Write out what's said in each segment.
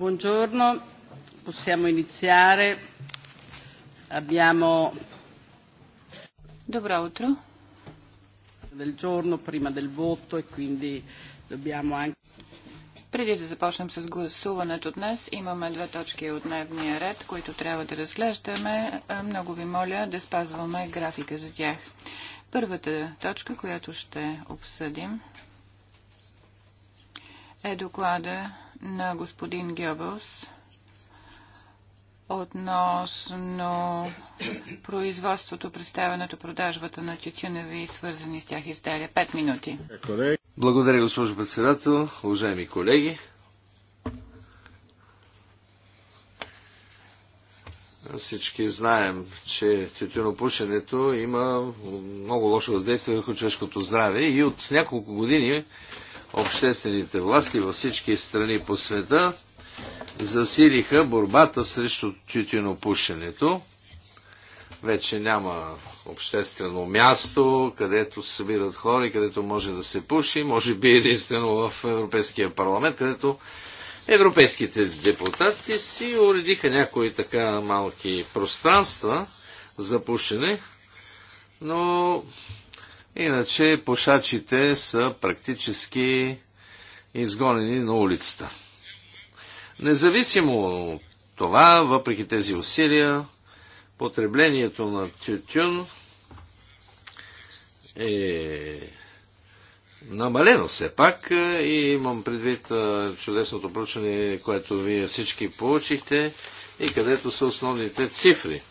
Buongiorno, possiamo iniziare. Abbiamo Dobro utro. Del giorno prima del voto e quindi dobbiamo anche преди да започнем с гласуването днес, имаме две точки от дневния ред, които трябва да разглеждаме. Е, много ви моля да спазваме графика за тях. Първата точка, която ще обсъдим, е доклада на господин Гебелс относно производството, представянето, продажбата на тютюневи и свързани с тях изделия. Пет минути. Благодаря, госпожо председател, уважаеми колеги. Всички знаем, че тютюнопушенето има много лошо въздействие върху човешкото здраве и от няколко години обществените власти във всички страни по света засилиха борбата срещу тютюнопушенето. Вече няма обществено място, където се събират хора и където може да се пуши. Може би единствено в Европейския парламент, където европейските депутати си уредиха някои така малки пространства за пушене, но Иначе пушачите са практически изгонени на улицата. Независимо от това, въпреки тези усилия, потреблението на тютюн е намалено все пак и имам предвид чудесното проучване, което вие всички получихте и където са основните цифри –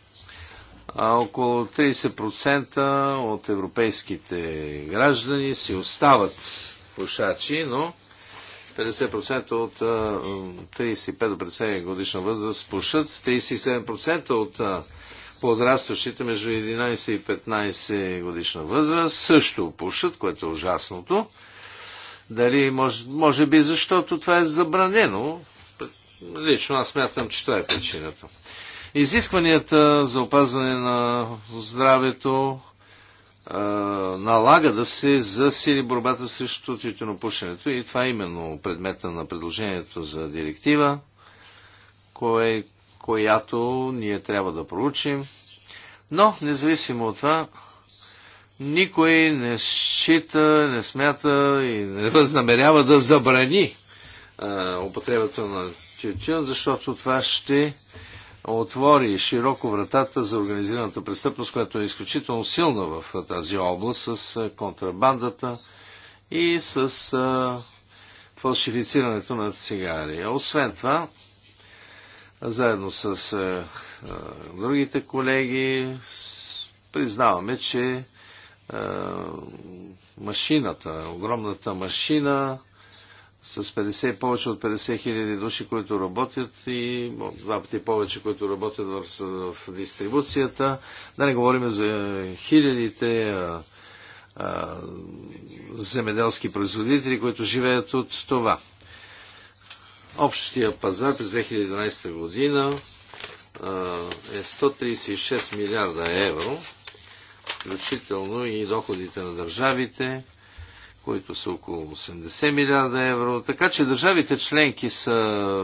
а около 30% от европейските граждани си остават пушачи, но 50% от 35 до 50 годишна възраст пушат, 37% от подрастващите между 11 и 15 годишна възраст също пушат, което е ужасното. Дали може, може би защото това е забранено. Лично аз смятам, че това е причината. Изискванията за опазване на здравето а, налага да се засили борбата срещу тютюнопушенето и това е именно предмета на предложението за директива, кое, която ние трябва да проучим. Но, независимо от това, никой не счита, не смята и не възнамерява да забрани а, употребата на тютюн, защото това ще отвори широко вратата за организираната престъпност, която е изключително силна в тази област с контрабандата и с фалшифицирането на цигари. Освен това, заедно с а, другите колеги, признаваме, че а, машината, огромната машина с 50, повече от 50 хиляди души, които работят и два пъти повече, които работят в, в дистрибуцията. Да не говорим за хилядите а, а, земеделски производители, които живеят от това. Общия пазар през 2011 година а, е 136 милиарда евро, включително и доходите на държавите, които са около 80 милиарда евро. Така че държавите членки са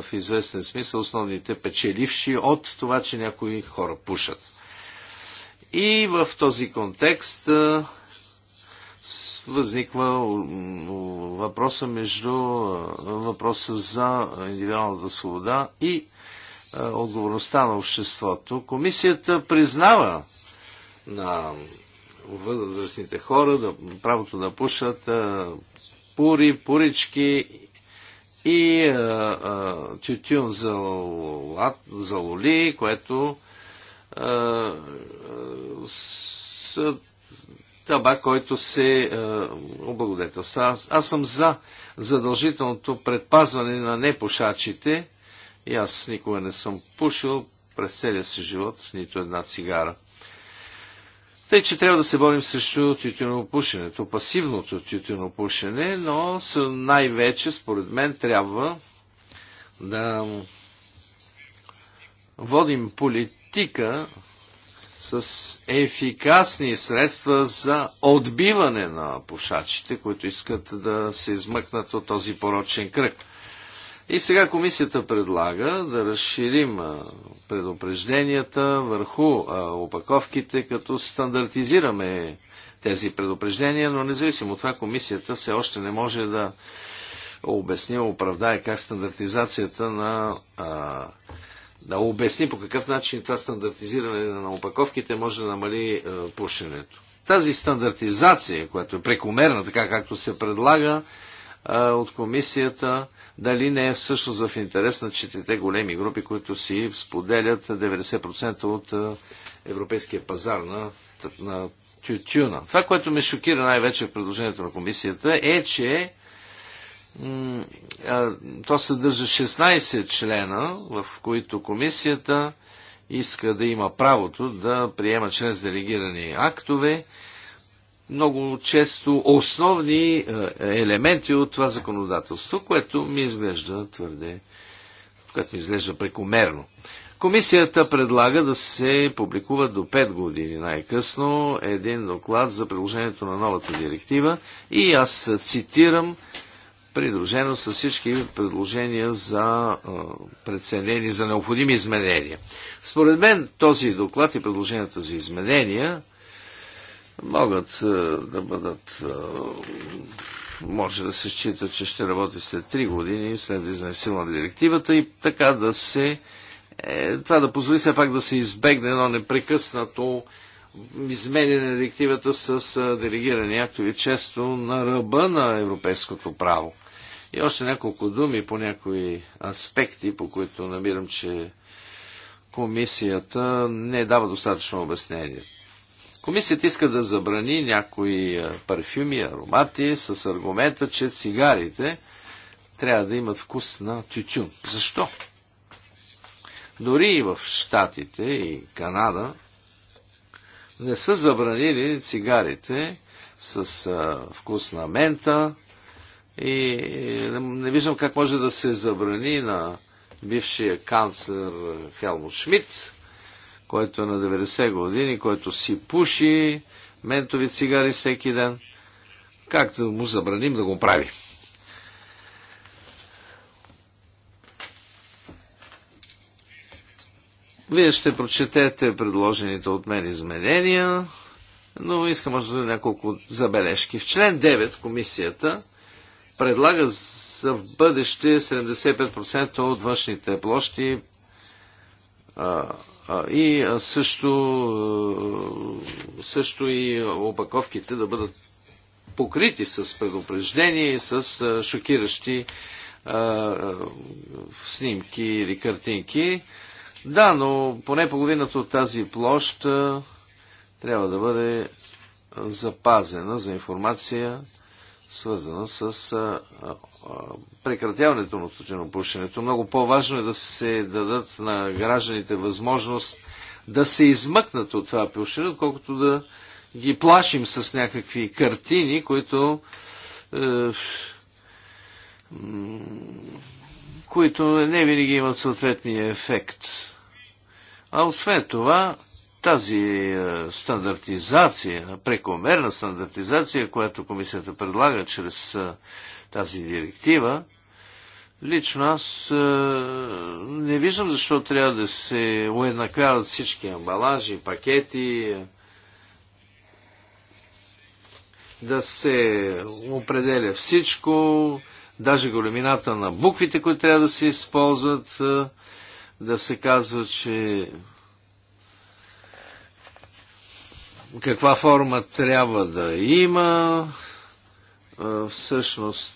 в известен смисъл основните печеливши от това, че някои хора пушат. И в този контекст възниква въпроса между въпроса за индивидуалната свобода и отговорността на обществото. Комисията признава на възрастните хора, да, правото да пушат а, пури, пурички и а, а, тютюн за, лат, за лоли, което а, с, табак, който се облагодетелства. Аз, аз съм за задължителното предпазване на непушачите и аз никога не съм пушил през целия си живот нито една цигара. Тъй, че трябва да се борим срещу тютюнопушенето, пасивното тютюнопушене, но най-вече, според мен, трябва да водим политика с ефикасни средства за отбиване на пушачите, които искат да се измъкнат от този порочен кръг. И сега комисията предлага да разширим предупрежденията върху опаковките, като стандартизираме тези предупреждения, но независимо от това комисията все още не може да обясни, оправдае как стандартизацията на а, да обясни по какъв начин това стандартизиране на опаковките може да намали а, пушенето. Тази стандартизация, която е прекомерна, така както се предлага, а, от комисията дали не е всъщност в интерес на четирите големи групи, които си споделят 90% от а, европейския пазар на, на тютюна. Това, което ме шокира най-вече в предложението на комисията е, че а, то съдържа 16 члена, в които комисията иска да има правото да приема чрез делегирани актове много често основни е, елементи от това законодателство, което ми изглежда твърде, което ми изглежда прекомерно. Комисията предлага да се публикува до 5 години най-късно един доклад за приложението на новата директива и аз цитирам придружено с всички предложения за е, преценени, за необходими изменения. Според мен този доклад и предложенията за изменения – могат е, да бъдат е, може да се счита, че ще работи след 3 години, след влизане в сила на директивата и така да се е, това да позволи все пак да се избегне едно непрекъснато изменение на директивата с е, делегирани актови, често на ръба на европейското право. И още няколко думи по някои аспекти, по които намирам, че комисията не дава достатъчно обяснение. Комисията иска да забрани някои е, парфюми, аромати с аргумента, че цигарите трябва да имат вкус на тютюн. Защо? Дори и в Штатите и Канада не са забранили цигарите с а, е, вкус на мента и не, не виждам как може да се забрани на бившия канцлер Хелмут Шмидт който е на 90 години, който си пуши ментови цигари всеки ден. Как да му забраним да го прави? Вие ще прочетете предложените от мен изменения, но искам може да няколко забележки. В член 9 комисията предлага за в бъдеще 75% от външните площи а, и също, също и опаковките да бъдат покрити с предупреждения и с шокиращи снимки или картинки. Да, но поне половината от тази площ трябва да бъде запазена за информация свързана с а, а, прекратяването на тютюнопушенето. Много по-важно е да се дадат на гражданите възможност да се измъкнат от това пушене, отколкото да ги плашим с някакви картини, които е, които не винаги имат съответния ефект. А освен това, тази е, стандартизация, прекомерна стандартизация, която комисията предлага чрез е, тази директива, лично аз е, не виждам защо трябва да се уеднаквяват всички амбалажи, пакети, да се определя всичко, даже големината на буквите, които трябва да се използват, да се казва, че каква форма трябва да има. Всъщност,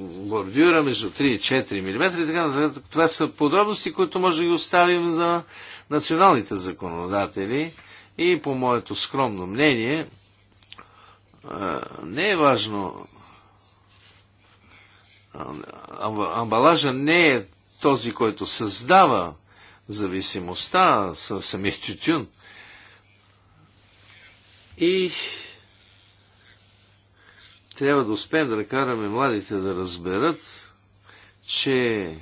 бордюра между 3 и 4 мм и така нататък. Това са подробности, които може да ги оставим за националните законодатели. И по моето скромно мнение, не е важно. Амбалажа не е този, който създава зависимостта, самият тютюн. И трябва да успеем да караме младите да разберат, че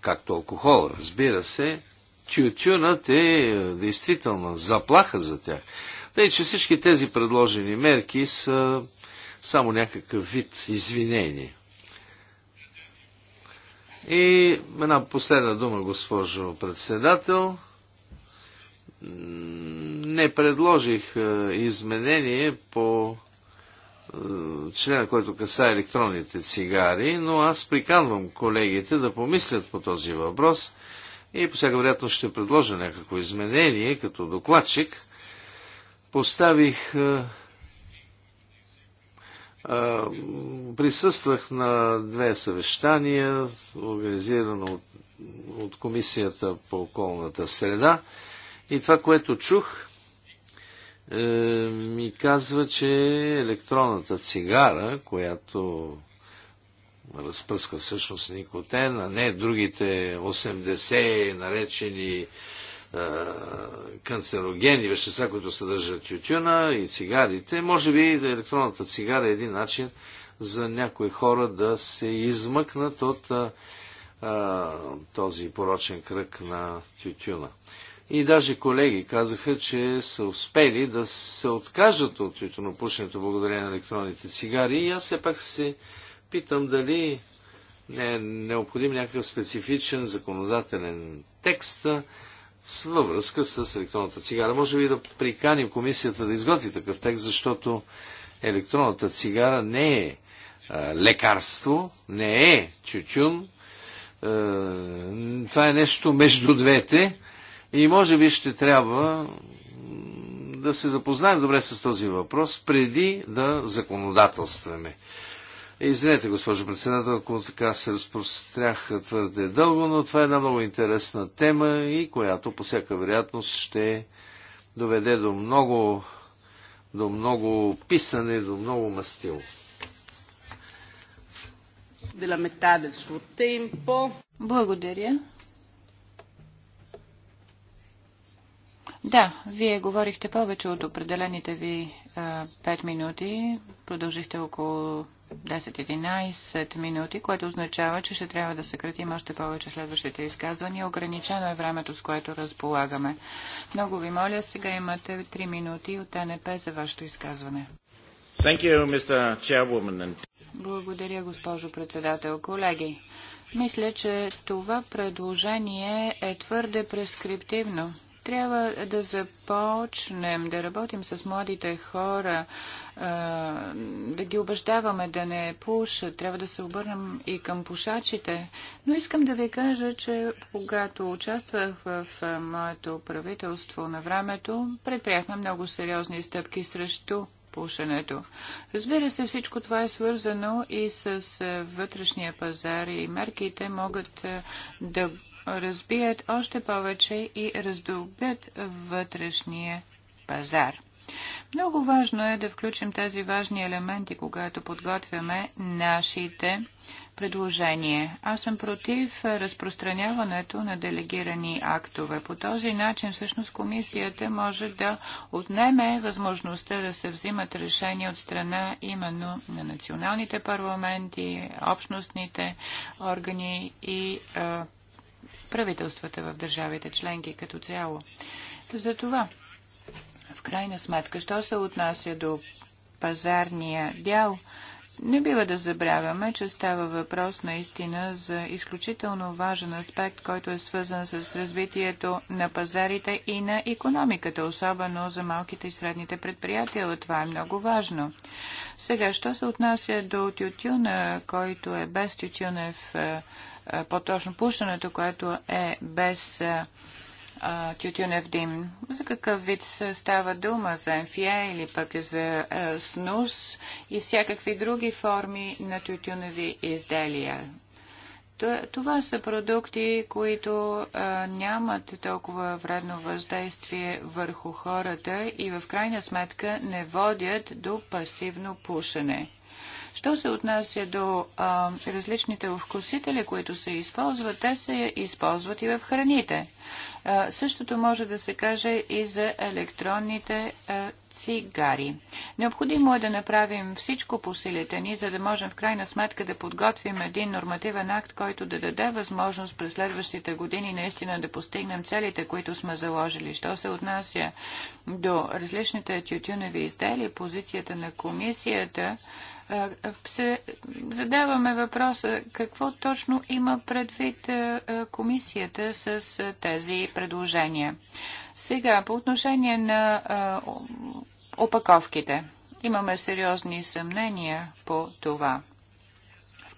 както алкохол, разбира се, тютюнът е действителна заплаха за тях. Тъй, че всички тези предложени мерки са само някакъв вид извинение. И една последна дума, госпожо председател не предложих е, изменение по е, члена, който каса електронните цигари, но аз приканвам колегите да помислят по този въпрос и по всяка вероятност ще предложа някакво изменение като докладчик. Поставих е, присъствах на две съвещания, организирано от, от Комисията по околната среда и това, което чух, е, ми казва, че електронната цигара, която разпръска всъщност никотен, а не другите 80 наречени е, канцерогени, вещества, които съдържат тютюна и цигарите. Може би електронната цигара е един начин за някои хора да се измъкнат от а, е, този порочен кръг на тютюна. И даже колеги казаха, че са успели да се откажат от тютюнопушенето благодарение на електронните цигари. И аз все пак се питам дали не е необходим някакъв специфичен законодателен текст във връзка с електронната цигара. Може би да приканим комисията да изготви такъв текст, защото електронната цигара не е а, лекарство, не е тютюн. Е, това е нещо между двете и може би ще трябва да се запознаем добре с този въпрос, преди да законодателстваме. Извинете, госпожо председател, ако така се разпрострях твърде дълго, но това е една много интересна тема и която по всяка вероятност ще доведе до много, до много писане, до много мастило. Благодаря. Да, вие говорихте повече от определените ви а, 5 минути. Продължихте около 10-11 минути, което означава, че ще трябва да съкратим още повече следващите изказвания. Ограничено е времето, с което разполагаме. Много ви моля, сега имате 3 минути от НП за вашето изказване. You, Благодаря, госпожо председател. Колеги, мисля, че това предложение е твърде прескриптивно трябва да започнем да работим с младите хора, да ги убеждаваме да не пушат, трябва да се обърнем и към пушачите. Но искам да ви кажа, че когато участвах в моето правителство на времето, предприехме много сериозни стъпки срещу пушенето. Разбира се, всичко това е свързано и с вътрешния пазар и мерките могат да разбият още повече и раздобят вътрешния пазар. Много важно е да включим тези важни елементи, когато подготвяме нашите предложения. Аз съм против разпространяването на делегирани актове. По този начин всъщност комисията може да отнеме възможността да се взимат решения от страна именно на националните парламенти, общностните органи и правителствата в държавите членки като цяло. Затова, в крайна сметка, що се отнася до пазарния дял, не бива да забравяме, че става въпрос наистина за изключително важен аспект, който е свързан с развитието на пазарите и на економиката, особено за малките и средните предприятия. Това е много важно. Сега, що се отнася до тютюна, който е без тютюнев е, по-точно пушенето, което е без тютюнев дим. За какъв вид става дума? За МФИА или пък за СНУС и всякакви други форми на тютюневи изделия. Това са продукти, които а, нямат толкова вредно въздействие върху хората и в крайна сметка не водят до пасивно пушене. Що се отнася до а, различните вкусители, които се използват, те се използват и в храните. А, същото може да се каже и за електронните а, цигари. Необходимо е да направим всичко по силите ни, за да можем в крайна сметка да подготвим един нормативен акт, който да даде възможност през следващите години наистина да постигнем целите, които сме заложили. Що се отнася до различните тютюневи изделия, позицията на комисията, се задаваме въпроса какво точно има предвид комисията с тези предложения. Сега, по отношение на опаковките. Имаме сериозни съмнения по това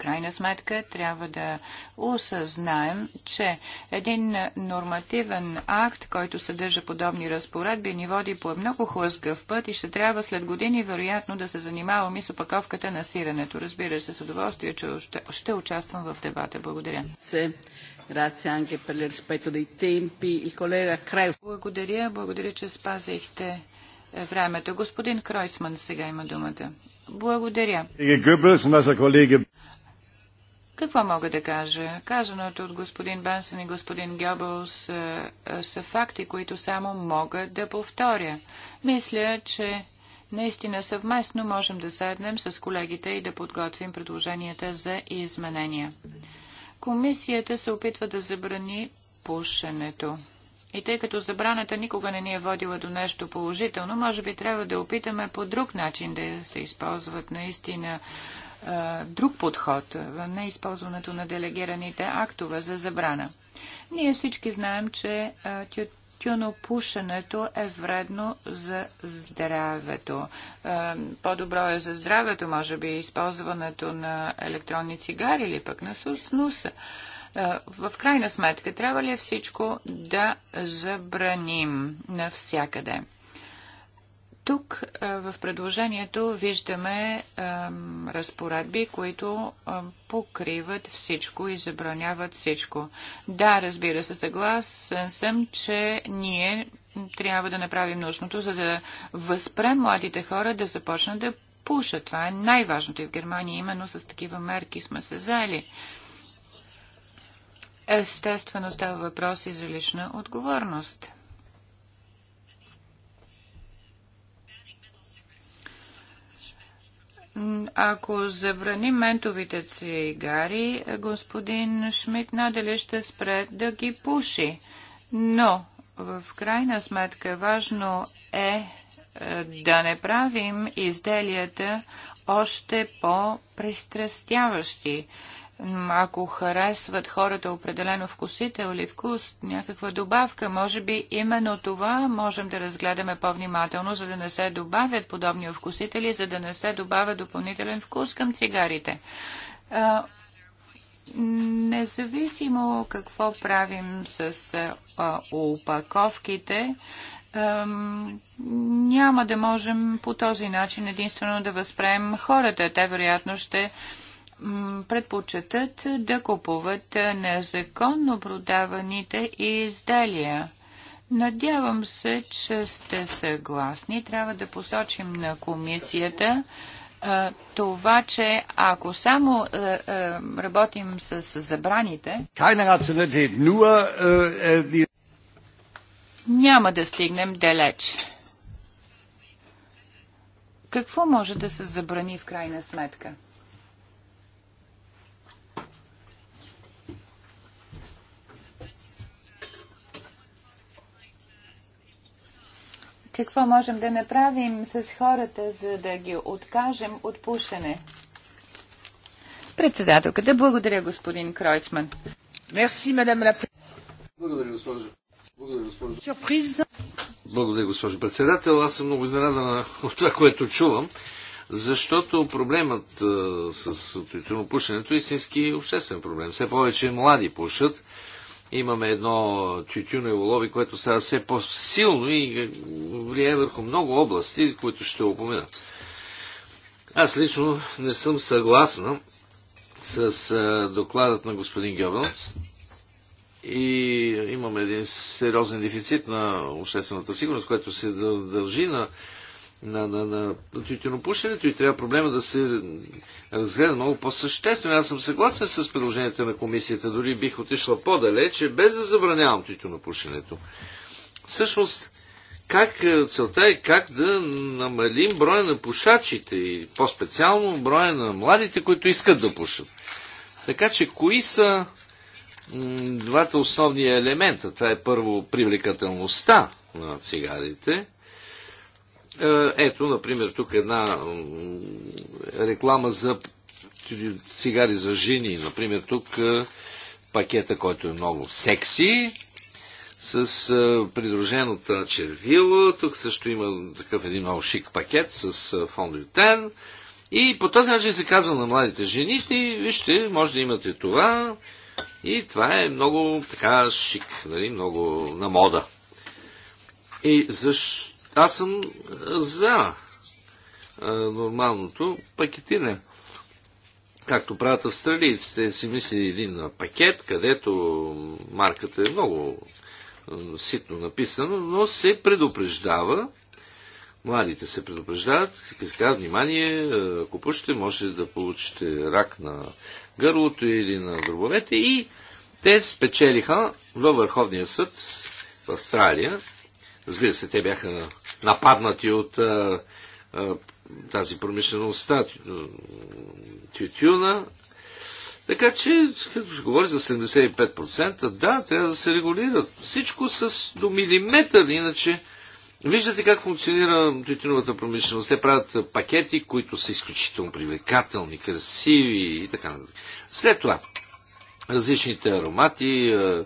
крайна сметка трябва да осъзнаем, че един нормативен акт, който съдържа подобни разпоредби, ни води по много хлъзгав път и ще трябва след години вероятно да се занимаваме с опаковката на сиренето. Разбира се, с удоволствие, че ще, ще участвам в дебата. Благодаря. Благодаря, благодаря, че спазихте времето. Господин Кройцман сега има думата. Благодаря. Какво мога да кажа? Казаното от господин Бансън и господин са, е, е, са факти, които само мога да повторя. Мисля, че наистина съвместно можем да седнем с колегите и да подготвим предложенията за изменения. Комисията се опитва да забрани пушенето. И тъй като забраната никога не ни е водила до нещо положително, може би трябва да опитаме по друг начин да се използват наистина друг подход, не използването на делегираните актове за забрана. Ние всички знаем, че тюнопушенето тютюнопушенето е вредно за здравето. По-добро е за здравето, може би, използването на електронни цигари или пък на суснуса. В крайна сметка, трябва ли е всичко да забраним навсякъде? Тук в предложението виждаме разпоредби, които покриват всичко и забраняват всичко. Да, разбира се, съгласен съм, че ние трябва да направим нужното, за да възпрем младите хора да започнат да пушат. Това е най-важното и в Германия именно с такива мерки сме се заели. Естествено става въпрос и за лична отговорност. Ако забрани ментовите цигари, господин Шмидт надали ще спре да ги пуши. Но, в крайна сметка, важно е, е да не правим изделията още по-пристрастяващи ако харесват хората определено вкусител или вкус, някаква добавка, може би именно това можем да разгледаме по-внимателно, за да не се добавят подобни вкусители, за да не се добавя допълнителен вкус към цигарите. независимо какво правим с а, упаковките, няма да можем по този начин единствено да възпреем хората. Те вероятно ще предпочитат да купуват незаконно продаваните изделия. Надявам се, че сте съгласни. Трябва да посочим на комисията а, това, че ако само а, а, работим с, с забраните, äh, äh, няма да стигнем далеч. Какво може да се забрани в крайна сметка? Какво можем да направим с хората, за да ги откажем от пушене? Председателката, благодаря господин Кройцман. Мерси, мадам ла Благодаря, госпожо. Благодаря, госпожо председател. Аз съм много изненадана от това, което чувам, защото проблемът а, с тютюнопушенето е истински обществен проблем. Все повече млади пушат Имаме едно тютюнево лоби, което става все по-силно и влияе върху много области, които ще опомена. Аз лично не съм съгласна с докладът на господин Гебелс и имаме един сериозен дефицит на обществената сигурност, което се дължи на на, на, на тютюнопушенето и трябва проблема да се разгледа много по-съществено. Аз съм съгласен с предложенията на комисията, дори бих отишла по-далече, без да забранявам тютюнопушенето. Всъщност, как, е, целта е как да намалим броя на пушачите и по-специално броя на младите, които искат да пушат. Така че, кои са двата основни елемента? Това е първо привлекателността на цигарите, е, ето, например, тук една реклама за цигари за жени. Например, тук е, пакета, който е много секси, с придруженото придружената е, червила. Тук също има такъв един много шик пакет с фондютен. И по този начин се казва на младите жени, ще, вижте, може да имате това. И това е много така шик, нали, много на мода. И защо аз съм за нормалното пакетиране. Както правят австралийците, си мисли един пакет, където марката е много ситно написана, но се предупреждава, младите се предупреждават, така, внимание, ако пушите, може да получите рак на гърлото или на дробовете и те спечелиха във Върховния съд в Австралия. Разбира се, те бяха нападнати от а, а, тази промишлеността, тютюна. Така че, като се говори за 75%, да, трябва да се регулират. Всичко с до милиметър, иначе Виждате как функционира тютюновата промишленост. Те правят пакети, които са изключително привлекателни, красиви и така нататък. След това, различните аромати а,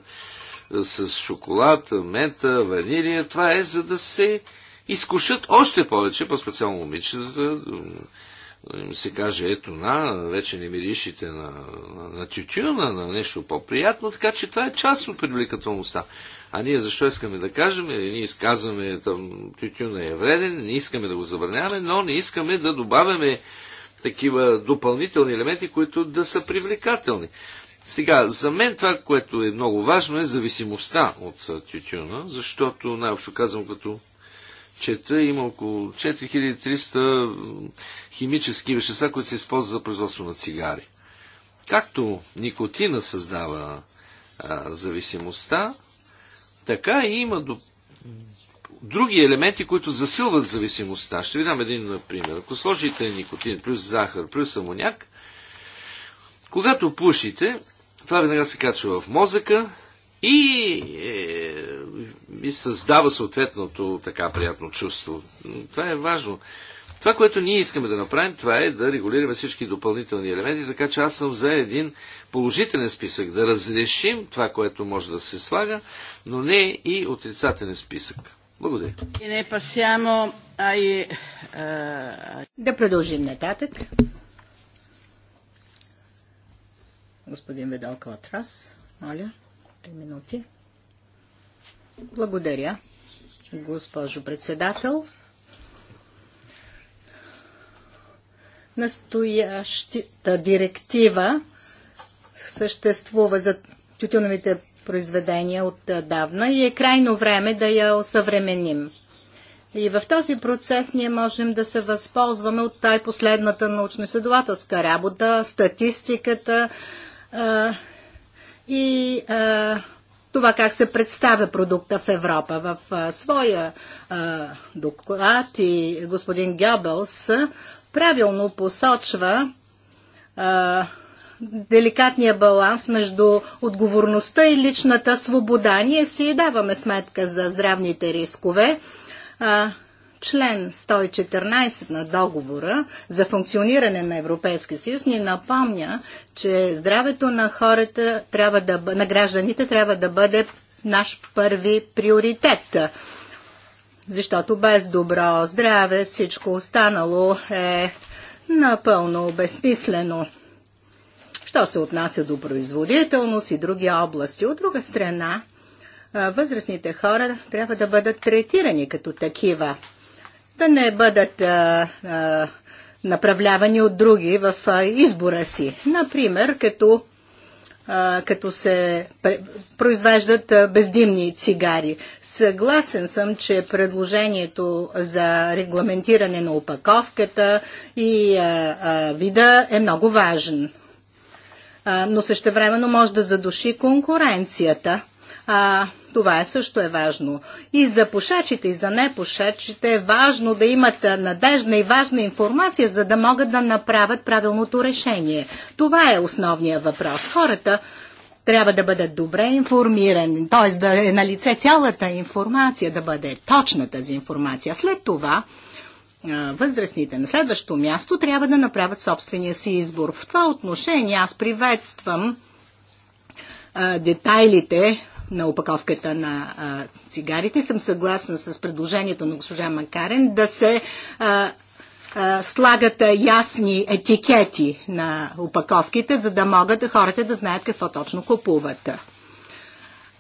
а, с шоколад, мента, ванилия, това е за да се изкушат още повече, по-специално момичетата, им се каже, ето на, вече не миришите на, на, на тютюна, на нещо по-приятно, така че това е част от привлекателността. А ние защо искаме да кажем, ние изказваме, там, тютюна е вреден, не искаме да го забраняваме, но не искаме да добавяме такива допълнителни елементи, които да са привлекателни. Сега, за мен това, което е много важно, е зависимостта от тютюна, защото, най-общо казвам, като чета, има около 4300 химически вещества, които се използват за производство на цигари. Както никотина създава а, зависимостта, така и има до... други елементи, които засилват зависимостта. Ще ви дам един пример. Ако сложите никотин плюс захар плюс амоняк, когато пушите, това веднага се качва в мозъка и е, и създава съответното така приятно чувство. Това е важно. Това, което ние искаме да направим, това е да регулираме всички допълнителни елементи, така че аз съм за един положителен списък, да разрешим това, което може да се слага, но не и отрицателен списък. Благодаря. Да продължим нататък. Господин от раз. моля, 3 минути. Благодаря, госпожо председател. Настоящата директива съществува за тютюновите произведения отдавна и е крайно време да я осъвременим. И в този процес ние можем да се възползваме от тази последната научно-изследователска работа, статистиката а, и а, това как се представя продукта в Европа. В а, своя а, доклад и господин Гебелс правилно посочва а, деликатния баланс между отговорността и личната свобода. Ние си даваме сметка за здравните рискове. А, Член 114 на договора за функциониране на Европейския съюз ни напомня, че здравето на хората трябва да, на гражданите трябва да бъде наш първи приоритет. Защото без добро здраве всичко останало е напълно безсмислено. Що се отнася до производителност и други области? От друга страна, възрастните хора трябва да бъдат третирани като такива да не бъдат а, а, направлявани от други в а, избора си. Например, като, а, като се произвеждат а, бездимни цигари. Съгласен съм, че предложението за регламентиране на опаковката и а, а, вида е много важен. А, но същевременно може да задуши конкуренцията. А, това е също е важно. И за пушачите, и за непушачите е важно да имат надежна и важна информация, за да могат да направят правилното решение. Това е основният въпрос. Хората трябва да бъдат добре информирани, т.е. да е на лице цялата информация, да бъде точна тази информация. След това възрастните на следващо място трябва да направят собствения си избор. В това отношение аз приветствам детайлите на опаковката на а, цигарите. Съм съгласна с предложението на госпожа Макарен да се а, а, слагат ясни етикети на опаковките, за да могат хората да знаят какво точно купуват.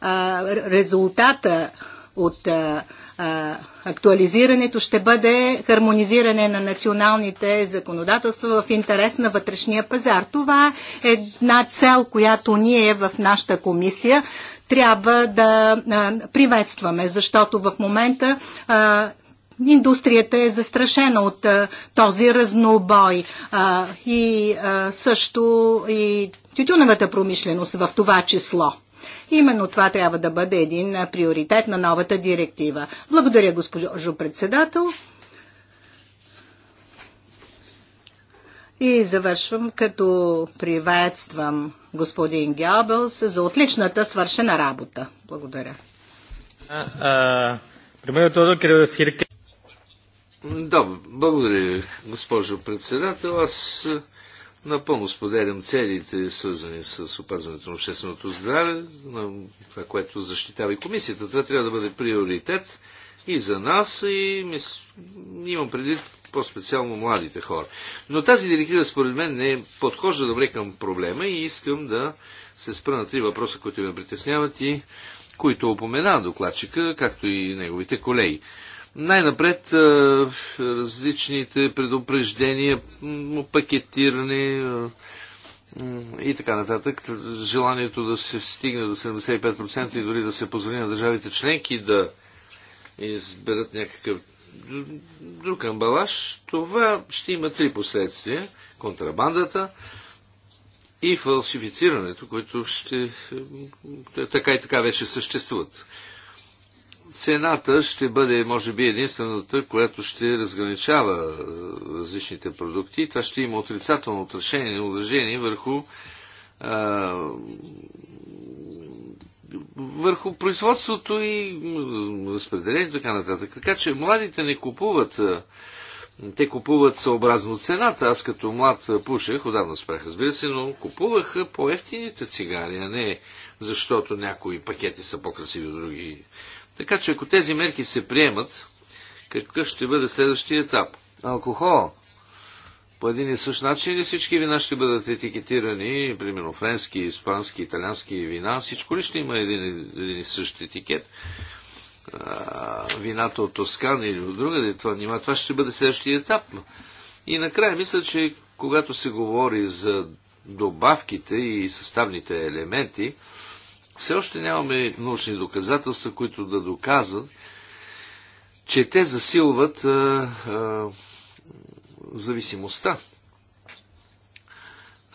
А, резултата от а, а, актуализирането ще бъде хармонизиране на националните законодателства в интерес на вътрешния пазар. Това е една цел, която ние в нашата комисия трябва да приветстваме, защото в момента индустрията е застрашена от а, този разнобой а, и а, също и тютюневата промишленост в това число. Именно това трябва да бъде един приоритет на новата директива. Благодаря, госпожо председател. И завършвам като приветствам господин Геобелс за отличната свършена работа. Благодаря. Да, благодаря, госпожо председател. Аз напълно споделям целите, свързани с опазването на общественото здраве, на това, което защитава и комисията. Това трябва да бъде приоритет и за нас, и мис... имам предвид по-специално младите хора. Но тази директива според мен не подхожда добре към проблема и искам да се спра на три въпроса, които ме притесняват и които опомена докладчика, както и неговите колеги. Най-напред различните предупреждения, пакетиране и така нататък. Желанието да се стигне до 75% и дори да се позволи на държавите членки да изберат някакъв друг амбалаж, това ще има три последствия. Контрабандата и фалшифицирането, което ще е, така и така вече съществуват. Цената ще бъде, може би, единствената, която ще разграничава е, различните продукти. Това ще има отрицателно отражение, отражение върху е, върху производството и разпределението и така нататък. Така че младите не купуват, те купуват съобразно цената. Аз като млад пушех, отдавна спрях, разбира се, но купувах по-ефтините цигари, а не защото някои пакети са по-красиви от други. Така че ако тези мерки се приемат, какъв ще бъде следващия етап? Алкохол по един и същ начин и всички вина ще бъдат етикетирани, примерно френски, испански, италиански вина, всичко ли ще има един, един и същ етикет? А, вината от Тоскан или от друга, това, няма, това ще бъде следващия етап. И накрая мисля, че когато се говори за добавките и съставните елементи, все още нямаме научни доказателства, които да доказват, че те засилват а, а, зависимостта.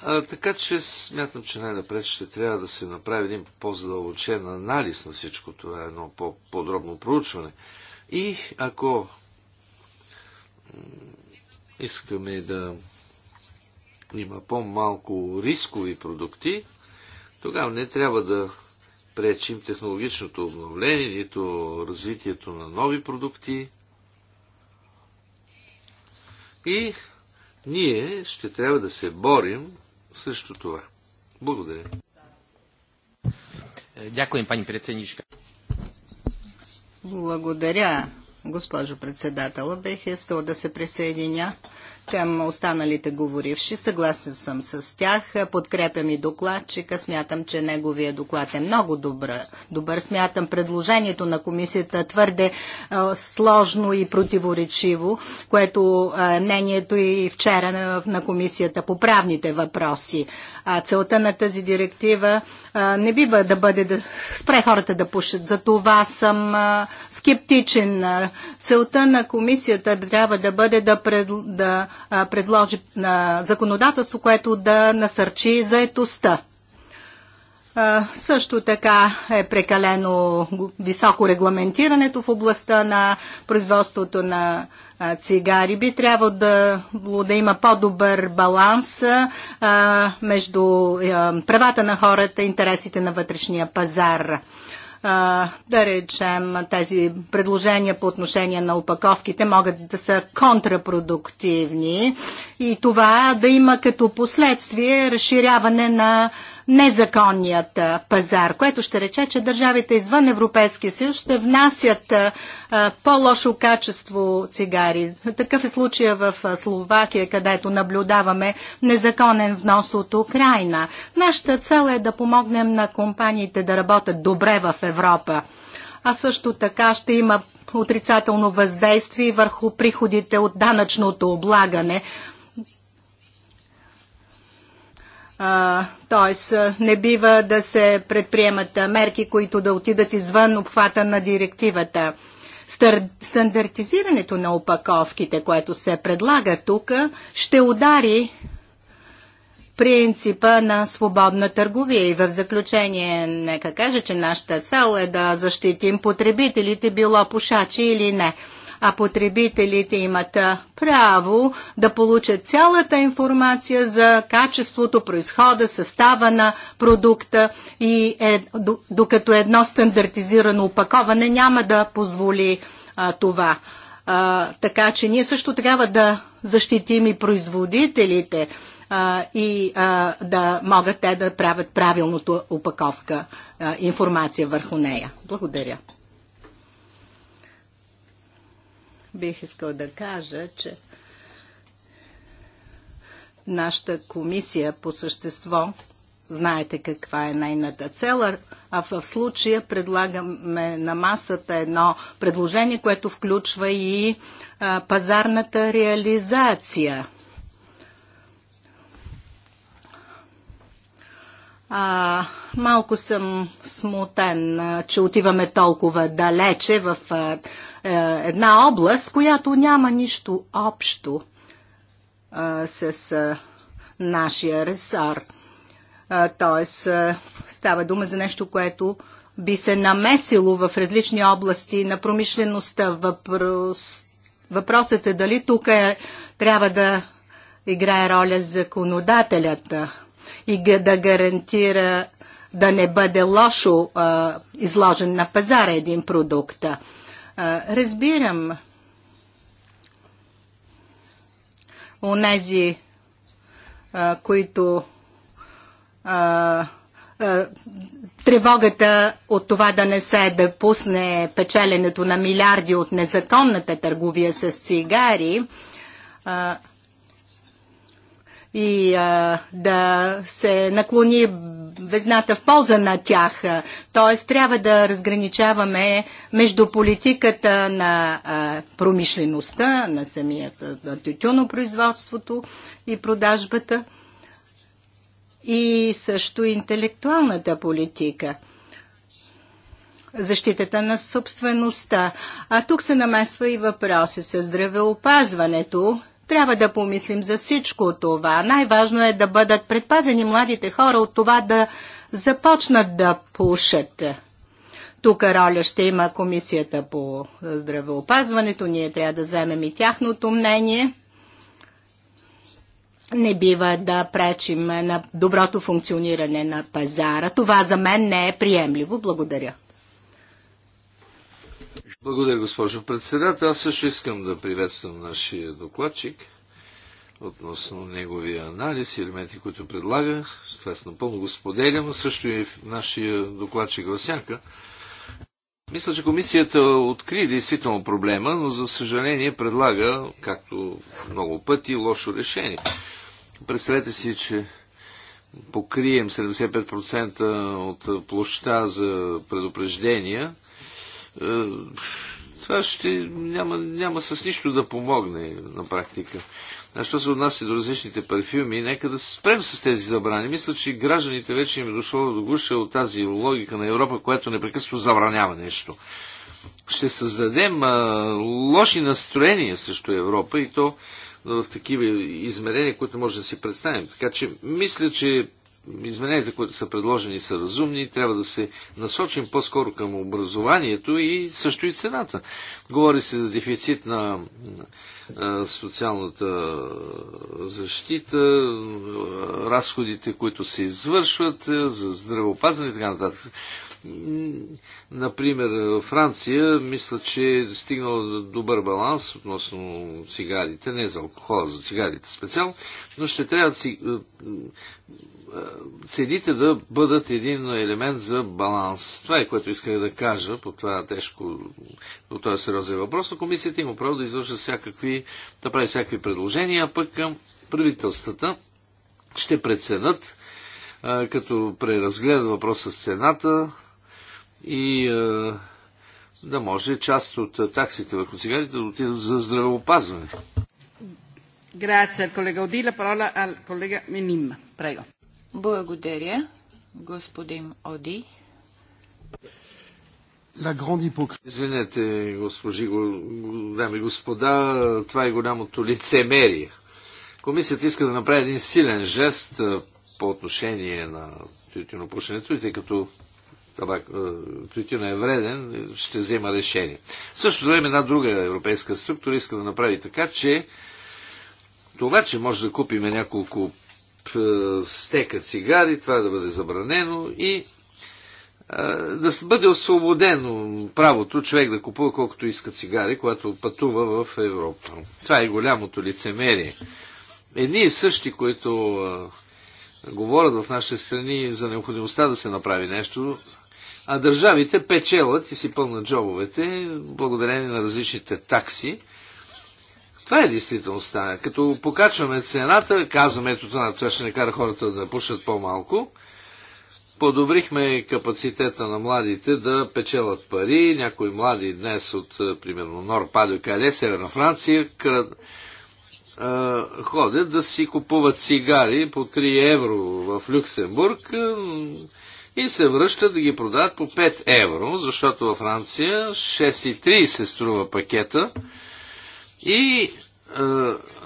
А, така че смятам, че най-напред ще трябва да се направи един по-задълбочен анализ на всичко това, е едно по-подробно проучване. И ако искаме да има по-малко рискови продукти, тогава не трябва да пречим технологичното обновление, нито развитието на нови продукти, и ние ще трябва да се борим срещу това. Благодаря. Дякуем, пани председничка. Благодаря, госпожо председател. Бех искал да се присъединя към останалите говоривши. Съгласен съм с тях. Подкрепям и докладчика. Смятам, че неговия доклад е много добра. добър. Смятам предложението на комисията твърде а, е, сложно и противоречиво, което е мнението и вчера на, на комисията по правните въпроси. А, целта на тази директива а, е, не бива да бъде да спре хората да пушат. За това съм а, е, скептичен. Целта на комисията трябва да бъде да, пред, да предложи законодателство, което да насърчи заетостта. Също така е прекалено високо регламентирането в областта на производството на цигари. Би трябвало да, да има по-добър баланс между правата на хората и интересите на вътрешния пазар да речем, тези предложения по отношение на опаковките могат да са контрапродуктивни и това да има като последствие разширяване на незаконният пазар, което ще рече, че държавите извън Европейския съюз ще внасят по-лошо качество цигари. Такъв е случая в Словакия, където наблюдаваме незаконен внос от Украина. Нашата цел е да помогнем на компаниите да работят добре в Европа. А също така ще има отрицателно въздействие върху приходите от данъчното облагане, Тоест, не бива да се предприемат мерки, които да отидат извън обхвата на директивата. Стандартизирането на опаковките, което се предлага тук, ще удари принципа на свободна търговия. И в заключение, нека кажа, че нашата цел е да защитим потребителите, било пушачи или не а потребителите имат право да получат цялата информация за качеството, происхода, състава на продукта и е, докато едно стандартизирано опаковане няма да позволи а, това. А, така че ние също трябва да защитим и производителите а, и а, да могат те да правят правилното опаковка а, информация върху нея. Благодаря. бих искал да кажа, че нашата комисия по същество, знаете каква е нейната цел, а в случая предлагаме на масата едно предложение, което включва и а, пазарната реализация. А, малко съм смутен, че отиваме толкова далече в а, е, една област, която няма нищо общо с нашия ресор. Тоест, става дума за нещо, което би се намесило в различни области на промишлеността. Въпрос, въпросът е дали тук е, трябва да играе роля законодателят и да гарантира да не бъде лошо а, изложен на пазара един продукт. Разбирам онези, които тревогата от това да не се да пусне печеленето на милиарди от незаконната търговия с цигари – и а, да се наклони везната в полза на тях. Т.е. трябва да разграничаваме между политиката на а, промишлеността, на самия тютюнопроизводството и продажбата и също интелектуалната политика защитата на собствеността. А тук се намесва и въпроси с здравеопазването трябва да помислим за всичко това. Най-важно е да бъдат предпазени младите хора от това да започнат да пушат. Тук роля ще има комисията по здравеопазването. Ние трябва да вземем и тяхното мнение. Не бива да пречим на доброто функциониране на пазара. Това за мен не е приемливо. Благодаря. Благодаря, госпожо председател. Аз също искам да приветствам нашия докладчик относно неговия анализ и елементи, които предлага. Това с напълно го споделям. Също и нашия докладчик Сянка. Мисля, че комисията откри действително проблема, но за съжаление предлага, както много пъти, лошо решение. Представете си, че покрием 75% от площта за предупреждения – е, това ще няма, няма с нищо да помогне на практика. А що се отнася до различните парфюми, нека да се спрем с тези забрани. Мисля, че гражданите вече им е дошло до гуша от тази логика на Европа, която непрекъснато забранява нещо. Ще създадем а, лоши настроения срещу Европа и то в такива измерения, които може да си представим. Така че мисля, че измененията, които са предложени, са разумни. Трябва да се насочим по-скоро към образованието и също и цената. Говори се за дефицит на социалната защита, разходите, които се извършват за здравеопазване и така нататък. Например, Франция мисля, че е стигнала добър баланс относно цигарите, не за алкохола, за цигарите специално, но ще трябва е, е, цените да бъдат един елемент за баланс. Това е което исках да кажа по това тежко, по този сериозен въпрос, но комисията има право да извършва всякакви, да прави всякакви предложения, а пък към е, правителствата ще преценят, като преразгледат въпроса с цената, и е, да може част от е, таксите върху цигарите да отидат за здравеопазване. Грация, колега Одила. Парола ал колега Меним. Прего. Благодаря, господин Оди. Извинете, госпожи, дами и господа, това е голямото лицемерие. Комисията иска да направи един силен жест е, по отношение на тютюнопушенето и тъй като табак, тютюна е, е вреден, ще взема решение. В същото време една друга европейска структура иска да направи така, че това, че може да купиме няколко е, стека цигари, това да бъде забранено и е, да бъде освободено правото човек да купува колкото иска цигари, когато пътува в Европа. Това е голямото лицемерие. Едни и същи, които говорят в нашите страни за необходимостта да се направи нещо, а държавите печелят и си пълнат джобовете, благодарение на различните такси. Това е действителността. Като покачваме цената, казваме, ето това, това ще не кара хората да пушат по-малко, подобрихме капацитета на младите да печелят пари. Някои млади днес от, е, примерно, Нор Падо Кале, Северна Франция, крад, е, ходят да си купуват цигари по 3 евро в Люксембург. Е, и се връщат да ги продават по 5 евро, защото във Франция се струва пакета и е,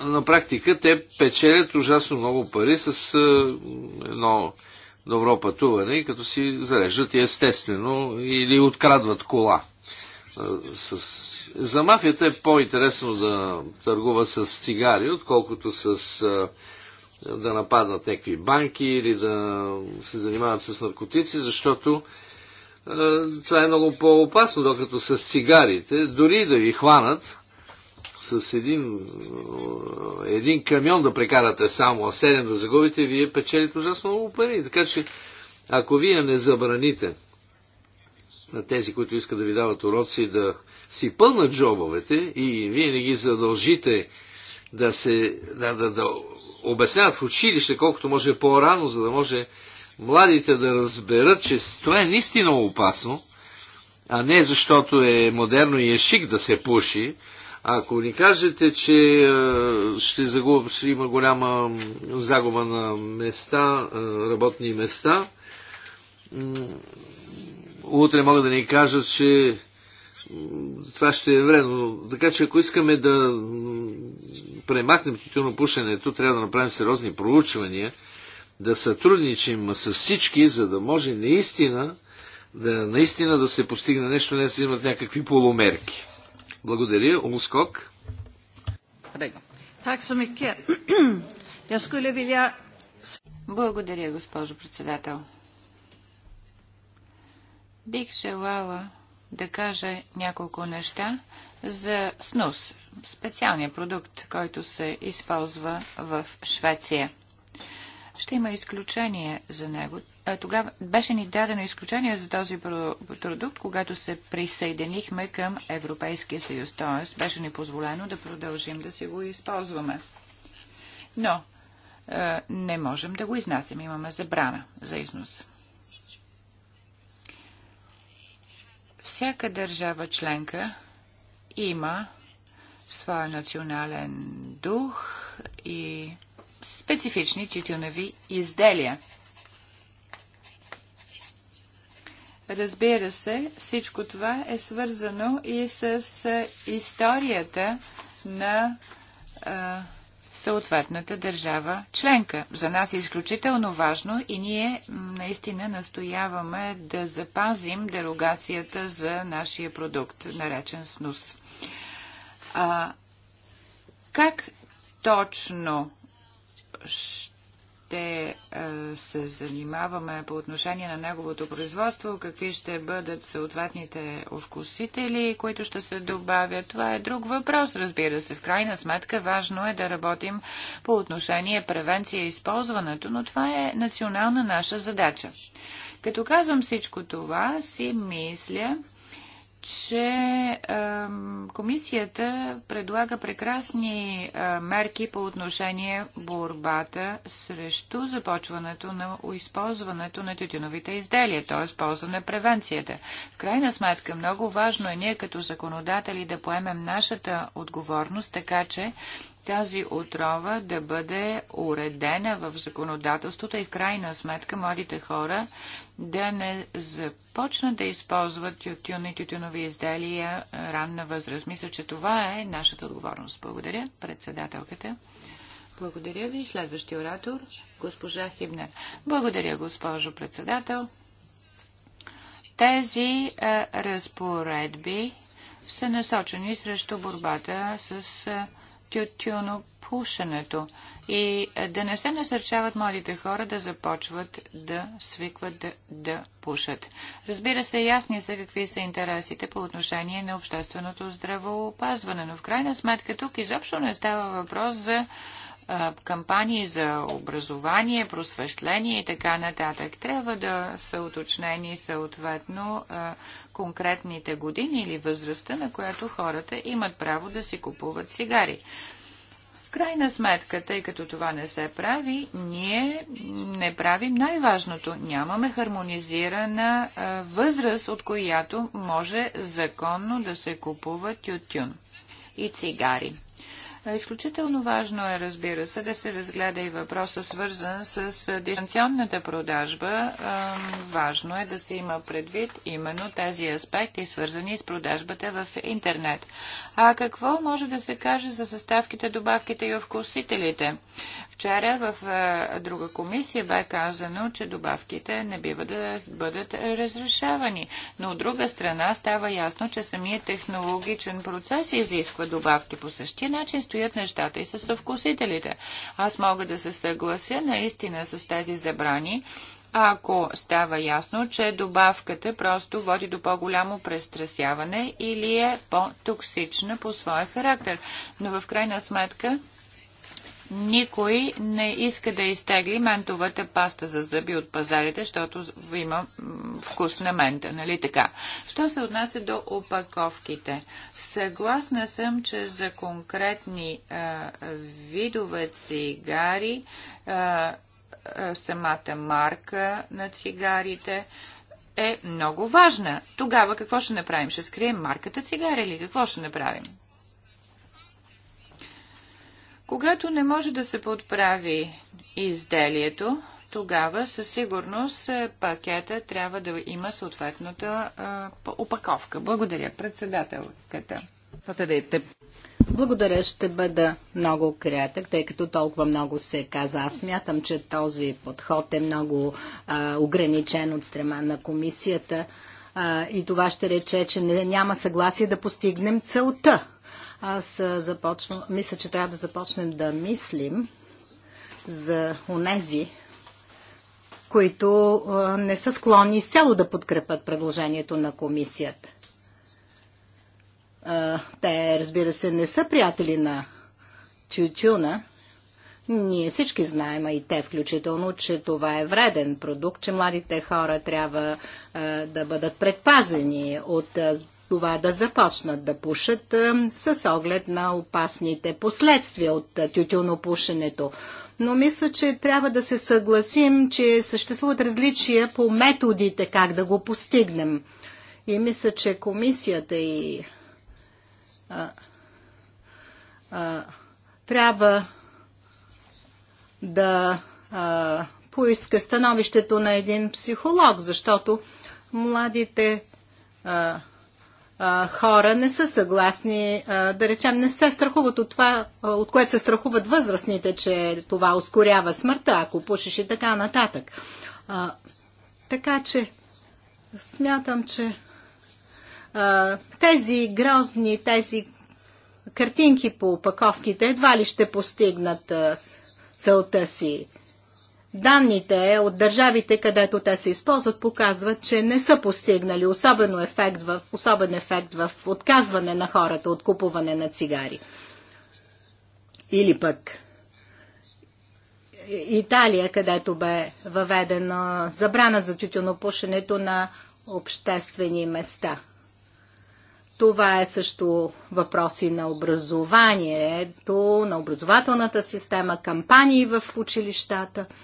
на практика те печелят ужасно много пари с е, едно добро пътуване, като си зареждат и естествено или открадват кола. Е, с... За мафията е по-интересно да търгува с цигари, отколкото с е, да нападнат някакви банки или да се занимават с наркотици, защото това е много по-опасно, докато с цигарите, дори да ги хванат с един, един камион да прекарате само, а седем да загубите, вие печелите ужасно много пари. Така че, ако вие не забраните на тези, които искат да ви дават уроци, да си пълнат джобовете и вие не ги задължите да, се, да, да, да обясняват в училище колкото може по-рано, за да може младите да разберат, че това е наистина опасно, а не защото е модерно и е шик да се пуши. Ако ни кажете, че е, ще, загуб, ще има голяма загуба на места, е, работни места, утре могат да ни кажат, че това ще е вредно. Така че ако искаме да премахнем пушенето, трябва да направим сериозни проучвания, да сътрудничим с всички, за да може наистина да, наистина да се постигне нещо, не да се имат някакви полумерки. Благодаря. Олскок. Благодаря, госпожо председател. Бих желала да кажа няколко неща за СНУС, специалния продукт, който се използва в Швеция. Ще има изключение за него. Тогава беше ни дадено изключение за този продукт, когато се присъединихме към Европейския съюз. Т.е. беше ни позволено да продължим да си го използваме. Но е, не можем да го изнасяме. Имаме забрана за износ. Всяка държава членка има своя национален дух и специфични тютюнови изделия. Разбира се, всичко това е свързано и с историята на а, съответната държава членка. За нас е изключително важно и ние наистина настояваме да запазим дерогацията за нашия продукт, наречен СНУС. А, как точно ще а, е, се занимаваме по отношение на неговото производство, какви ще бъдат съответните овкусители, които ще се добавят. Това е друг въпрос, разбира се. В крайна сметка важно е да работим по отношение превенция и използването, но това е национална наша задача. Като казвам всичко това, си мисля, че комисията предлага прекрасни мерки по отношение борбата срещу започването на използването на тютюновите изделия, т.е. полза на превенцията. В крайна сметка много важно е ние като законодатели да поемем нашата отговорност, така че тази отрова да бъде уредена в законодателството и в крайна сметка младите хора да не започнат да използват тютюн и тютюнови изделия е, ранна възраст. Мисля, че това е нашата отговорност. Благодаря, председателката. Благодаря ви. Следващия оратор, госпожа Хибнер. Благодаря, госпожо председател. Тези е, разпоредби са насочени срещу борбата с е, тютюнопушенето и е, да не се насърчават младите хора да започват да свикват да, да пушат. Разбира се, ясни са какви са интересите по отношение на общественото здравоопазване, но в крайна сметка тук изобщо не става въпрос за кампании за образование, просвещение и така нататък. Трябва да са уточнени съответно конкретните години или възрастта, на която хората имат право да си купуват цигари В крайна сметка, тъй като това не се прави, ние не правим най-важното. Нямаме хармонизирана възраст, от която може законно да се купува тютюн и цигари. Изключително важно е, разбира се, да се разгледа и въпроса свързан с дистанционната продажба. Важно е да се има предвид именно тези аспекти, свързани с продажбата в интернет. А какво може да се каже за съставките, добавките и овкусителите? Вчера в друга комисия бе казано, че добавките не бива да бъдат разрешавани. Но от друга страна става ясно, че самият технологичен процес изисква добавки. По същия начин стоят нещата и с съвкусителите. Аз мога да се съглася наистина с тези забрани, ако става ясно, че добавката просто води до по-голямо престрасяване или е по-токсична по своя характер. Но в крайна сметка никой не иска да изтегли ментовата паста за зъби от пазарите, защото има вкус на мента, нали така? Що се отнася до опаковките? Съгласна съм, че за конкретни а, видове цигари, а, а, самата марка на цигарите, е много важна. Тогава какво ще направим? Ще скрием марката цигари или какво ще направим? Когато не може да се подправи изделието, тогава със сигурност е, пакета трябва да има съответната опаковка. Благодаря, председателката. Благодаря, ще бъда много кратък, тъй като толкова много се каза. Аз мятам, че този подход е много а, ограничен от страна на комисията а, и това ще рече, че не, няма съгласие да постигнем целта. Аз започна, мисля, че трябва да започнем да мислим за онези, които не са склонни изцяло да подкрепят предложението на комисията. Те, разбира се, не са приятели на тютюна. Ние всички знаем, а и те включително, че това е вреден продукт, че младите хора трябва да бъдат предпазени от това да започнат да пушат с оглед на опасните последствия от тютюнопушенето. Но мисля, че трябва да се съгласим, че съществуват различия по методите как да го постигнем. И мисля, че комисията и а, а, трябва да а, поиска становището на един психолог, защото младите а, хора не са съгласни, да речем, не се страхуват от това, от което се страхуват възрастните, че това ускорява смъртта, ако пушиш и така нататък. така че смятам, че тези грозни, тези картинки по упаковките едва ли ще постигнат целта си данните от държавите, където те се използват, показват, че не са постигнали особено ефект в, особен ефект в отказване на хората от купуване на цигари. Или пък Италия, където бе въведена забрана за тютюнопушенето на обществени места. Това е също въпроси на образованието, на образователната система, кампании в училищата –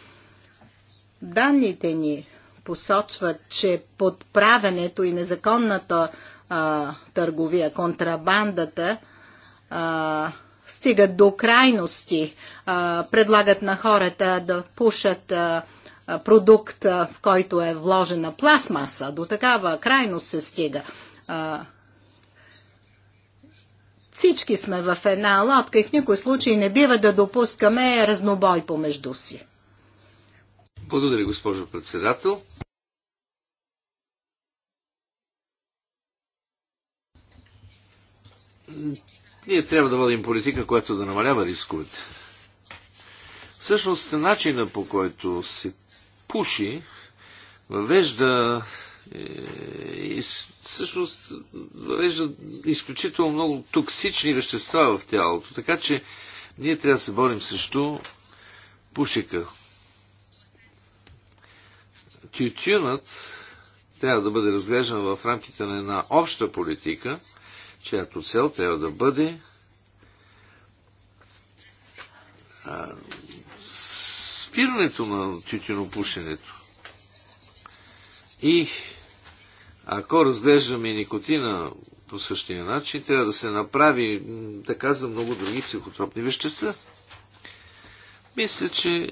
Данните ни посочват, че подправенето и незаконната а, търговия, контрабандата, а, стигат до крайности, а, предлагат на хората да пушат а, продукт, а, в който е вложена пластмаса. До такава крайност се стига. А, всички сме в една лодка и в никой случай не бива да допускаме разнобой помежду си. Благодаря, госпожо председател. Ние трябва да водим политика, която да намалява рисковете. Всъщност, начина по който се пуши, въвежда е, и всъщност въвежда изключително много токсични вещества в тялото. Така че ние трябва да се борим срещу пушика тютюнът трябва да бъде разглеждан в рамките на една обща политика, чиято цел трябва да бъде а, спирането на тютюнопушенето. И ако разглеждаме никотина по същия начин, трябва да се направи така за много други психотропни вещества. Мисля, че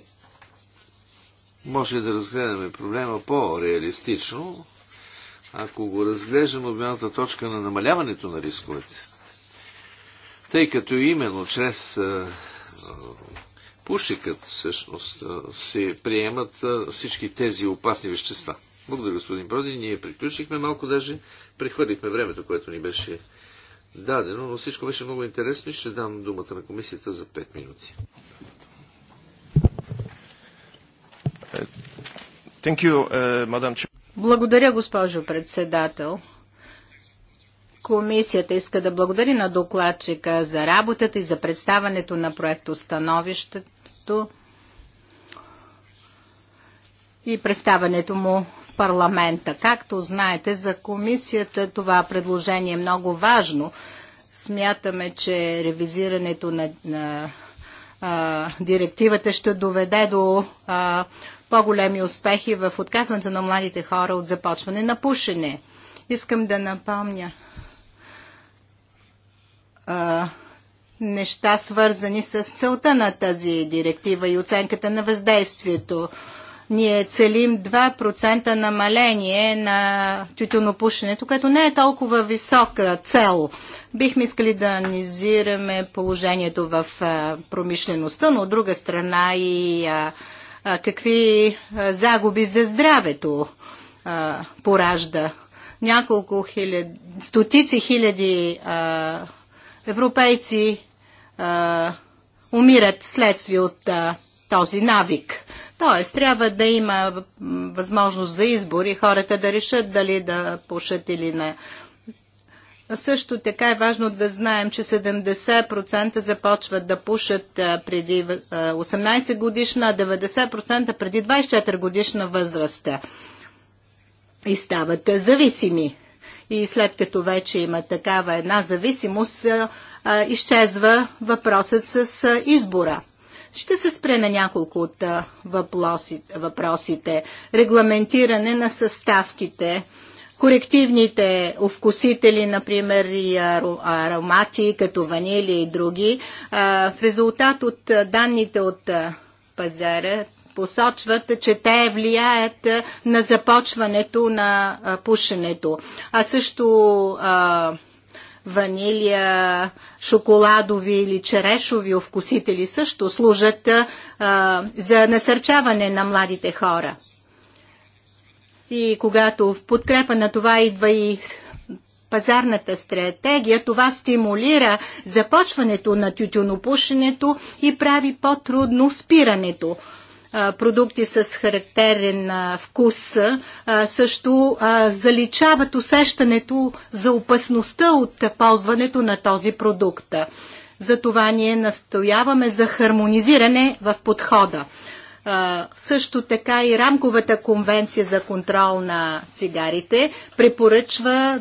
може да разгледаме проблема по-реалистично, ако го разглеждаме от гледната точка на намаляването на рисковете. Тъй като именно чрез пушикът всъщност се приемат всички тези опасни вещества. Благодаря, господин Броди. Ние приключихме малко даже. Прехвърлихме времето, което ни беше дадено, но всичко беше много интересно и ще дам думата на комисията за 5 минути. You, uh, благодаря, госпожо председател. Комисията иска да благодари на докладчика за работата и за представането на становището и представането му в парламента. Както знаете, за комисията това предложение е много важно. Смятаме, че ревизирането на, на а, директивата ще доведе до а, по-големи успехи в отказването на младите хора от започване на пушене. Искам да напомня а, неща, свързани с целта на тази директива и оценката на въздействието. Ние целим 2% намаление на тютюнопушенето, което не е толкова висока цел. Бихме искали да анализираме положението в промишлеността, но от друга страна и а, какви загуби за здравето поражда. Няколко хиляди, стотици хиляди европейци умират следствие от този навик. Тоест, трябва да има възможност за избор и хората да решат дали да пушат или не. Също така е важно да знаем, че 70% започват да пушат преди 18 годишна, а 90% преди 24 годишна възраст и стават зависими. И след като вече има такава една зависимост, изчезва въпросът с избора. Ще се спре на няколко от въпросите. Регламентиране на съставките корективните овкусители, например и аромати, като ванили и други. В резултат от данните от пазара посочват, че те влияят на започването на пушенето. А също ванилия, шоколадови или черешови овкусители също служат а, за насърчаване на младите хора. И когато в подкрепа на това идва и пазарната стратегия, това стимулира започването на тютюнопушенето и прави по-трудно спирането. продукти с характерен вкус също заличават усещането за опасността от ползването на този продукт. Затова ние настояваме за хармонизиране в подхода също така и рамковата конвенция за контрол на цигарите препоръчва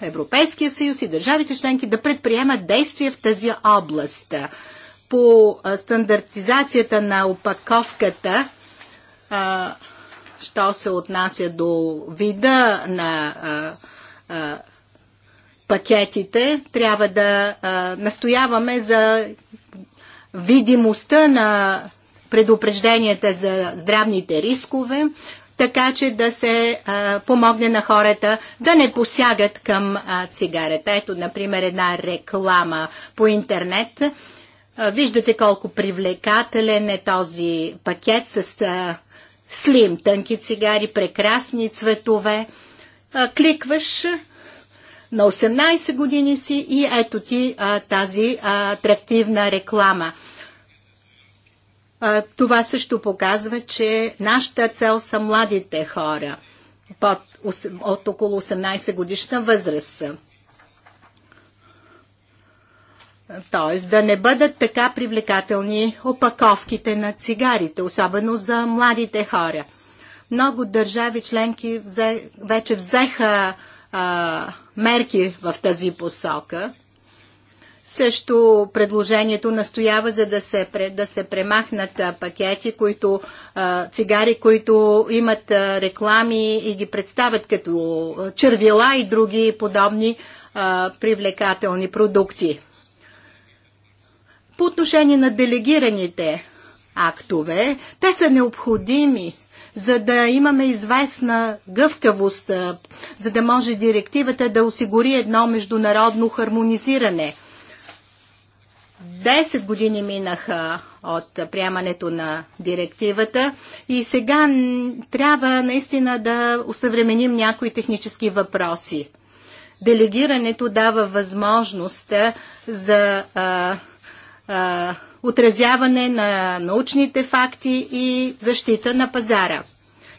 Европейския съюз и държавите членки да предприемат действия в тази област. По стандартизацията на опаковката, що се отнася до вида на пакетите, трябва да настояваме за видимостта на предупрежденията за здравните рискове, така че да се а, помогне на хората да не посягат към а, цигарета. Ето, например, една реклама по интернет. А, виждате колко привлекателен е този пакет с а, слим, тънки цигари, прекрасни цветове. А, кликваш на 18 години си и ето ти а, тази а, атрактивна реклама. Това също показва, че нашата цел са младите хора под, от около 18 годишна възраст. Тоест да не бъдат така привлекателни опаковките на цигарите, особено за младите хора. Много държави членки взе, вече взеха а, мерки в тази посока. Също предложението настоява за да се, да се премахнат пакети, които, цигари, които имат реклами и ги представят като червила и други подобни привлекателни продукти. По отношение на делегираните актове, те са необходими, за да имаме известна гъвкавост, за да може директивата да осигури едно международно хармонизиране – 10 години минаха от приемането на директивата и сега трябва наистина да усъвременим някои технически въпроси. Делегирането дава възможност за а, а, отразяване на научните факти и защита на пазара.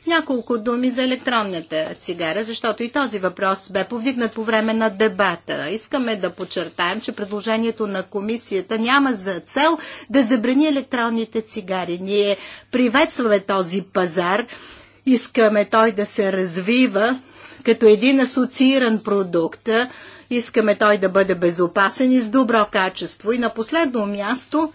Няколко думи за електронната цигара, защото и този въпрос бе повдигнат по време на дебата. Искаме да подчертаем, че предложението на комисията няма за цел да забрани електронните цигари. Ние приветстваме този пазар, искаме той да се развива като един асоцииран продукт, искаме той да бъде безопасен и с добро качество. И на последно място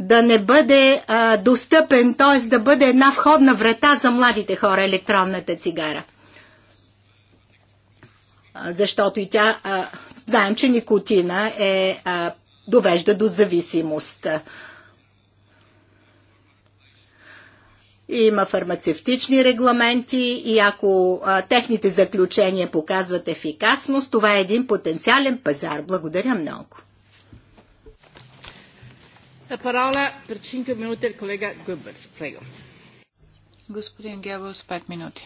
да не бъде а, достъпен, т.е. да бъде една входна врата за младите хора електронната цигара. А, защото и тя, а, знаем, че никотина е, а, довежда до зависимост. Има фармацевтични регламенти и ако а, техните заключения показват ефикасност, това е един потенциален пазар. Благодаря много. La parola per minuti collega Goebbels. Prego. Господин Гебелс, 5 минути.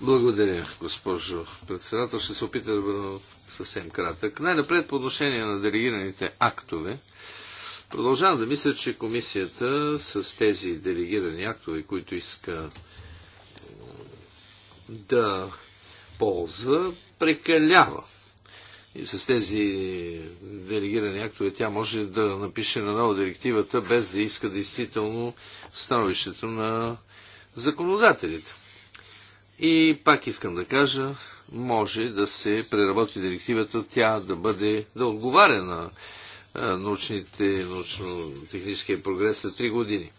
Благодаря, госпожо председател. Ще се опитам да бъда съвсем кратък. Най-напред по отношение на делегираните актове. Продължавам да мисля, че комисията с тези делегирани актове, които иска е, да ползва, прекалява и с тези делегирани актове тя може да напише на нова директивата, без да иска действително становището на законодателите. И пак искам да кажа, може да се преработи директивата, тя да бъде, да отговаря на научните, научно-техническия прогрес за 3 години.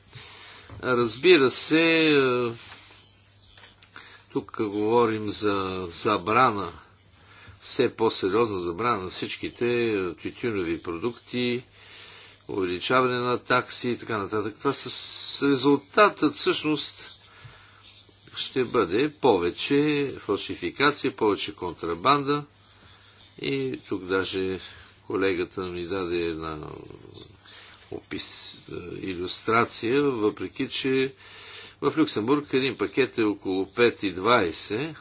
Разбира се, тук говорим за забрана все по-сериозна забрана на всичките е, тютюнови продукти, увеличаване на такси и така нататък. Това с резултатът всъщност ще бъде повече фалшификация, повече контрабанда. И тук даже колегата ми даде една опис, е, иллюстрация, въпреки че в Люксембург един пакет е около 5,20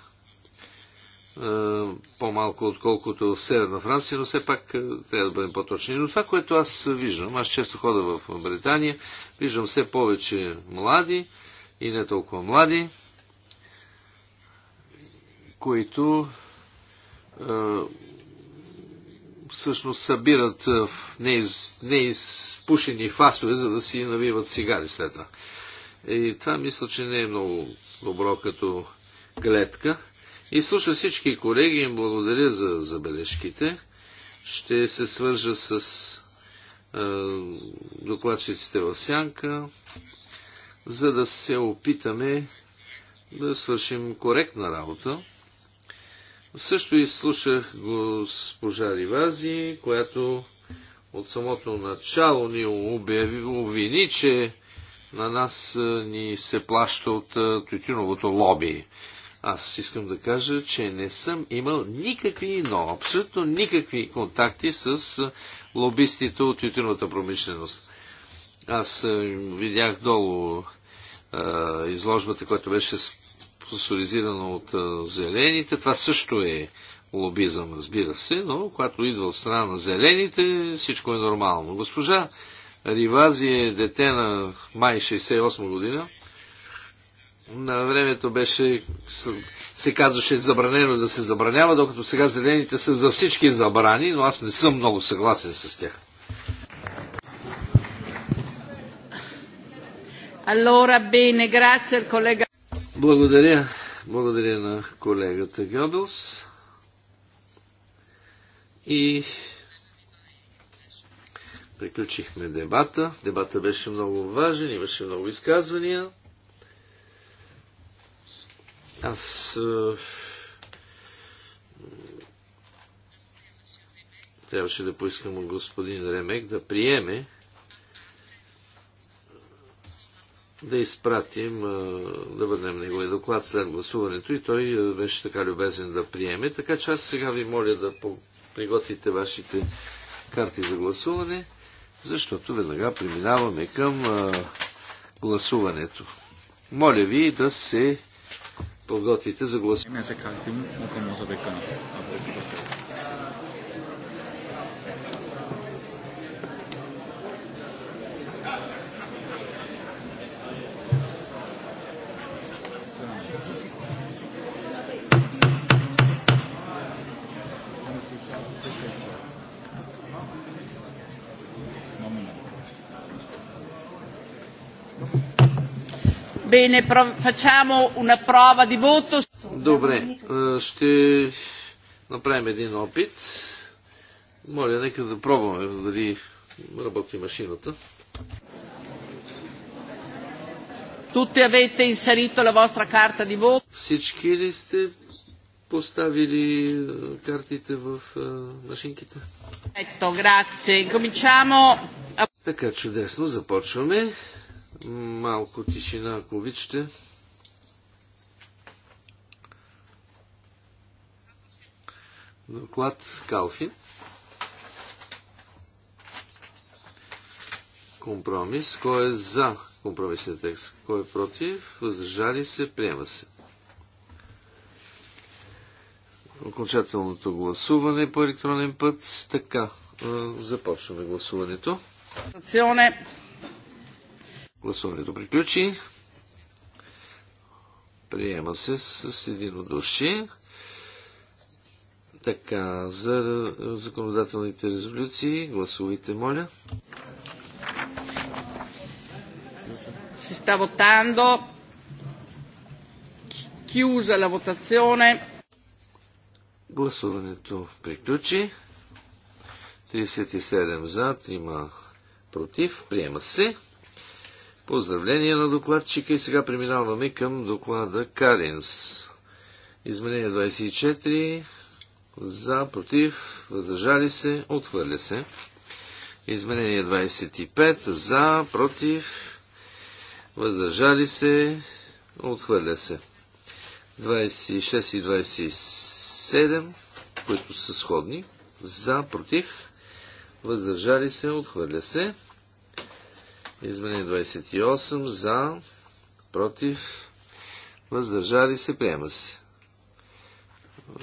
е, по-малко отколкото в Северна Франция, но все пак е, трябва да бъдем по-точни. Но това, което аз виждам, аз често хода в Британия, виждам все повече млади и не толкова млади, които е, всъщност събират неиз, неизпушени фасове, за да си навиват цигари след това. И това мисля, че не е много добро като гледка. И слуша всички колеги, им благодаря за забележките. Ще се свържа с е, докладчиците в сянка, за да се опитаме да свършим коректна работа. Също изслушах госпожа Ривази, която от самото начало ни обяви, обвини, че на нас ни се плаща от тютюновото лоби. Аз искам да кажа, че не съм имал никакви, но абсолютно никакви контакти с лобистите от ютината промишленост. Аз видях долу а, изложбата, която беше спонсоризирана от а, зелените. Това също е лобизъм, разбира се, но когато идва от страна на зелените, всичко е нормално. Госпожа Ривази е дете на май 68 година на времето беше, се казваше забранено да се забранява, докато сега зелените са за всички забрани, но аз не съм много съгласен с тях. Allora, bene, grazie al collega. Благодаря. Благодаря на колегата Гьобелс. И приключихме дебата. Дебата беше много важен, имаше много изказвания. Аз е, трябваше да поискам от господин Ремек да приеме да изпратим, е, да върнем неговия доклад след гласуването и той е, беше така любезен да приеме. Така че аз сега ви моля да приготвите вашите карти за гласуване, защото веднага преминаваме към гласуването. Моля ви да се подготвите за гласуване. Bene, facciamo una prova di voto. Добре, е, ще направим един опит. Моля, нека да пробваме дали работи машината. Tutti avete inserito la vostra carta di voto? Всички ли сте поставили е, картите в е, машинките? Ето, grazie. Cominciamo. Така чудесно, започваме. Малко тишина, ако обичате. Доклад Калфи. Компромис. Кой е за компромисния текст? Кой е против? Въздържали се? Приема се. Окончателното гласуване по електронен път. Така, започваме гласуването. Гласуването приключи. Приема се с единодушие. Така, за законодателните резолюции гласувайте, моля. Си ста вотандо. Кюза ла votazione. Гласуването приключи. 37 за, 3 против. Приема се. Поздравление на докладчика и сега преминаваме към доклада Каринс. Изменение 24. За, против, въздържали се, отхвърля се. Изменение 25. За, против, въздържали се, отхвърля се. 26 и 27, които са сходни. За, против, въздържали се, отхвърля се. Изменение 28 за, против, въздържали се, приема се.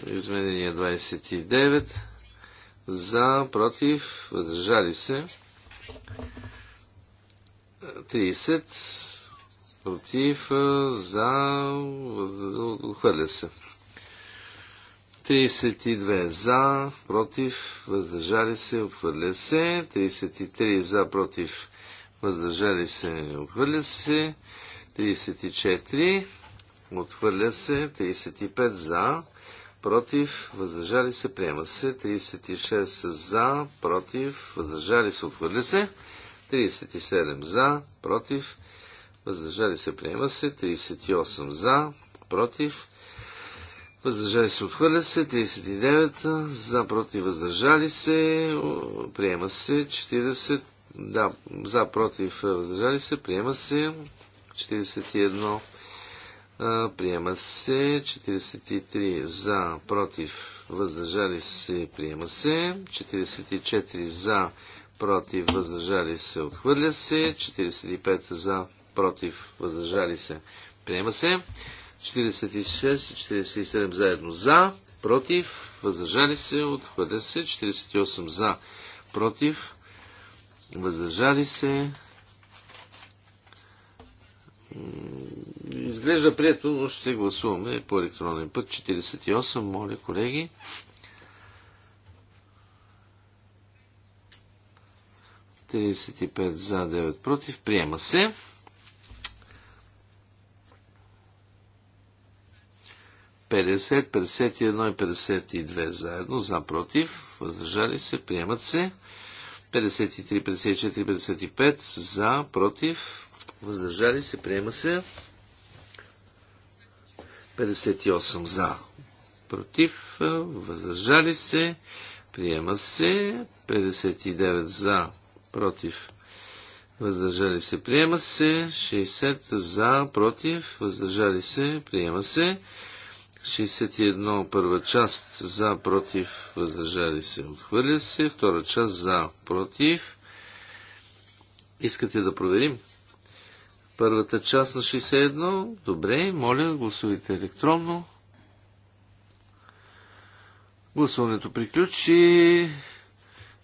Изменение 29 за, против, въздържали се. 30 против, за, отхвърля се. 32 за, против, въздържали се, отхвърля се. 33 за, против, въздържали се, отхвърля се, 34, отхвърля се, 35 за, против, въздържали се, приема се, 36 за, против, въздържали се, отхвърля се, 37 за, против, въздържали се, приема се, 38 за, против, въздържали се, отхвърля се, 39 за, против, въздържали се, приема се, 40 да, за, против, въздържали се, приема се. 41. Приема се. 43 за, против, въздържали се, приема се. 44 за, против, въздържали се, отхвърля се. 45 за, против, въздържали се, приема се. 46 и 47 заедно за, против, въздържали се, отхвърля се. 48 за, против, въздържали се. Изглежда прието, но ще гласуваме по електронен път. 48, моля колеги. за, 9 против. Приема се. Петдесет, 51 и 52 заедно, за, против, въздържали се, приемат се. 53, 54, 55 за, против, въздържали се, приема се. 58 за, против, въздържали се, приема се. 59 за, против, въздържали се, приема се. 60 за, против, въздържали се, приема се. 61 първа част за, против, въздържали се, отхвърля се. Втора част за, против. Искате да проверим? Първата част на 61. Добре, моля, гласувайте електронно. Гласуването приключи.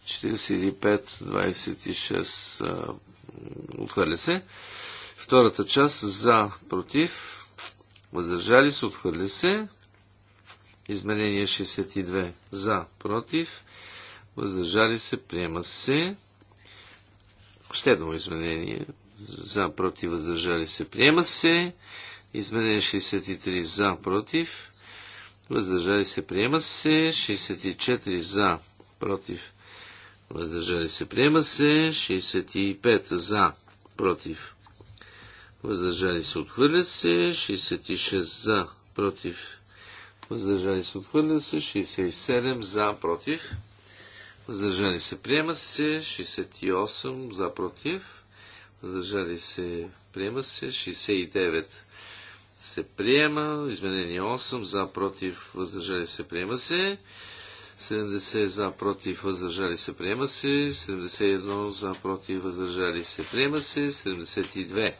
45-26 отхвърля се. Втората част за, против, въздържали се, отхвърля се. Изменение 62 за, против, въздържали се, приема се. Последно изменение за, против, въздържали се, приема се. Изменение 63 за, против, въздържали се, приема се. 64 за, против, въздържали се, приема се. 65 за, против, въздържали се, отхвърля се, 66 за, против, въздържали се, отхвърля се, 67 за, против, въздържали се, приема се, 68 за, против, въздържали се, приема се, 69 се приема, изменение 8 за, против, въздържали се, приема се, 70 за, против, въздържали се, приема се, 71 за, против, въздържали се, приема се, 72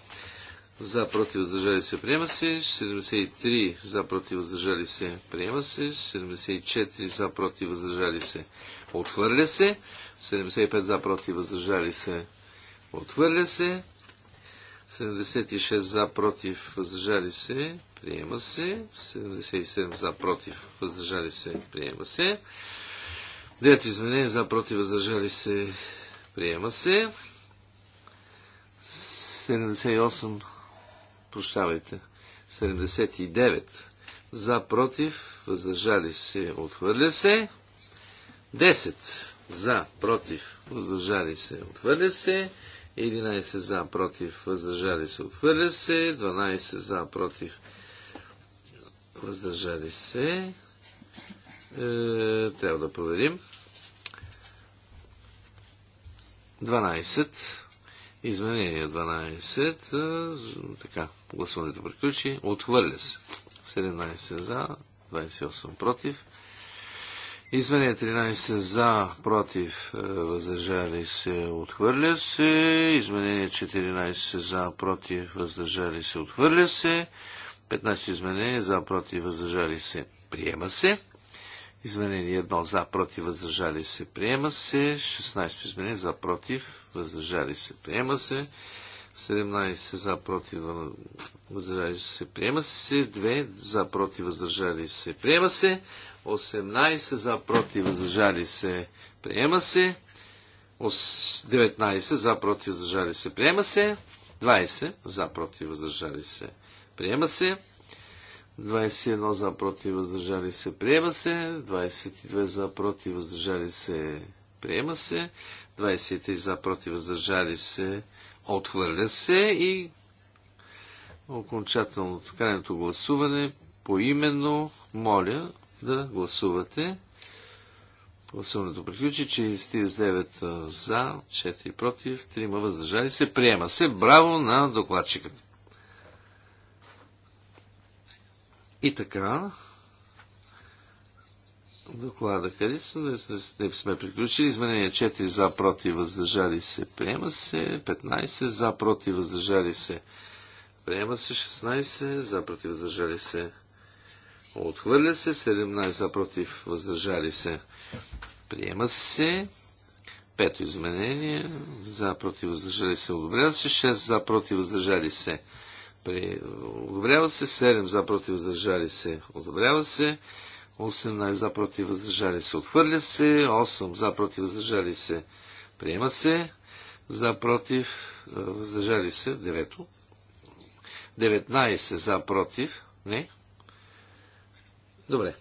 за против въздържали се приема се, 73 за против въздържали се приема се, 74 за против въздържали се отхвърля се, 75 за против въздържали се отхвърля се, 76 за против въздържали се приема се, 77 за против въздържали се приема се, Девето изменение за против въздържали се приема се, 78 прощавайте, 79 за, против, въздържали се, отхвърля се. 10 за, против, въздържали се, отхвърля се. 11 за, против, въздържали се, отхвърля се. 12 за, против, въздържали се. Е, трябва да проверим. 12. Изменение 12. Така, гласуването приключи. Отхвърля се. 17 за, 28 против. Изменение 13 за, против, въздържали се, отхвърля се. Изменение 14 за, против, въздържали се, отхвърля се. 15 изменение за, против, въздържали се, приема се. Изменение 1 за, против, въздържали се, приема се. 16 изменение за, против, въздържали се, приема се. 17 за, против, въздържали се, приема се. 2 за, против, въздържали се, приема се. 18 за, против, въздържали се, приема се. 19 за, против, въздържали се, приема се. 20 за, против, въздържали се, приема се. 21 за против въздържали се, приема се. 22 за против въздържали се, приема се. 23 за против въздържали се, отхвърля се и окончателното крайното гласуване поименно моля да гласувате. Гласуването приключи. 49 за, 4 против, 3 въздържали се. Приема се. Браво на докладчиката. И така, доклада Харисо, не, не, не сме приключили. Изменение 4 за, против, въздържали се, приема се. 15 за, против, въздържали се, приема се. 16 за, против, въздържали се, отхвърля се. 17 за, против, въздържали се, приема се. Пето изменение за, против, въздържали се, одобрява се. 6 за, против, въздържали се при... одобрява се, 7 за против въздържали се, одобрява се, 18 за против въздържали се, отхвърля се, 8 за против въздържали се, приема се, за против въздържали се, 9. 19 за против, не. Добре.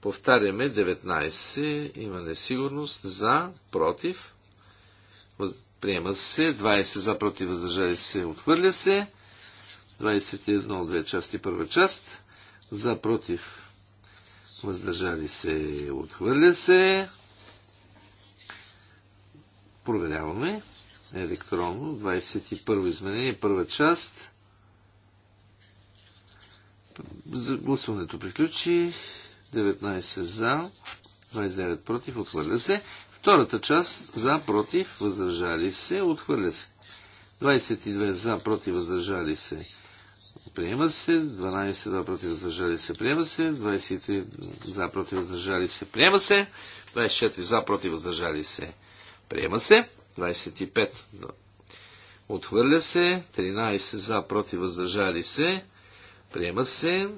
Повтаряме 19, има несигурност, за, против, въз... приема се, 20 за, против, въздържали се, отхвърля се, 21 от две части, първа част. За, против, въздържали се, отхвърля се. Проверяваме електронно. 21 изменение, първа част. Гласуването приключи. 19 за, 29 против, отхвърля се. Втората част за, против, въздържали се, отхвърля се. 22 за, против, въздържали се, Приема се. 12 за против въздържали се. Приема се. 23 за против въздържали се. Приема се. 24 за против въздържали се. Приема се. 25 отхвърля се. 13 за против въздържали се. Приема се.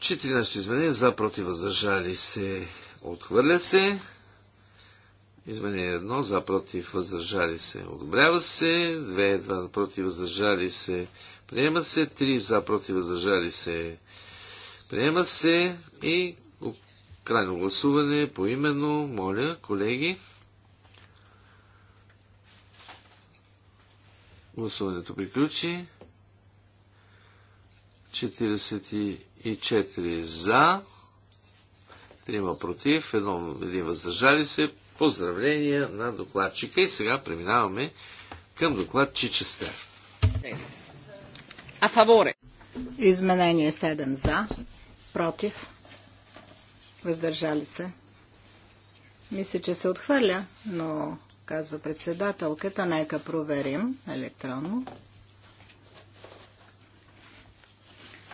14 изменение за против въздържали се. Отхвърля се. Изменение едно за против въздържали се. Одобрява се. Две за против въздържали се. Приема се. Три за против въздържали се. Приема се. И крайно гласуване по именно. Моля, колеги. Гласуването приключи. 44 за, трима против, едно, един въздържали се. Поздравления на докладчика и сега преминаваме към доклад Чичестер. А фаворе. Изменение 7 за, против, въздържали се. Мисля, че се отхвърля, но казва председателката, нека проверим електронно.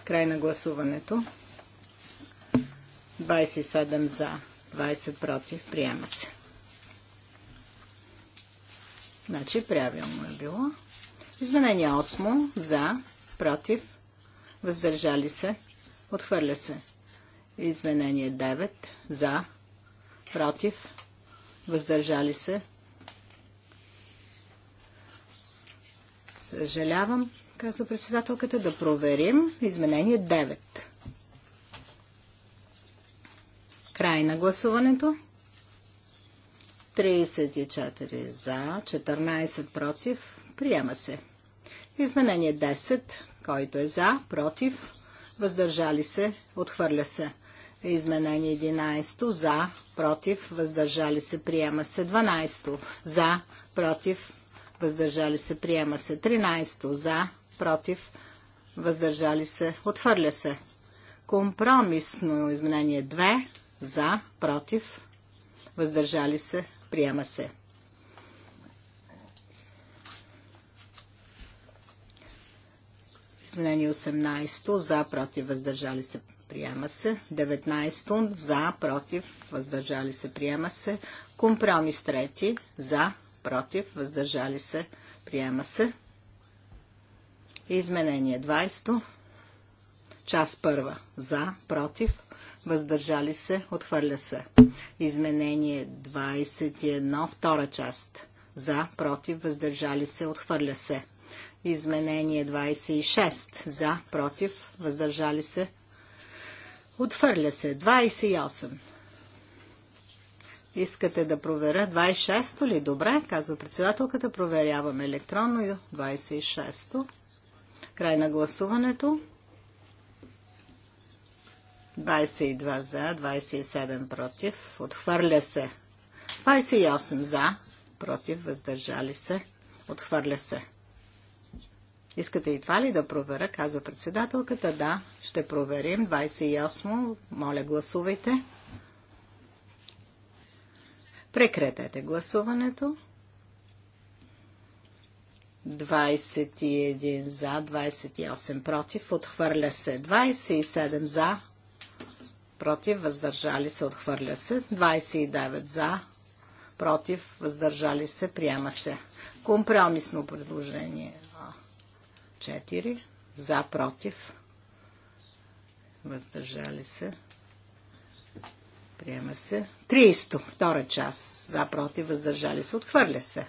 Край на гласуването. 27 за, 20 против, приема се. Значи правилно е било. Изменение 8 за, против, въздържали се, отхвърля се. Изменение 9 за, против, въздържали се. Съжалявам, казва председателката, да проверим изменение 9. Край на гласуването. 34 за, 14 против. Приема се. Изменение 10. Който е за, против, въздържали се, отхвърля се. Изменение 11. За, против, въздържали се, приема се. 12. За, против, въздържали се, приема се. 13. За, против, въздържали се, отхвърля се. Компромисно изменение 2. За, против, въздържали се, приема се. Изменение 18. За, против, въздържали се, приема се. 19. За, против, въздържали се, приема се. Компромис 3, За, против, въздържали се, приема се. Изменение 20. Част 1. За, против, въздържали се, отхвърля се. Изменение 21, втора част. За, против, въздържали се, отхвърля се. Изменение 26. За, против, въздържали се. Отхвърля се. 28. Искате да проверя 26-то ли? Добре, казва председателката. Проверяваме електронно 26-то. Край на гласуването. 22 за, 27 против. Отхвърля се. 28 за, против, въздържали се. Отхвърля се. Искате и това ли да проверя, казва председателката. Да, ще проверим. 28. Моля, гласувайте. Прекретете гласуването. 21 за, 28 против. Отхвърля се. 27 за, против, въздържали се, отхвърля се. 29 за, против, въздържали се, приема се. Компромисно предложение 4 за, против, въздържали се, приема се. 300, втора част, за, против, въздържали се, отхвърля се.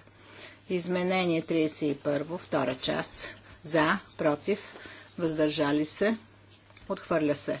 Изменение 31, втора част, за, против, въздържали се, отхвърля се.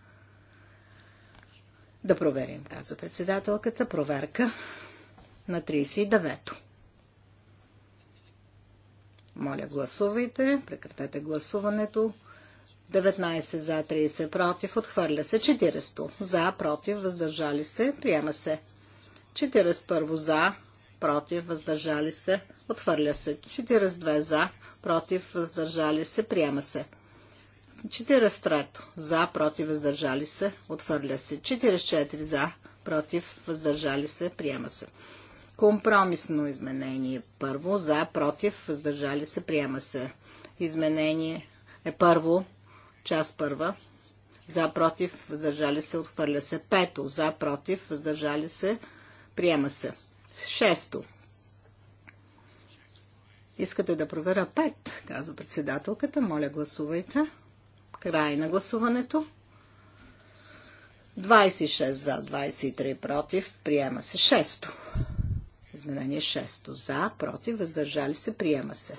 да проверим, казва председателката. Проверка на 39-то. Моля, гласувайте. Прекратете гласуването. 19 за, 30 против. Отхвърля се 40. За, против, въздържали се. Приема се. 41 за, против, въздържали се. Отхвърля се. 42 за, против, въздържали се. Приема се. 4 43 за, против, въздържали се, отвърля се. 44 за, против, въздържали се, приема се. Компромисно изменение първо, за, против, въздържали се, приема се. Изменение е първо, част първа, за, против, въздържали се, отхвърля се. Пето, за, против, въздържали се, приема се. Шесто. Искате да проверя пет, казва председателката. Моля, гласувайте. Край на гласуването. 26 за, 23 против. Приема се 6. Изменение 6. За, против, въздържали се, приема се.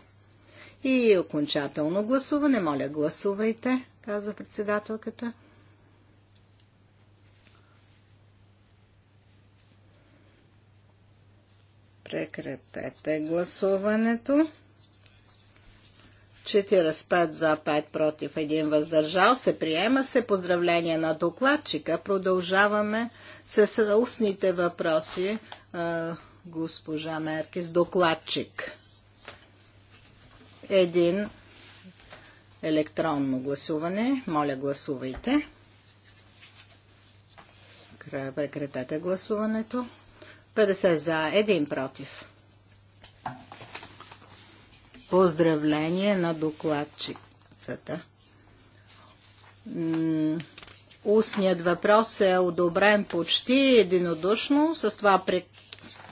И окончателно гласуване. Моля, гласувайте, казва председателката. Прекратете гласуването. 4 45 за 5 против 1 въздържал се. Приема се поздравление на докладчика. Продължаваме с устните въпроси. Госпожа Меркис, докладчик. Един електронно гласуване. Моля, гласувайте. Прекратете гласуването. 50 за, 1 против. Поздравление на докладчицата. Устният въпрос е одобрен почти единодушно. С това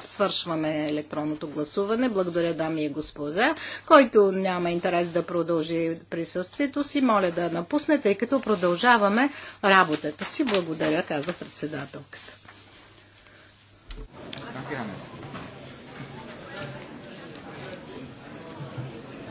свършваме електронното гласуване. Благодаря, дами и господа. Който няма интерес да продължи присъствието си, моля да напусне, тъй като продължаваме работата си. Благодаря, каза председателката. Gracias.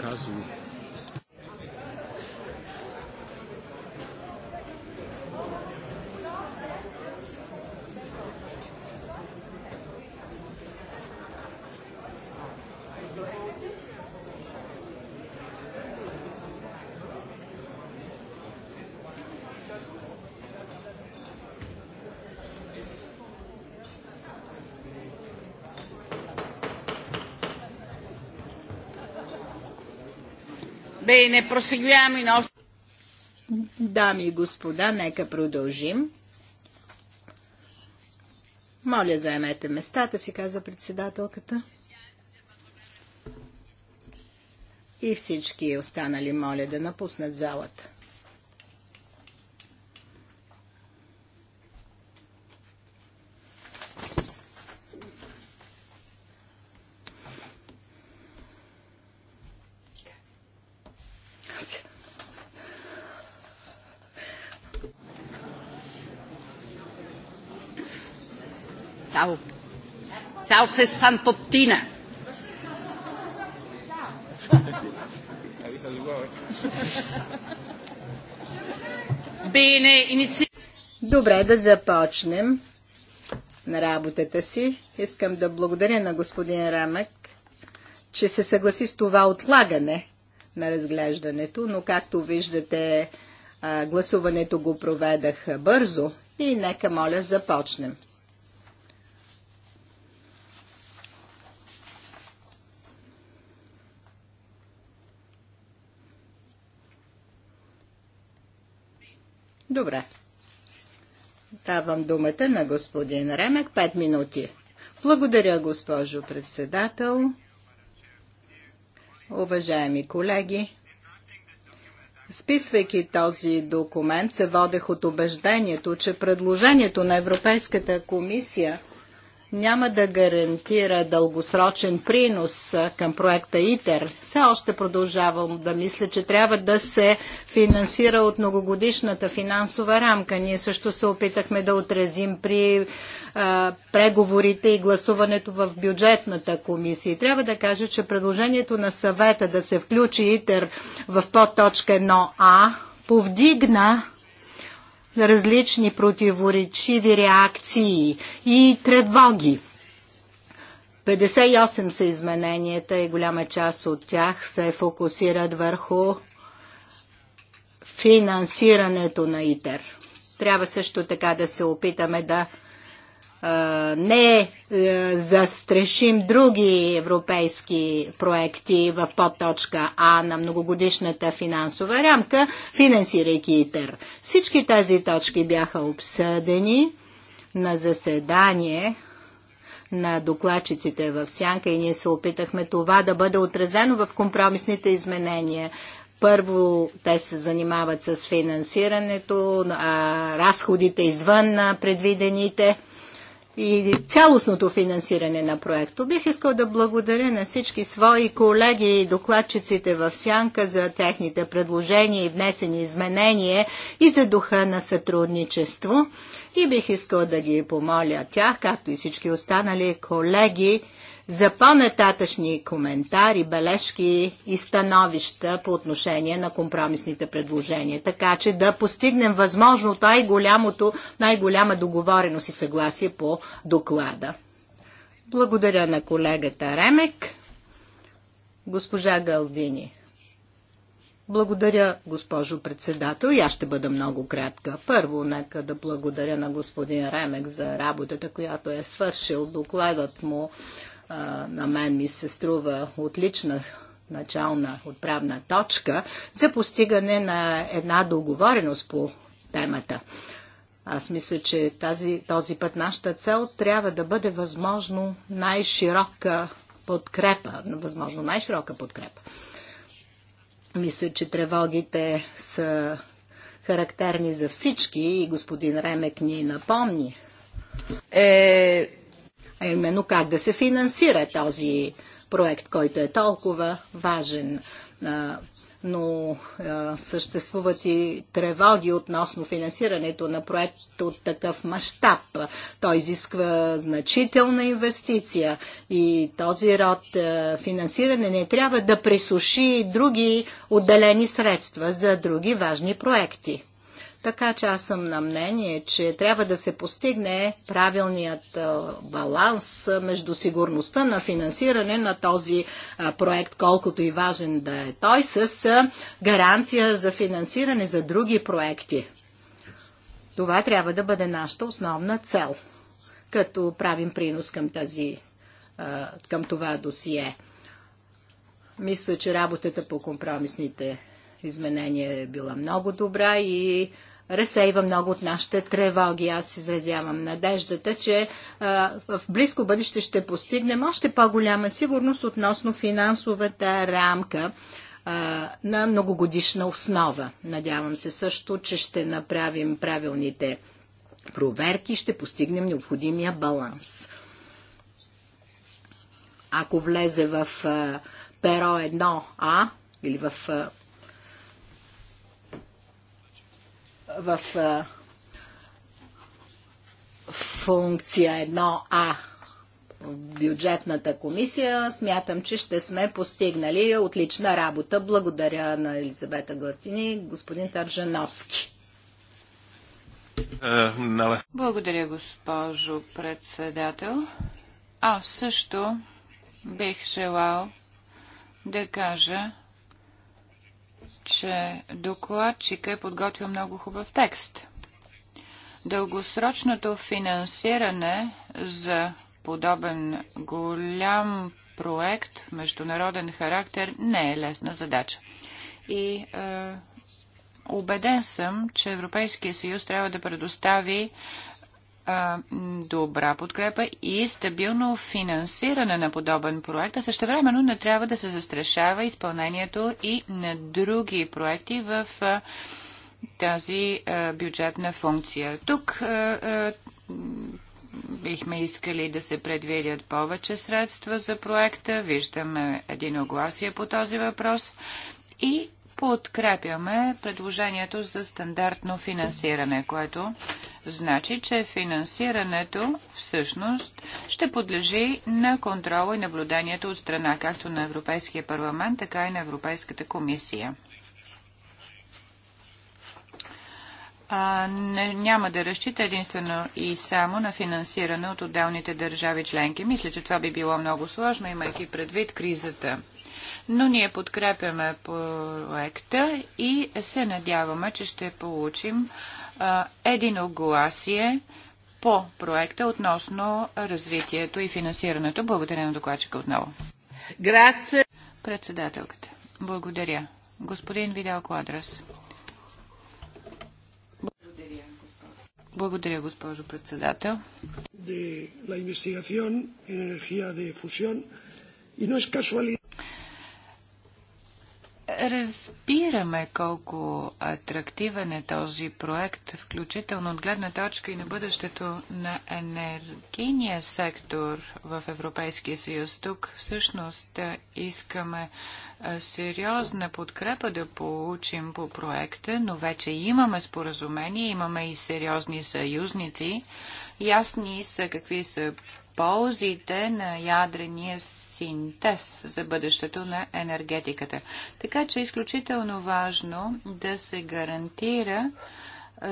Kazu. Bene, proseguiamo i nostri... Дами и господа, нека продължим. Моля, заемете местата си, каза председателката. И всички останали моля да напуснат залата. Ciao sessantottina. Bene, inizi... Добре, да започнем на работата си. Искам да благодаря на господин Рамък, че се съгласи с това отлагане на разглеждането, но както виждате, гласуването го проведах бързо и нека моля започнем. Добре. Давам думата на господин Ремек. Пет минути. Благодаря, госпожо председател. Уважаеми колеги, Списвайки този документ, се водех от убеждението, че предложението на Европейската комисия няма да гарантира дългосрочен принос към проекта ИТЕР. Все още продължавам да мисля, че трябва да се финансира от многогодишната финансова рамка. Ние също се опитахме да отразим при а, преговорите и гласуването в бюджетната комисия. Трябва да кажа, че предложението на съвета да се включи ИТЕР в подточка 1А повдигна различни противоречиви реакции и тревоги. 58 са измененията и голяма част от тях се фокусират върху финансирането на ИТЕР. Трябва също така да се опитаме да не е, застрашим други европейски проекти в подточка А на многогодишната финансова рамка, финансирайки ИТЕР. Всички тези точки бяха обсъдени на заседание на докладчиците в Сянка и ние се опитахме това да бъде отразено в компромисните изменения. Първо те се занимават с финансирането, разходите извън на предвидените – и цялостното финансиране на проекто. Бих искал да благодаря на всички свои колеги и докладчиците в Сянка за техните предложения и внесени изменения и за духа на сътрудничество. И бих искал да ги помоля тях, както и всички останали колеги, за по-нататъчни коментари, бележки и становища по отношение на компромисните предложения, така че да постигнем възможно най-голямото, най-голяма договореност и съгласие по доклада. Благодаря на колегата Ремек. Госпожа Галдини. Благодаря, госпожо председател. И аз ще бъда много кратка. Първо, нека да благодаря на господин Ремек за работата, която е свършил. Докладът му на мен ми се струва отлична начална отправна точка за постигане на една договореност по темата. Аз мисля, че тази, този път нашата цел трябва да бъде възможно най-широка подкрепа, възможно най-широка подкрепа. Мисля, че тревогите са характерни за всички и господин Ремек ни напомни. Е, а именно как да се финансира този проект, който е толкова важен. Но съществуват и тревоги относно финансирането на проект от такъв мащаб. Той изисква значителна инвестиция и този род финансиране не трябва да пресуши други отделени средства за други важни проекти. Така че аз съм на мнение, че трябва да се постигне правилният баланс между сигурността на финансиране на този проект, колкото и важен да е той, с гаранция за финансиране за други проекти. Това трябва да бъде нашата основна цел, като правим принос към, тази, към това досие. Мисля, че работата по компромисните изменение е била много добра и разсейва много от нашите тревоги. Аз изразявам надеждата, че а, в близко бъдеще ще постигнем още по-голяма сигурност относно финансовата рамка а, на многогодишна основа. Надявам се също, че ще направим правилните проверки и ще постигнем необходимия баланс. Ако влезе в а, перо 1А или в в функция 1А в бюджетната комисия, смятам, че ще сме постигнали отлична работа. Благодаря на Елизабета Гортини, господин Таржановски. Е, Благодаря, госпожо председател. Аз също бих желал да кажа, че докладчика е подготвил много хубав текст. Дългосрочното финансиране за подобен голям проект, международен характер, не е лесна задача. И е, убеден съм, че Европейския съюз трябва да предостави добра подкрепа и стабилно финансиране на подобен проект, а също времено не трябва да се застрашава изпълнението и на други проекти в тази бюджетна функция. Тук бихме искали да се предвидят повече средства за проекта. Виждаме единогласие по този въпрос. И подкрепяме предложението за стандартно финансиране, което Значи, че финансирането всъщност ще подлежи на контрола и наблюдението от страна както на Европейския парламент, така и на Европейската комисия. а, не, няма да разчита единствено и само на финансиране от отделните държави членки. Мисля, че това би било много сложно, имайки предвид кризата. Но ние подкрепяме проекта и се надяваме, че ще получим единогласие по проекта относно развитието и финансирането. Благодаря на докладчика отново. Грация. Председателката. Благодаря. Господин Видал Квадрас. Благодаря, госпожо. Благодаря, госпожо председател. De la investigación en energía de fusión. Y no es casualidad. Разбираме колко атрактивен е този проект, включително от гледна точка и на бъдещето на енергийния сектор в Европейския съюз. Тук всъщност искаме сериозна подкрепа да получим по проекта, но вече имаме споразумение, имаме и сериозни съюзници. Ясни са какви са ползите на ядрения синтез за бъдещето на енергетиката. Така че е изключително важно да се гарантира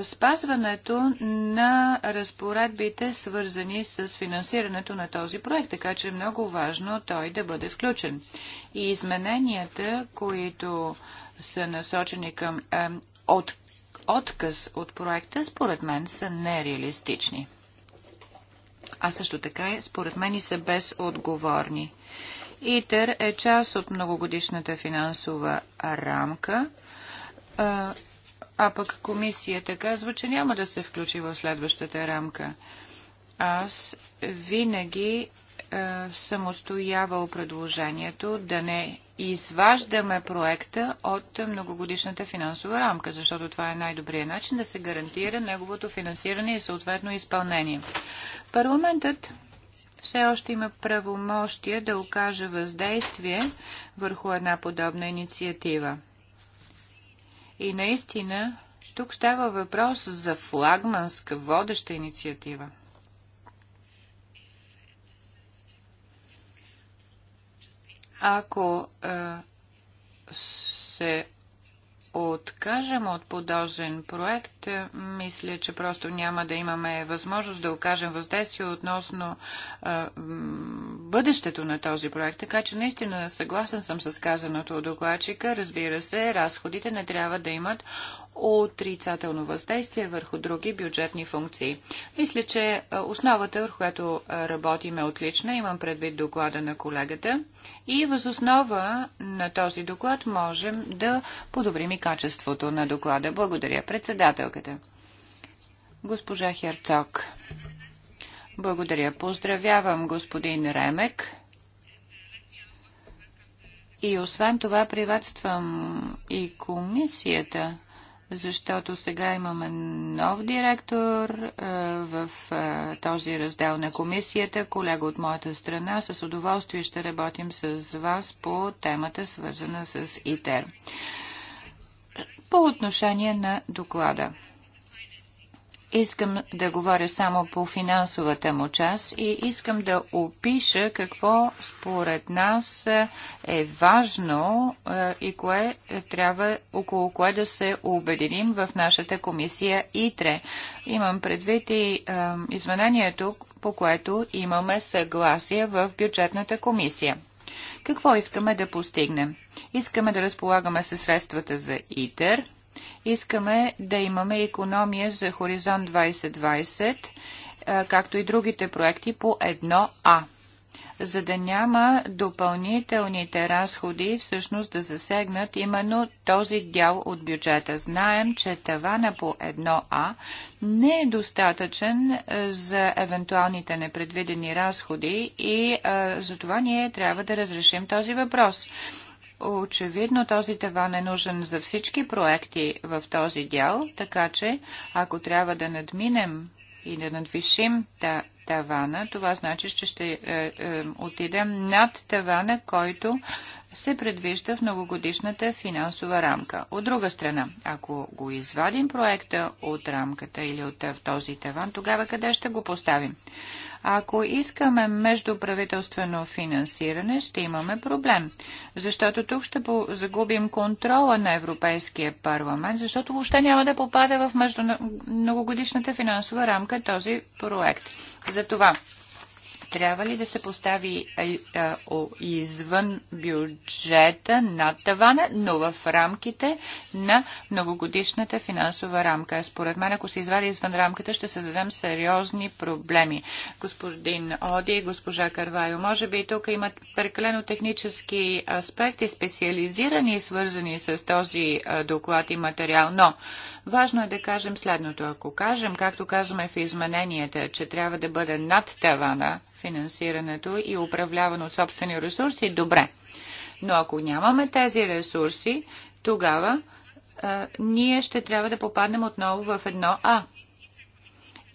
спазването на разпоредбите, свързани с финансирането на този проект, така че е много важно той да бъде включен. И измененията, които са насочени към е, от, отказ от проекта, според мен са нереалистични а също така, според мен, и са безотговорни. ИТЕР е част от многогодишната финансова рамка, а пък комисията казва, че няма да се включи в следващата рамка. Аз винаги съм устоявал предложението да не изваждаме проекта от многогодишната финансова рамка, защото това е най-добрият начин да се гарантира неговото финансиране и съответно изпълнение. Парламентът все още има правомощие да окаже въздействие върху една подобна инициатива. И наистина, тук става въпрос за флагманска водеща инициатива. Ако а, се откажем от подозен проект, е, мисля, че просто няма да имаме възможност да окажем въздействие относно а, е, бъдещето на този проект. Така че наистина съгласен съм с казаното от докладчика. Разбира се, разходите не трябва да имат отрицателно въздействие върху други бюджетни функции. Мисля, че е, основата, върху която работим е отлична. Имам предвид доклада на колегата и възоснова на този доклад можем да подобрим и качеството на доклада. Благодаря председателката. Госпожа Херцог. Благодаря. Поздравявам господин Ремек. И освен това приветствам и комисията защото сега имаме нов директор е, в е, този раздел на комисията. Колега от моята страна, с удоволствие ще работим с вас по темата, свързана с ИТЕР. По отношение на доклада. Искам да говоря само по финансовата му част и искам да опиша какво според нас е, е важно е, и кое трябва, около кое да се обединим в нашата комисия ИТРЕ. Имам предвид и е, изменението, по което имаме съгласие в бюджетната комисия. Какво искаме да постигнем? Искаме да разполагаме със средствата за ИТЕР – Искаме да имаме економия за Хоризонт 2020, както и другите проекти по 1А за да няма допълнителните разходи всъщност да засегнат именно този дял от бюджета. Знаем, че тавана по 1А не е достатъчен за евентуалните непредвидени разходи и а, за това ние трябва да разрешим този въпрос. Очевидно този таван е нужен за всички проекти в този дял, така че ако трябва да надминем и да надвишим та, тавана, това значи, че ще е, е, отидем над тавана, който се предвижда в многогодишната финансова рамка. От друга страна, ако го извадим проекта от рамката или от е, този таван, тогава къде ще го поставим? Ако искаме междуправителствено финансиране, ще имаме проблем, защото тук ще загубим контрола на Европейския парламент, защото въобще няма да попада в между... многогодишната финансова рамка този проект. За това трябва ли да се постави извън бюджета над тавана, но в рамките на многогодишната финансова рамка? Според мен, ако се извади извън рамката, ще създадем сериозни проблеми. Господин Оди и госпожа Карвайо, може би тук имат прекалено технически аспекти, специализирани и свързани с този доклад и материал, но Важно е да кажем следното. Ако кажем, както казваме в измененията, че трябва да бъде над тавана финансирането и управлявано от собствени ресурси, добре. Но ако нямаме тези ресурси, тогава а, ние ще трябва да попаднем отново в едно А –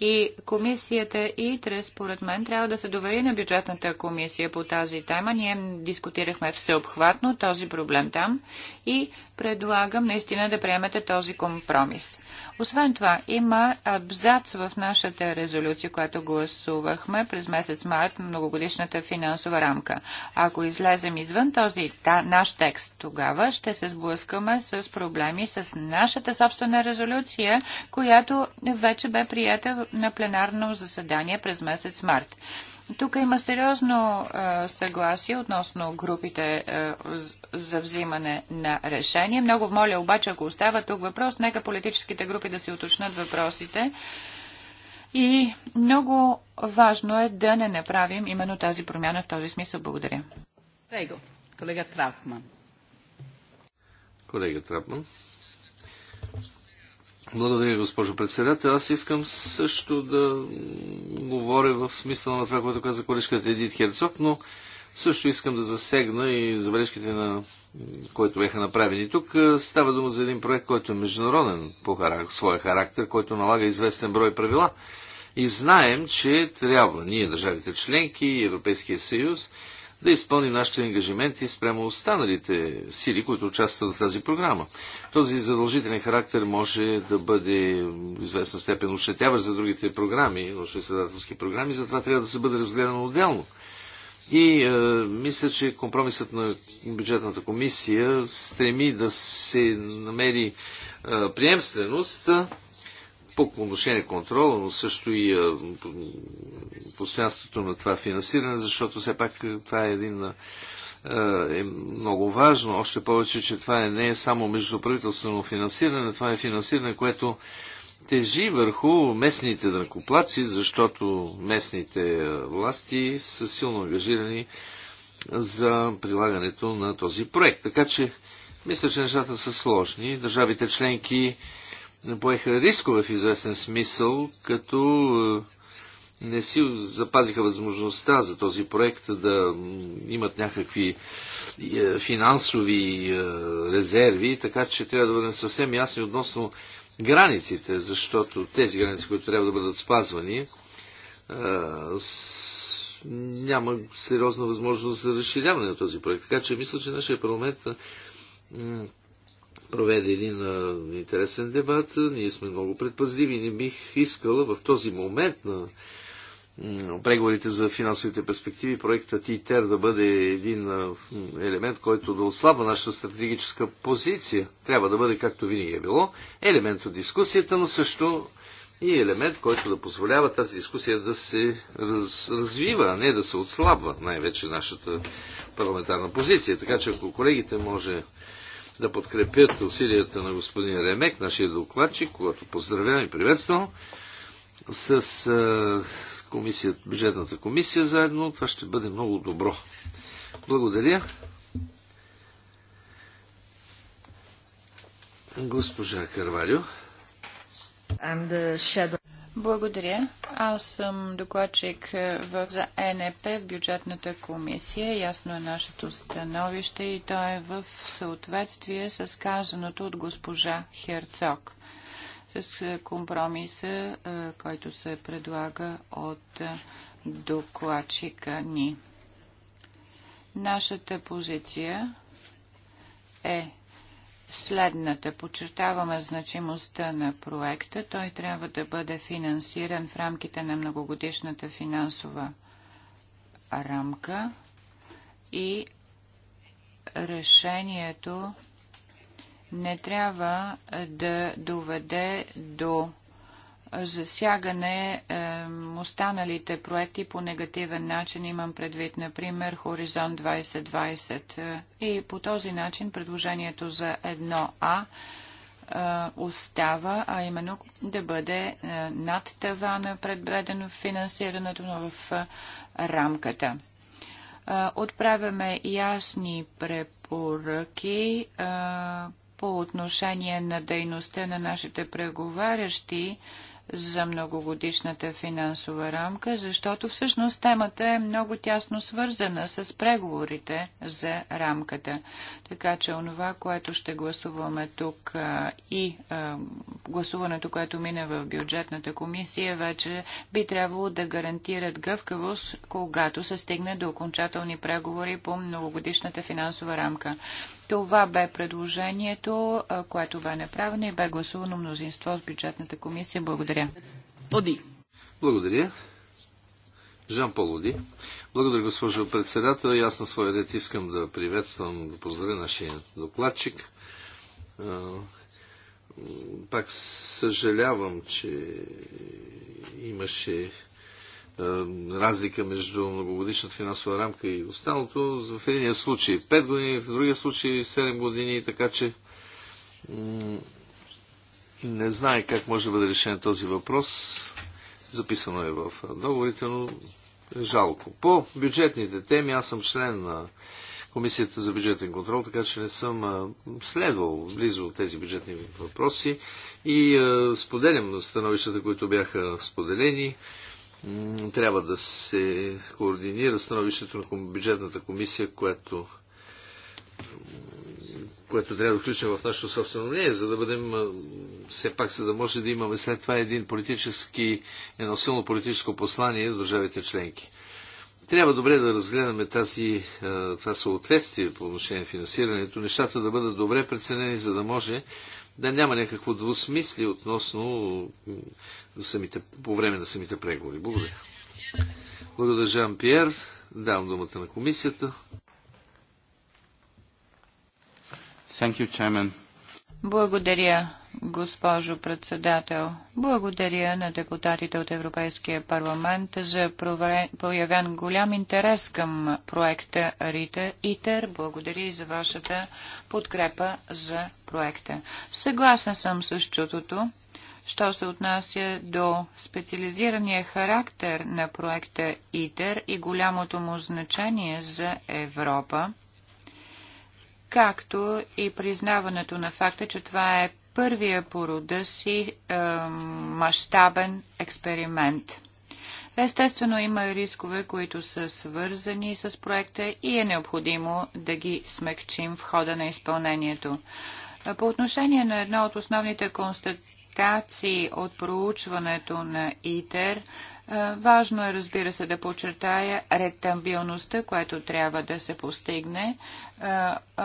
и комисията ИТРЕ, според мен, трябва да се довери на бюджетната комисия по тази тема. Ние дискутирахме всеобхватно този проблем там и предлагам наистина да приемете този компромис. Освен това, има абзац в нашата резолюция, която гласувахме през месец март многогодишната финансова рамка. Ако излезем извън този та, наш текст, тогава ще се сблъскаме с проблеми с нашата собствена резолюция, която вече бе прията на пленарно заседание през месец март. Тук има сериозно а, съгласие относно групите а, за взимане на решение. Много моля обаче, ако остава тук въпрос, нека политическите групи да си уточнат въпросите. И много важно е да не направим именно тази промяна в този смисъл. Благодаря. Рейго, колега Трапман. Колега Трапман. Благодаря, госпожо председател. Аз искам също да говоря в смисъл на това, което каза колежката Едит Херцог, но също искам да засегна и забележките на които бяха направени тук. Става дума за един проект, който е международен по характер, своя характер, който налага известен брой правила. И знаем, че трябва ние, държавите членки и Европейския съюз, да изпълним нашите ангажименти спрямо останалите сили, които участват в тази програма. Този задължителен характер може да бъде в известна степен ощетяващ за другите програми, научно-изследователски програми, затова трябва да се бъде разгледано отделно. И е, мисля, че компромисът на бюджетната комисия стреми да се намери е, приемственост по отношение контрола, но също и постоянството на това финансиране, защото все пак това е един е много важно, още повече, че това е, не е само междуправителствено финансиране, това е финансиране, което тежи върху местните дракоплаци, защото местните власти са силно ангажирани за прилагането на този проект. Така че, мисля, че нещата са сложни. Държавите членки поеха рискове в известен смисъл, като е, не си запазиха възможността за този проект да имат някакви е, финансови е, резерви, така че трябва да бъдем съвсем ясни относно границите, защото тези граници, които трябва да бъдат спазвани, няма сериозна възможност за разширяване на този проект. Така че мисля, че нашия парламент проведе един а, интересен дебат. Ние сме много предпазливи. Не бих искала в този момент на преговорите за финансовите перспективи проекта ТИТЕР да бъде един а, елемент, който да отслабва нашата стратегическа позиция. Трябва да бъде, както винаги е било, елемент от дискусията, но също и елемент, който да позволява тази дискусия да се раз, развива, а не да се отслабва най-вече нашата парламентарна позиция. Така че ако колегите може да подкрепят усилията на господин Ремек, нашия докладчик, когато поздравявам и приветствам, с а, комисия, бюджетната комисия заедно. Това ще бъде много добро. Благодаря. Госпожа Карвалю. Благодаря. Аз съм докладчик е, в, за е НП в бюджетната комисия. Ясно е нашето становище и то е в съответствие с казаното от госпожа Херцог с е, компромиса, който се предлага от докладчика ни. Нашата позиция е следната. Подчертаваме значимостта на проекта. Той трябва да бъде финансиран в рамките на многогодишната финансова рамка и решението не трябва да доведе до засягане е, останалите проекти по негативен начин. Имам предвид, например, Хоризонт 2020. Е, и по този начин предложението за едно а е, остава, а именно да бъде е, над тавана предбредено финансирането в е, рамката. Е, отправяме ясни препоръки е, по отношение на дейността на нашите преговарящи за многогодишната финансова рамка, защото всъщност темата е много тясно свързана с преговорите за рамката. Така че онова, което ще гласуваме тук а, и а, гласуването, което мине в бюджетната комисия, вече би трябвало да гарантират гъвкавост, когато се стигне до окончателни преговори по многогодишната финансова рамка. Това бе предложението, което бе направено и бе гласувано мнозинство с бюджетната комисия. Благодаря. Оди. Благодаря. Жан Пол Оди. Благодаря, госпожо председател. И аз на своя ред искам да приветствам, да поздравя нашия докладчик. Пак съжалявам, че имаше е, разлика между многогодишната финансова рамка и останалото. В единия случай 5 години, в другия случай 7 години, така че не знае как може да бъде решен този въпрос. Записано е в договорите, но е жалко. По бюджетните теми, аз съм член на Комисията за бюджетен контрол, така че не съм следвал близо тези бюджетни въпроси и споделям споделям становищата, които бяха споделени трябва да се координира становището на бюджетната комисия, което, което трябва да включим в нашето собствено мнение, за да бъдем все пак, за да може да имаме след това един политически, едно силно политическо послание до държавите членки. Трябва добре да разгледаме тази, това съответствие по отношение на финансирането, нещата да бъдат добре преценени, за да може да няма някакво двусмислие относно за самите, по време на самите преговори. Благодаря. Благодаря, Жан Пьер. Давам думата на комисията. Thank you, Chairman. Благодаря, госпожо председател. Благодаря на депутатите от Европейския парламент за проявен голям интерес към проекта Рита ИТЕР. Благодаря и за вашата подкрепа за проекта. Съгласен съм с чутото що се отнася до специализирания характер на проекта ИТЕР и голямото му значение за Европа, както и признаването на факта, че това е първия по рода си е, мащабен експеримент. Естествено има рискове, които са свързани с проекта и е необходимо да ги смекчим в хода на изпълнението. По отношение на едно от основните констатации, констатации от проучването на ИТЕР. Е, важно е, разбира се, да подчертая ретамбилността, което трябва да се постигне. Е, е,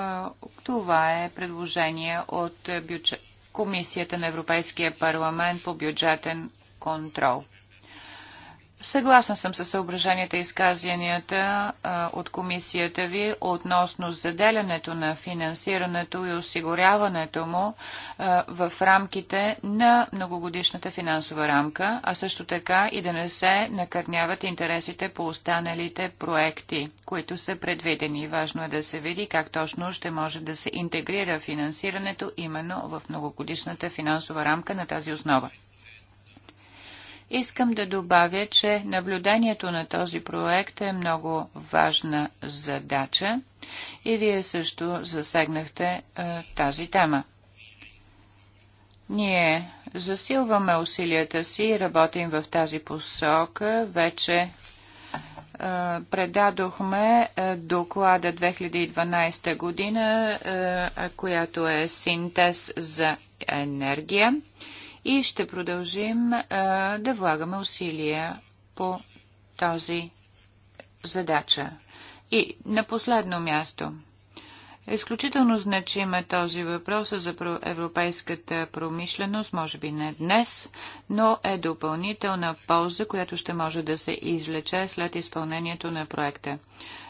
това е предложение от бюджет... Комисията на Европейския парламент по бюджетен контрол. Съгласна съм с съображенията и изказванията от комисията ви относно заделянето на финансирането и осигуряването му в рамките на многогодишната финансова рамка, а също така и да не се накърняват интересите по останалите проекти, които са предвидени. Важно е да се види как точно ще може да се интегрира финансирането именно в многогодишната финансова рамка на тази основа. Искам да добавя, че наблюдението на този проект е много важна задача и вие също засегнахте е, тази тема. Ние засилваме усилията си и работим в тази посока. Вече е, предадохме е, доклада 2012 година, е, която е синтез за енергия и ще продължим а, да влагаме усилия по този задача. И на последно място. Изключително значим е този въпрос за европейската промишленост, може би не днес, но е допълнителна полза, която ще може да се излече след изпълнението на проекта.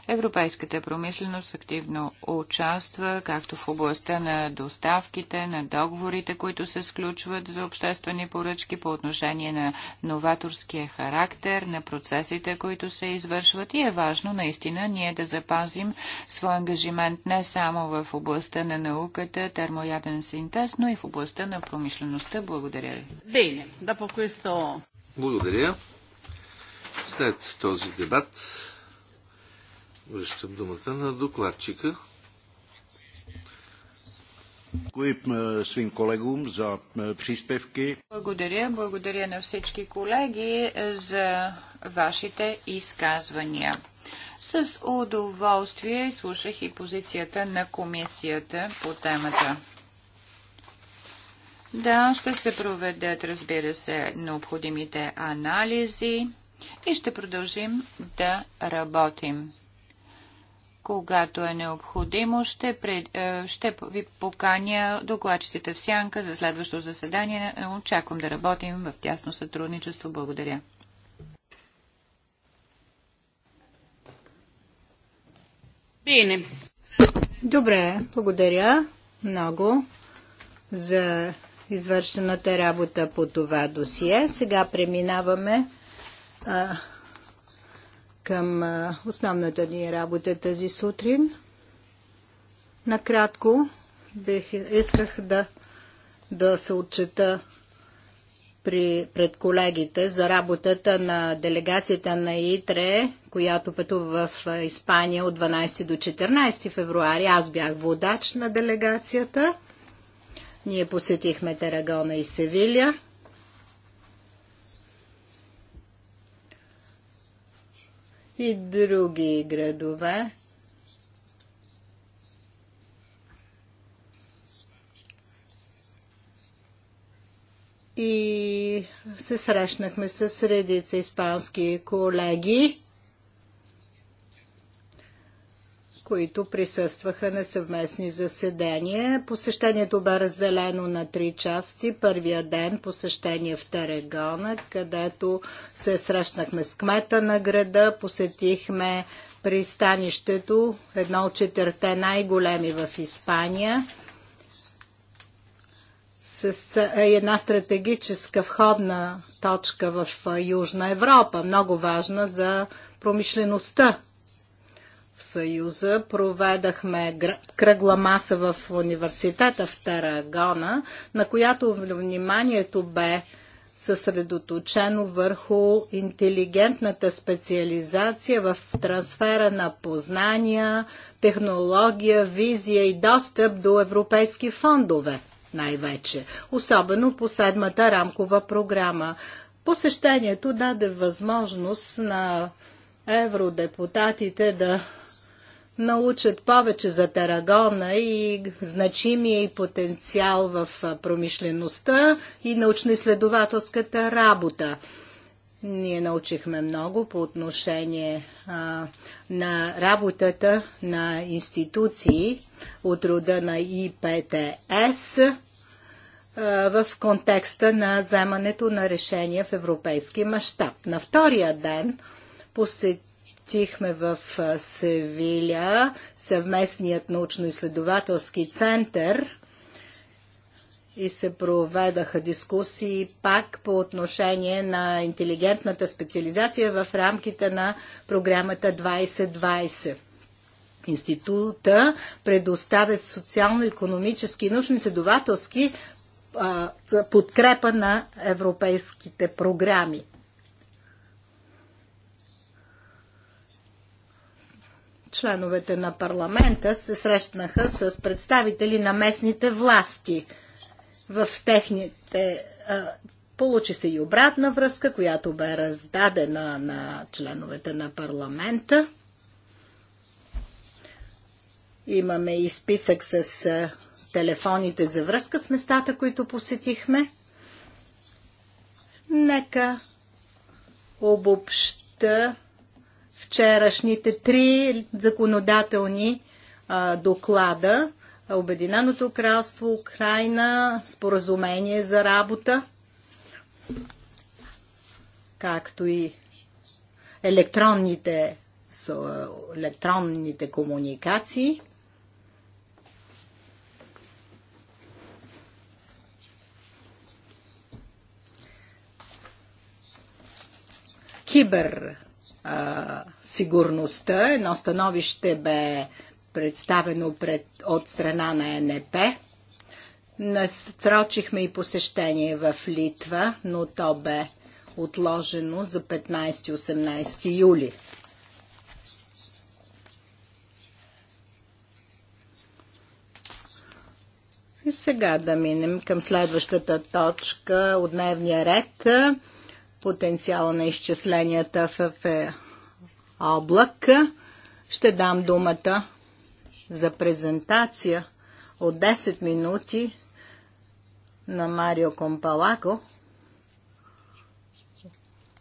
Европейската промишленост активно участва както в областта на доставките, на договорите, които се сключват за обществени поръчки по отношение на новаторския характер, на процесите, които се извършват и е важно наистина ние да запазим свой ангажимент не само в областта на науката, термояден синтез, но и в областта на промишлеността. Благодаря ви. Благодаря. След този дебат Връщам думата на докладчика. Благодаря, благодаря на всички колеги за вашите изказвания. С удоволствие слушах и позицията на комисията по темата. Да, ще се проведат, разбира се, необходимите анализи и ще продължим да работим. Когато е необходимо, ще, пред, е, ще ви поканя докладчиците в сянка за следващото заседание. Очаквам да работим в тясно сътрудничество. Благодаря. Bene. Добре, благодаря много за извършената работа по това досие. Сега преминаваме а, към основната ни работа тази сутрин. Накратко бих, исках да, да се отчета при, пред колегите за работата на делегацията на ИТРЕ, която пътува в Испания от 12 до 14 февруари. Аз бях водач на делегацията. Ние посетихме Тарагона и Севилия. и други градове. И се срещнахме с редица испански колеги които присъстваха на съвместни заседания. Посещението бе разделено на три части. Първия ден посещение в Терегона, където се срещнахме с кмета на града, посетихме пристанището, едно от четирте най-големи в Испания с една стратегическа входна точка в Южна Европа, много важна за промишлеността в Съюза проведахме кръгла маса в университета в Тарагона, на която вниманието бе съсредоточено върху интелигентната специализация в трансфера на познания, технология, визия и достъп до европейски фондове най-вече, особено по седмата рамкова програма. Посещението даде възможност на евродепутатите да научат повече за Тарагона и значимия и потенциал в промишлеността и научно-изследователската работа. Ние научихме много по отношение а, на работата на институции от рода на ИПТС а, в контекста на вземането на решения в европейски мащаб. На втория ден посетих посетихме в Севиля съвместният научно-изследователски център и се проведаха дискусии пак по отношение на интелигентната специализация в рамките на програмата 2020. Института предоставя социално-економически и научно-изследователски подкрепа на европейските програми. членовете на парламента се срещнаха с представители на местните власти в техните. Получи се и обратна връзка, която бе раздадена на членовете на парламента. Имаме и списък с телефоните за връзка с местата, които посетихме. Нека обобща вчерашните три законодателни а, доклада Обединеното кралство, Украина, споразумение за работа, както и електронните, електронните комуникации. Кибер сигурността. Едно становище бе представено пред, от страна на НП. Насрочихме и посещение в Литва, но то бе отложено за 15-18 юли. И сега да минем към следващата точка от дневния ред потенциала на изчисленията в облак. Ще дам думата за презентация от 10 минути на Марио Компалако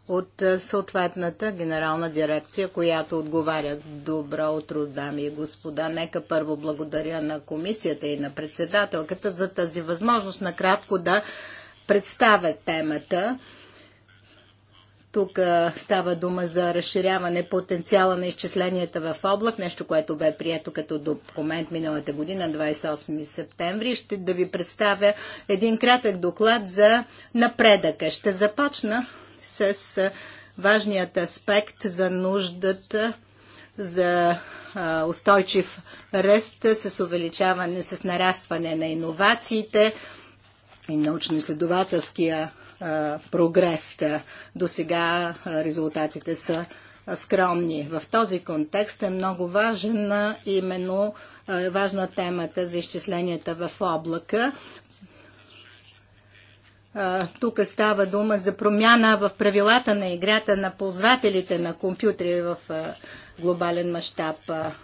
от съответната генерална дирекция, която отговаря добро утро, дами и господа. Нека първо благодаря на комисията и на председателката за тази възможност накратко да представя темата. Тук става дума за разширяване потенциала на изчисленията в облак, нещо, което бе прието като документ миналата година, 28 септември. Ще да ви представя един кратък доклад за напредъка. Ще започна с важният аспект за нуждата за устойчив ръст с увеличаване, с нарастване на иновациите и научно-изследователския прогрес. До сега резултатите са скромни. В този контекст е много важна именно важна темата за изчисленията в облака. Тук става дума за промяна в правилата на играта на ползвателите на компютри в глобален мащаб,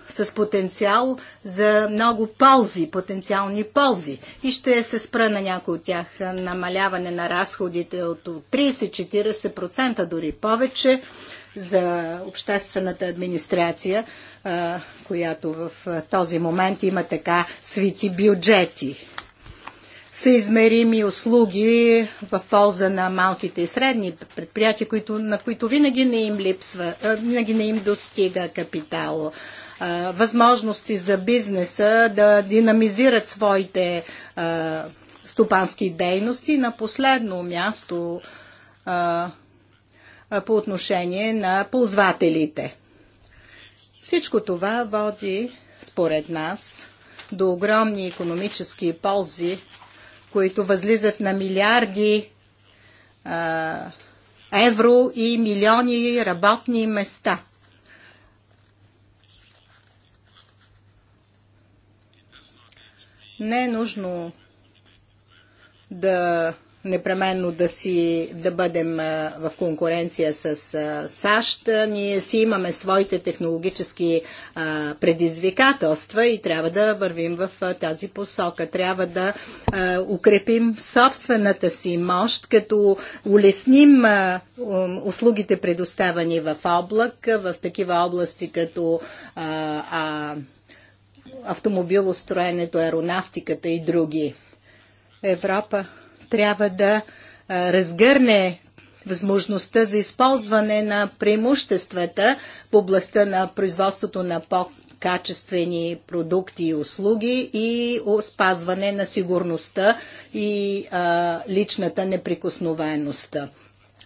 с потенциал за много ползи, потенциални ползи. И ще се спра на някои от тях. Намаляване на разходите от 30-40% дори повече за обществената администрация, която в този момент има така свити бюджети съизмерими услуги в полза на малките и средни предприятия, които, на които винаги не им липсва, винаги не им достига капитал. Възможности за бизнеса да динамизират своите стопански дейности. На последно място по отношение на ползвателите. Всичко това води, според нас, до огромни економически ползи които възлизат на милиарди а, евро и милиони работни места. Не е нужно да непременно да, си, да бъдем в конкуренция с САЩ. Ние си имаме своите технологически предизвикателства и трябва да вървим в тази посока. Трябва да укрепим собствената си мощ, като улесним услугите предоставани в облак, в такива области като автомобилостроенето, аеронавтиката и други. Европа трябва да разгърне възможността за използване на преимуществата в областта на производството на по-качествени продукти и услуги и спазване на сигурността и личната неприкосновеността.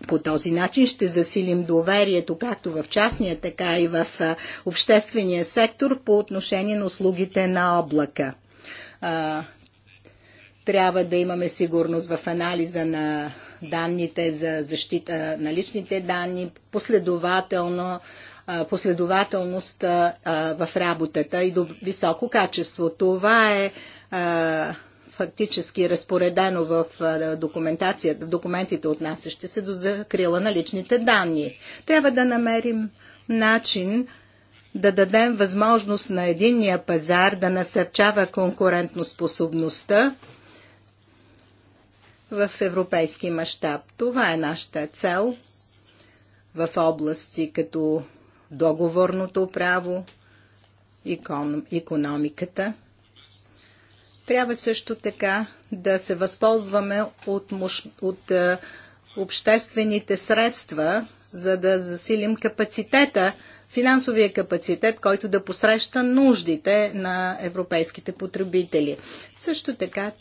По този начин ще засилим доверието както в частния, така и в обществения сектор по отношение на услугите на облака. Трябва да имаме сигурност в анализа на данните за защита на личните данни, последователно последователност в работата и до високо качество. Това е фактически разпоредено в документацията, в документите отнасящи се до закрила на личните данни. Трябва да намерим начин да дадем възможност на единния пазар да насърчава конкурентноспособността в европейски мащаб. Това е нашата цел в области като договорното право, економиката. Трябва също така да се възползваме от, муш, от е, обществените средства, за да засилим капацитета, финансовия капацитет, който да посреща нуждите на европейските потребители. Също така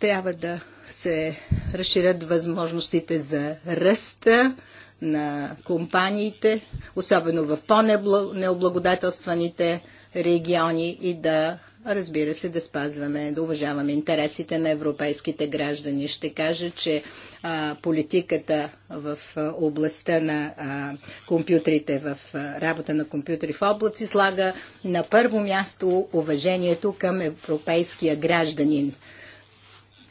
трябва да се разширят възможностите за ръста на компаниите, особено в по-необлагодателстваните региони и да, разбира се, да спазваме, да уважаваме интересите на европейските граждани. Ще кажа, че а, политиката в а, областта на а, компютрите, в а, работа на компютри в облаци слага на първо място уважението към европейския гражданин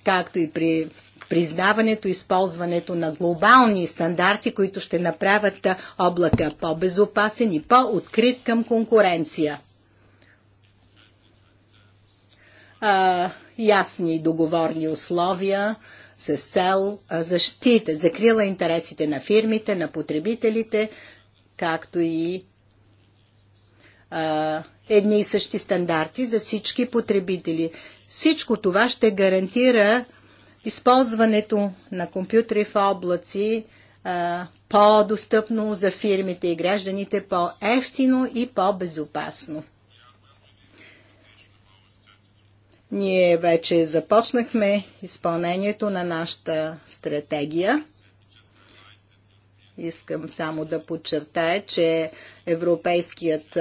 както и при признаването и използването на глобални стандарти, които ще направят облака по-безопасен и по-открит към конкуренция. А, ясни и договорни условия с цел защита, закрила интересите на фирмите, на потребителите, както и а, едни и същи стандарти за всички потребители. Всичко това ще гарантира използването на компютри в облаци по-достъпно за фирмите и гражданите, по-ефтино и по-безопасно. Ние вече започнахме изпълнението на нашата стратегия. Искам само да подчертая, че Европейският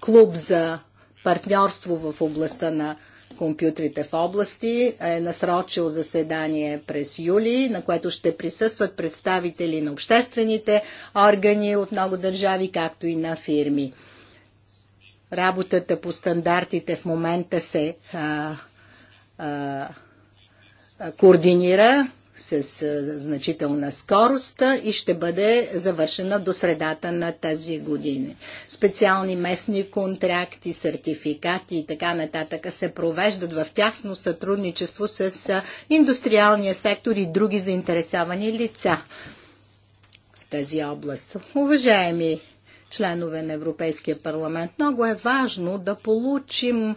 клуб за партньорство в областта на компютрите в области е насрочил заседание през юли, на което ще присъстват представители на обществените органи от много държави, както и на фирми. Работата по стандартите в момента се а, а, координира с значителна скорост и ще бъде завършена до средата на тази година. Специални местни контракти, сертификати и така нататък се провеждат в тясно сътрудничество с индустриалния сектор и други заинтересовани лица в тази област. Уважаеми членове на Европейския парламент, много е важно да получим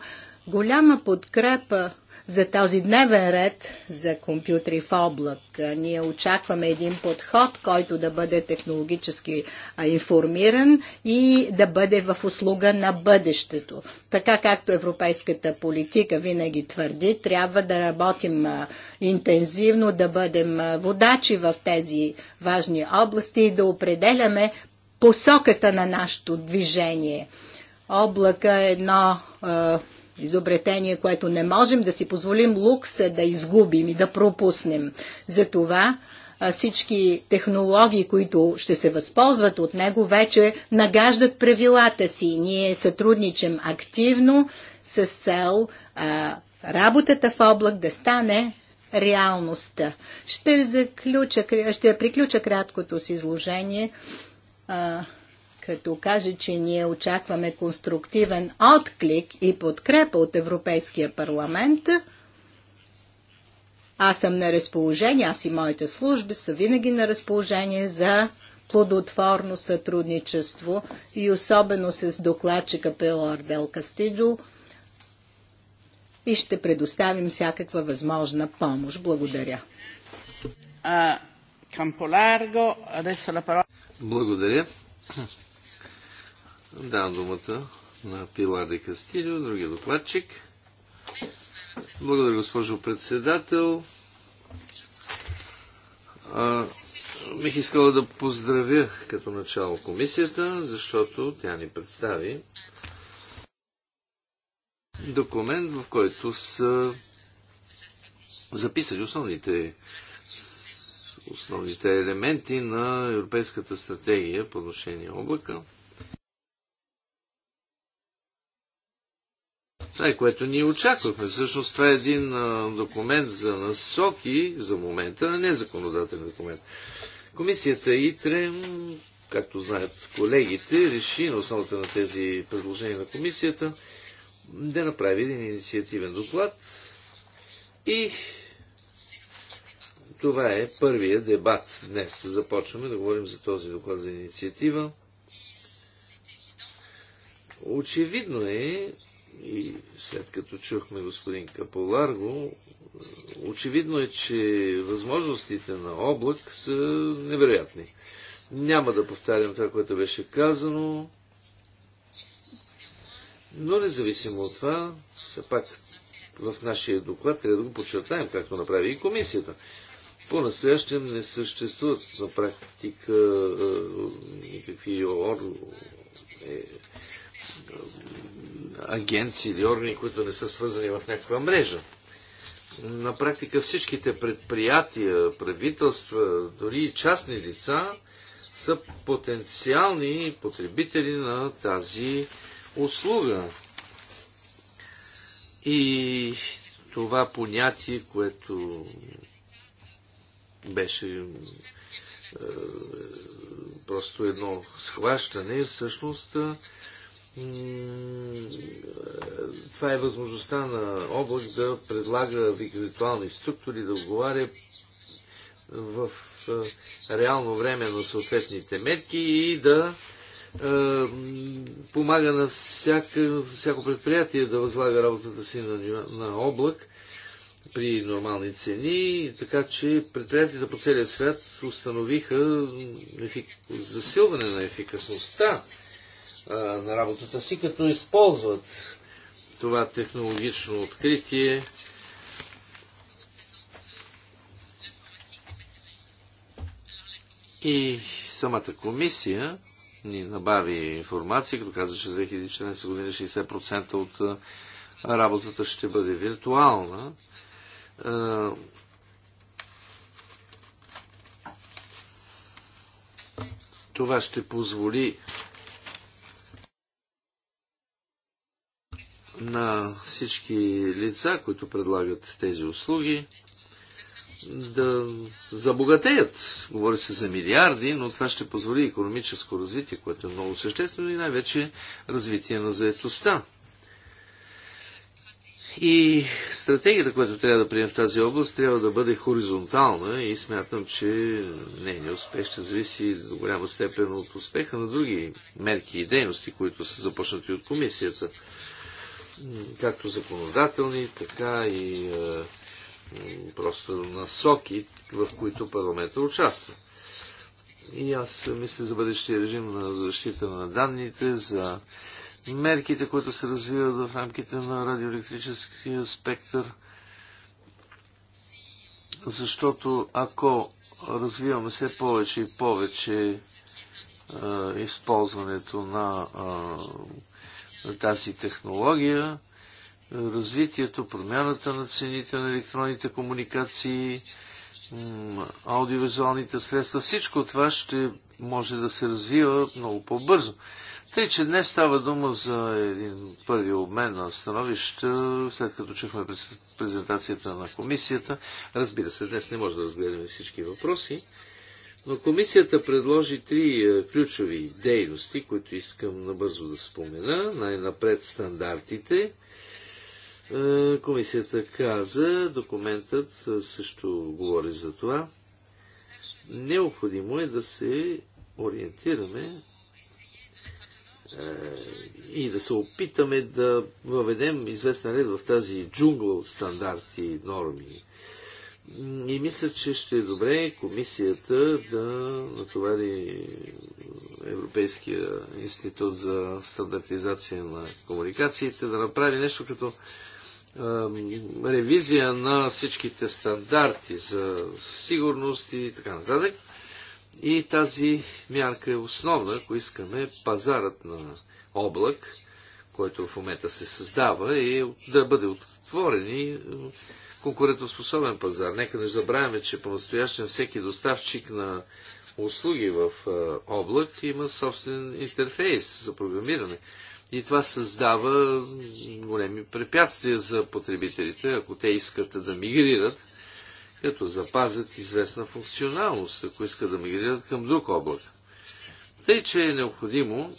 голяма подкрепа за този дневен ред за компютри в облак. Ние очакваме един подход, който да бъде технологически информиран и да бъде в услуга на бъдещето. Така както европейската политика винаги твърди, трябва да работим интензивно, да бъдем водачи в тези важни области и да определяме посоката на нашето движение. Облака е едно изобретение, което не можем да си позволим лукса да изгубим и да пропуснем. Затова всички технологии, които ще се възползват от него, вече нагаждат правилата си. Ние сътрудничим активно с цел а, работата в облак да стане реалността. Ще, заключа, ще приключа краткото си изложение. А, като каже, че ние очакваме конструктивен отклик и подкрепа от Европейския парламент, аз съм на разположение, аз и моите служби са винаги на разположение за плодотворно сътрудничество и особено с докладчика Пелор Дел Кастиджо и ще предоставим всякаква възможна помощ. Благодаря. Благодаря. Давам думата на Пилар де Кастилио, другия докладчик. Благодаря, госпожо председател. А, бих искала да поздравя като начало комисията, защото тя ни представи документ, в който са записали основните, основните елементи на Европейската стратегия по отношение облака. Това е което ние очаквахме. Всъщност това е един а, документ за насоки за момента, а не законодателен документ. Комисията ИТРЕ, както знаят колегите, реши на основата на тези предложения на комисията да направи един инициативен доклад и това е първия дебат днес. Започваме да говорим за този доклад за инициатива. Очевидно е, и след като чухме господин Каполарго, очевидно е, че възможностите на облак са невероятни. Няма да повтарям това, което беше казано, но независимо от това, все пак в нашия доклад трябва да го подчертаем, както направи и комисията. По-настоящем не съществуват на практика е, никакви ор... Е, агенции или органи, които не са свързани в някаква мрежа. На практика всичките предприятия, правителства, дори и частни лица са потенциални потребители на тази услуга. И това понятие, което беше е, просто едно схващане, всъщност е, това е възможността на облак да предлага виртуални структури, да отговаря в реално време на съответните метки и да помага на всяка, всяко предприятие да възлага работата си на, на облак при нормални цени, така че предприятията по целия свят установиха ефик... засилване на ефикасността на работата си, като използват това технологично откритие. И самата комисия ни набави информация, като каза, че 2014 година 60% от работата ще бъде виртуална. Това ще позволи на всички лица, които предлагат тези услуги, да забогатеят. Говори се за милиарди, но това ще позволи економическо развитие, което е много съществено и най-вече развитие на заетостта. И стратегията, която трябва да приемем в тази област, трябва да бъде хоризонтална и смятам, че нейният успех ще зависи до голяма степен от успеха на други мерки и дейности, които са започнати от комисията както законодателни, така и е, просто насоки, в които парламента участва. И аз мисля за бъдещия режим на защита на данните, за мерките, които се развиват в рамките на радиоелектрическия спектър, защото ако развиваме все повече и повече а, е, използването на е, на тази технология, развитието, промяната на цените на електронните комуникации, аудиовизуалните средства, всичко това ще може да се развива много по-бързо. Тъй, че днес става дума за един първи обмен на становища, след като чухме презентацията на комисията. Разбира се, днес не може да разгледаме всички въпроси, но комисията предложи три е, ключови дейности, които искам набързо да спомена. Най-напред стандартите. Е, комисията каза, документът е, също говори за това. Необходимо е да се ориентираме и да се опитаме да въведем известна ред в тази джунгла от стандарти и норми. И мисля, че ще е добре комисията да натовари Европейския институт за стандартизация на комуникациите, да направи нещо като е, ревизия на всичките стандарти за сигурност и така нататък. И тази мярка е основна, ако искаме пазарът на облак, който в момента се създава, и да бъде отворен и конкурентоспособен пазар. Нека не забравяме, че по-настоящен всеки доставчик на услуги в облак има собствен интерфейс за програмиране. И това създава големи препятствия за потребителите, ако те искат да мигрират, като запазят известна функционалност, ако искат да мигрират към друг облак. Тъй, че е необходимо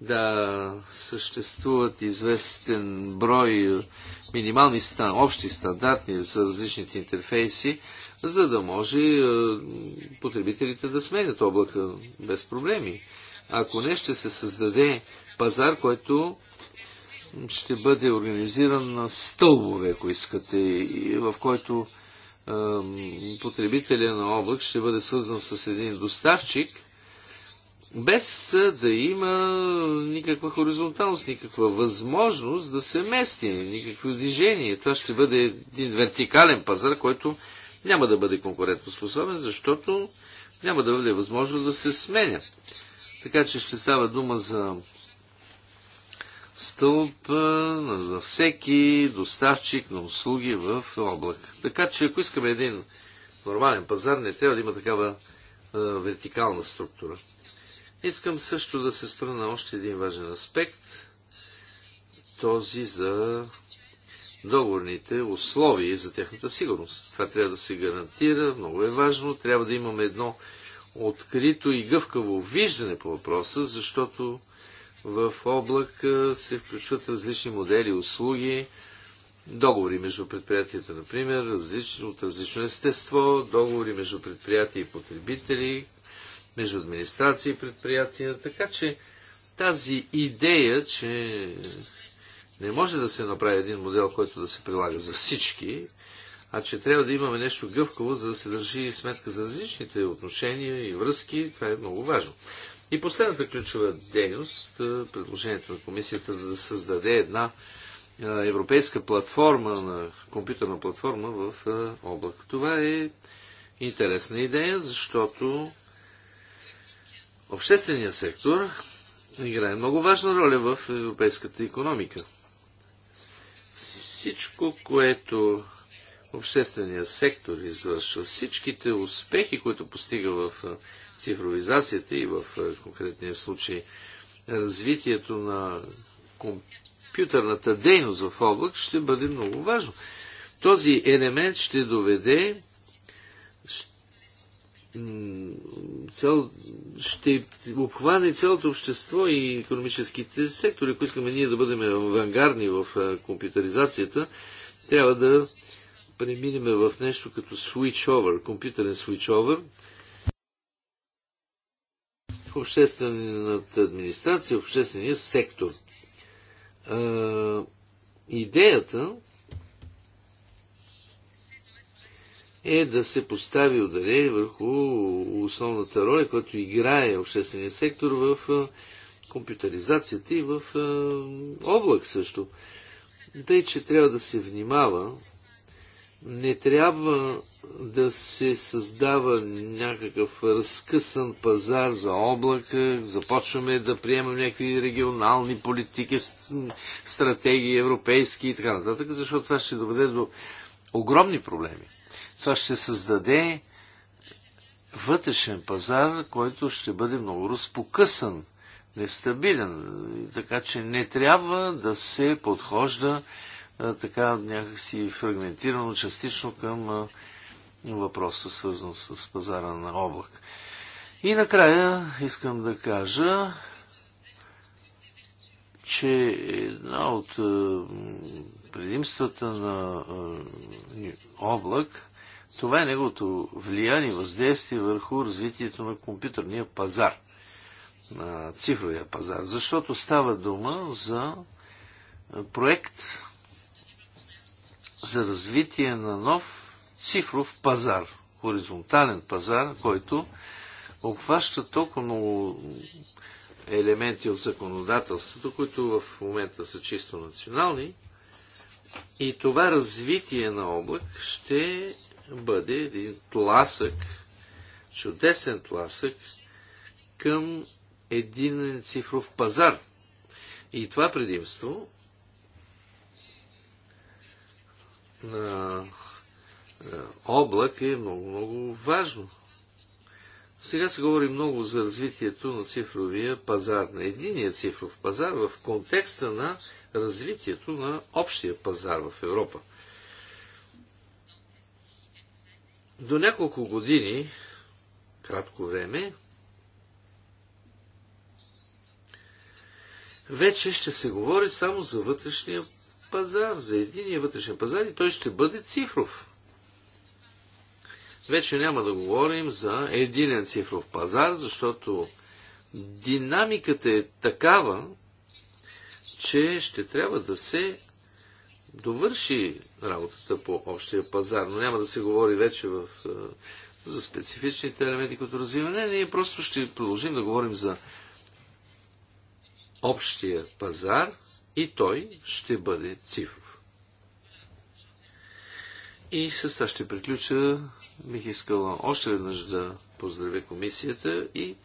да, съществуват известен брой минимални стан, общи стандарти за различните интерфейси, за да може е, потребителите да сменят облака без проблеми. Ако не, ще се създаде пазар, който ще бъде организиран на стълбове, ако искате, и в който потребителя на облак ще бъде свързан с един доставчик – без да има никаква хоризонталност, никаква възможност да се мести, никакво движение. Това ще бъде един вертикален пазар, който няма да бъде конкурентоспособен, защото няма да бъде възможно да се сменя. Така че ще става дума за стълб за всеки доставчик на услуги в облак. Така че ако искаме един нормален пазар, не трябва да има такава вертикална структура. Искам също да се спра на още един важен аспект, този за договорните условия за тяхната сигурност. Това трябва да се гарантира, много е важно. Трябва да имаме едно открито и гъвкаво виждане по въпроса, защото в облак се включват различни модели, услуги, договори между предприятията, например, различни, от различно естество, договори между предприятия и потребители, между администрация и предприятия. Така че тази идея, че не може да се направи един модел, който да се прилага за всички, а че трябва да имаме нещо гъвкаво, за да се държи сметка за различните отношения и връзки, това е много важно. И последната ключова дейност, предложението на комисията да създаде една европейска платформа, на, компютърна платформа в облак. Това е интересна идея, защото Общественият сектор играе много важна роля в европейската економика. Всичко, което общественият сектор извършва, всичките успехи, които постига в цифровизацията и в конкретния случай развитието на компютърната дейност в облак, ще бъде много важно. Този елемент ще доведе, ще цел, ще обхване цялото общество и економическите сектори. Ако искаме ние да бъдем авангарни в компютъризацията, трябва да преминем в нещо като over, компютърен over, Обществената администрация, обществения сектор. идеята е да се постави ударение върху основната роля, която играе обществения сектор в компютъризацията и в облак също. Тъй, че трябва да се внимава, не трябва да се създава някакъв разкъсан пазар за облака, започваме да приемем някакви регионални политики, стратегии, европейски и така нататък, защото това ще доведе до огромни проблеми. Това ще създаде вътрешен пазар, който ще бъде много разпокъсан, нестабилен. Така че не трябва да се подхожда така някакси фрагментирано, частично към въпроса, свързан с пазара на облак. И накрая искам да кажа, че една от предимствата на облак това е неговото влияние, въздействие върху развитието на компютърния пазар, на цифровия пазар. Защото става дума за проект за развитие на нов цифров пазар, хоризонтален пазар, който обхваща толкова много елементи от законодателството, които в момента са чисто национални. И това развитие на облак ще бъде един тласък, чудесен тласък към един цифров пазар. И това предимство на е, облак е много, много важно. Сега се говори много за развитието на цифровия пазар, на единия цифров пазар в контекста на развитието на общия пазар в Европа. До няколко години, кратко време, вече ще се говори само за вътрешния пазар, за единия вътрешен пазар и той ще бъде цифров. Вече няма да говорим за единен цифров пазар, защото динамиката е такава, че ще трябва да се довърши работата по общия пазар, но няма да се говори вече в, е, за специфичните елементи, които развиваме. Не, ние просто ще продължим да говорим за общия пазар и той ще бъде цифров. И с това ще приключа. Бих искала още веднъж да поздравя комисията и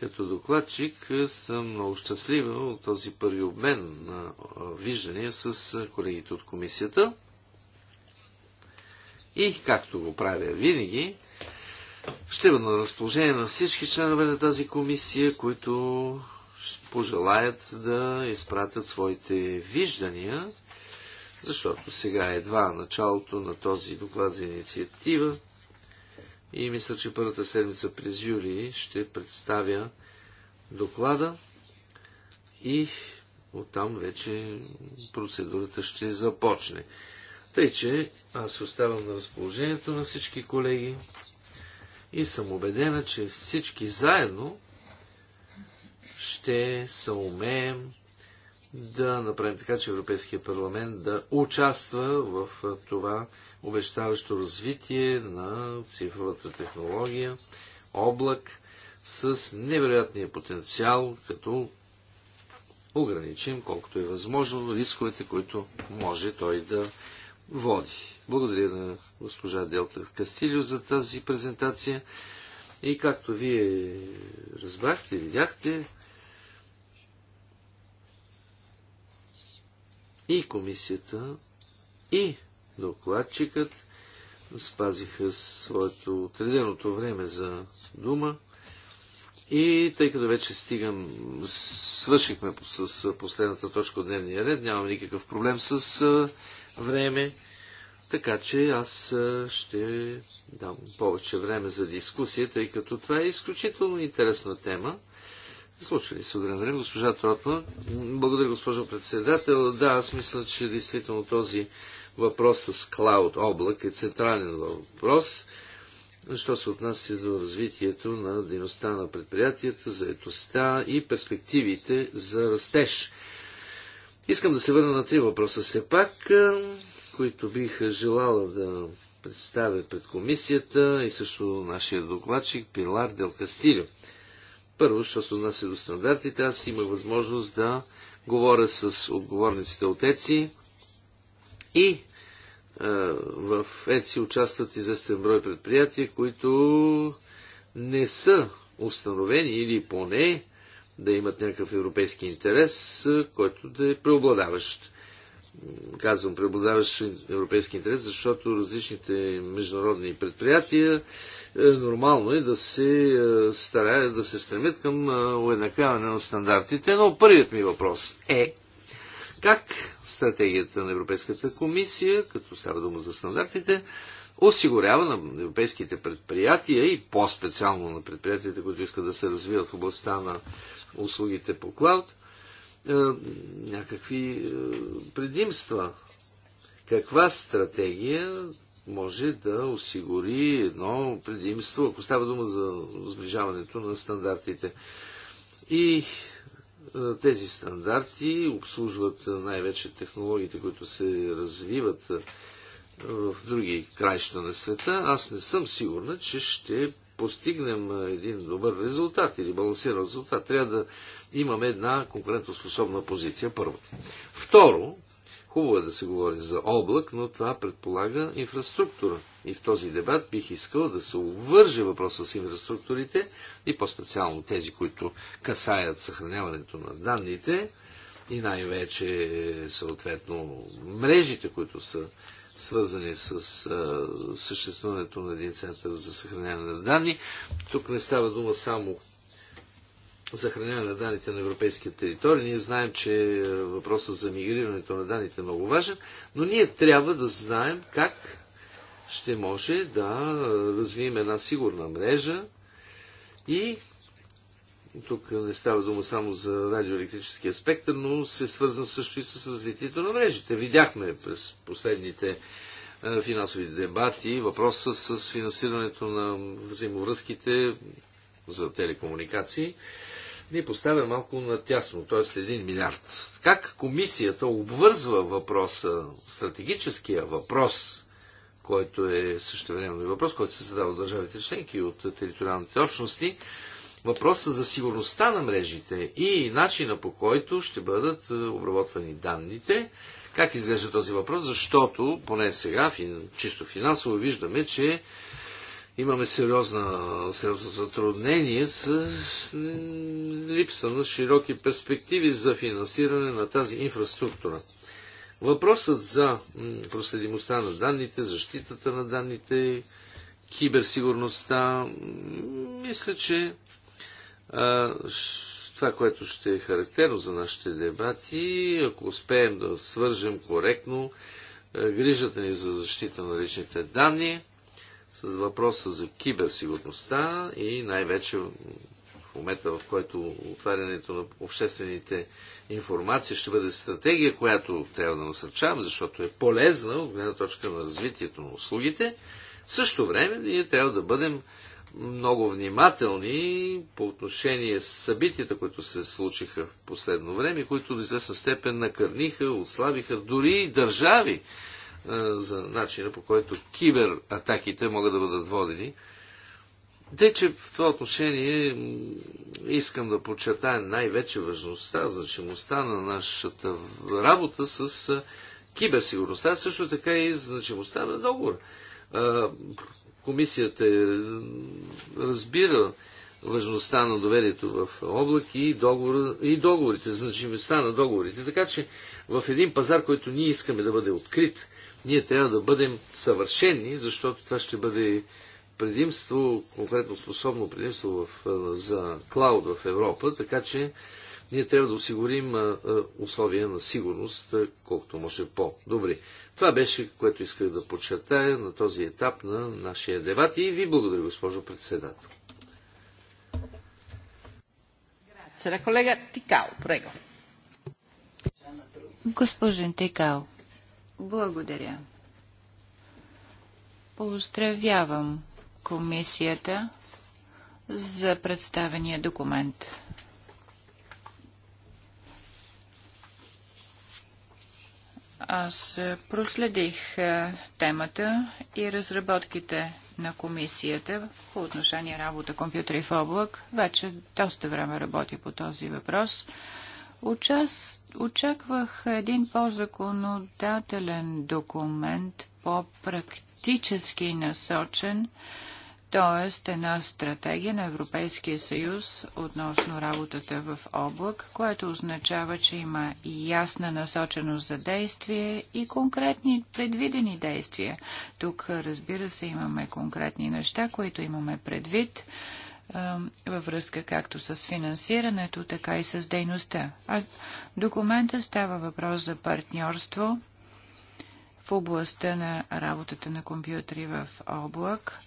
като докладчик съм много щастлива от този първи обмен на виждания с колегите от комисията. И, както го правя винаги, ще бъда на разположение на всички членове на тази комисия, които пожелаят да изпратят своите виждания, защото сега е едва началото на този доклад за инициатива и мисля, че първата седмица през юли ще представя доклада и оттам вече процедурата ще започне. Тъй, че аз оставам на разположението на всички колеги и съм убедена, че всички заедно ще съумеем да направим така, че Европейския парламент да участва в това обещаващо развитие на цифровата технология, облак с невероятния потенциал, като ограничим колкото е възможно рисковете, които може той да води. Благодаря на госпожа Делта Кастилио за тази презентация. И както вие разбрахте, видяхте, и комисията, и докладчикът спазиха своето отреденото време за дума. И тъй като вече стигам, свършихме с последната точка от дневния ред, нямам никакъв проблем с време, така че аз ще дам повече време за дискусия, тъй като това е изключително интересна тема. Слушали се удрен нали, госпожа Тротман. Благодаря, госпожо председател. Да, аз мисля, че действително този въпрос с клауд облак е централен въпрос, що се отнася до развитието на дейността на предприятията, заедостта и перспективите за растеж. Искам да се върна на три въпроса все пак, е, които бих желала да представя пред комисията и също нашия докладчик Пилар Дел Кастилио. Първо, що се отнася до стандартите, аз имах възможност да говоря с отговорниците от ЕЦИ и е, в ЕЦИ участват известен брой предприятия, които не са установени или поне да имат някакъв европейски интерес, е, който да е преобладаващ казвам, преобладаващ европейски интерес, защото различните международни предприятия е, нормално е да се е, стараят, да се стремят към е, уеднаквяване на стандартите. Но първият ми въпрос е как стратегията на Европейската комисия, като става дума за стандартите, осигурява на европейските предприятия и по-специално на предприятията, които искат да се развиват в областта на услугите по клауд, е, някакви е, предимства. Каква стратегия може да осигури едно предимство, ако става дума за сближаването на стандартите. И е, тези стандарти обслужват най-вече технологиите, които се развиват в други краища на света. Аз не съм сигурна, че ще постигнем един добър резултат или балансиран резултат. Трябва да имаме една конкурентоспособна позиция, първо. Второ, хубаво е да се говори за облак, но това предполага инфраструктура. И в този дебат бих искал да се увърже въпроса с инфраструктурите и по-специално тези, които касаят съхраняването на данните и най-вече съответно мрежите, които са свързани с а, съществуването на един център за съхраняване на данни. Тук не става дума само съхраняване на данните на европейския територия. Ние знаем, че е, въпросът за мигрирането на данните е много важен, но ние трябва да знаем как ще може да е, развием една сигурна мрежа и тук не става дума само за радиоелектрическия аспект, но се свързан също и с развитието на мрежите. Видяхме през последните е, финансови дебати въпроса с финансирането на взаимовръзките за телекомуникации ни поставя малко на тясно, т.е. 1 милиард. Как комисията обвързва въпроса, стратегическия въпрос, който е времено и въпрос, който се задава от държавите членки и от териториалните общности, въпроса за сигурността на мрежите и начина по който ще бъдат е, обработвани данните. Как изглежда този въпрос? Защото, поне сега, чисто финансово, виждаме, че имаме сериозна, сериозно затруднение с липса на широки перспективи за финансиране на тази инфраструктура. Въпросът за проследимостта на данните, защитата на данните, киберсигурността, мисля, че а, това, което ще е характерно за нашите дебати, ако успеем да свържем коректно грижата ни за защита на личните данни, с въпроса за киберсигурността и най-вече в момента, в който отварянето на обществените информации ще бъде стратегия, която трябва да насърчавам, защото е полезна от гледна точка на развитието на услугите. В същото време ние трябва да бъдем много внимателни по отношение с събитията, които се случиха в последно време, които до известна степен накърниха, отслабиха дори и държави, за начина по който кибератаките могат да бъдат водени. Те, че в това отношение искам да подчертая най-вече важността, значимостта на нашата работа с киберсигурността, също така и значимостта на договор. Комисията е, разбира важността на доверието в облак и, договор, и договорите, значимостта на договорите. Така че в един пазар, който ние искаме да бъде открит, ние трябва да бъдем съвършени, защото това ще бъде предимство, конкретно способно предимство в, за клауд в Европа, така че ние трябва да осигурим условия на сигурност, колкото може по-добри. Това беше, което исках да подчертая на този етап на нашия дебат и ви благодаря, госпожо председател. Сега колега Тикао, прего. Тикао. Благодаря. Поздравявам комисията за представения документ. Аз проследих е, темата и разработките на комисията по отношение работа компютри в облак. Вече доста време работя по този въпрос. Участ... Очаквах един по-законодателен документ, по-практически насочен, т.е. една стратегия на Европейския съюз относно работата в облак, което означава, че има и ясна насоченост за действие и конкретни предвидени действия. Тук, разбира се, имаме конкретни неща, които имаме предвид във връзка както с финансирането, така и с дейността. А документа става въпрос за партньорство в областта на работата на компютри в облак.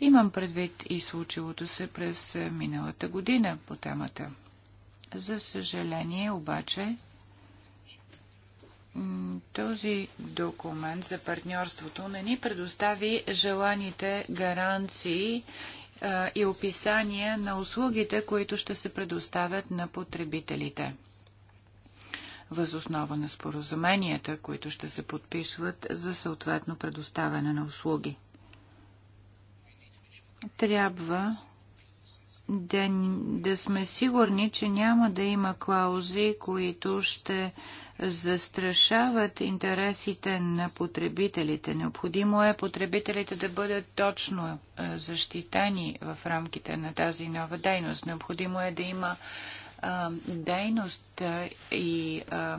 Имам предвид и случилото се през миналата година по темата. За съжаление обаче, този документ за партньорството не ни предостави желаните гаранции и описание на услугите, които ще се предоставят на потребителите. Възоснова на споразуменията, които ще се подписват за съответно предоставяне на услуги. Трябва да, да сме сигурни, че няма да има клаузи, които ще застрашават интересите на потребителите. Необходимо е потребителите да бъдат точно е, защитани в рамките на тази нова дейност. Необходимо е да има а, е, дейност е, и а,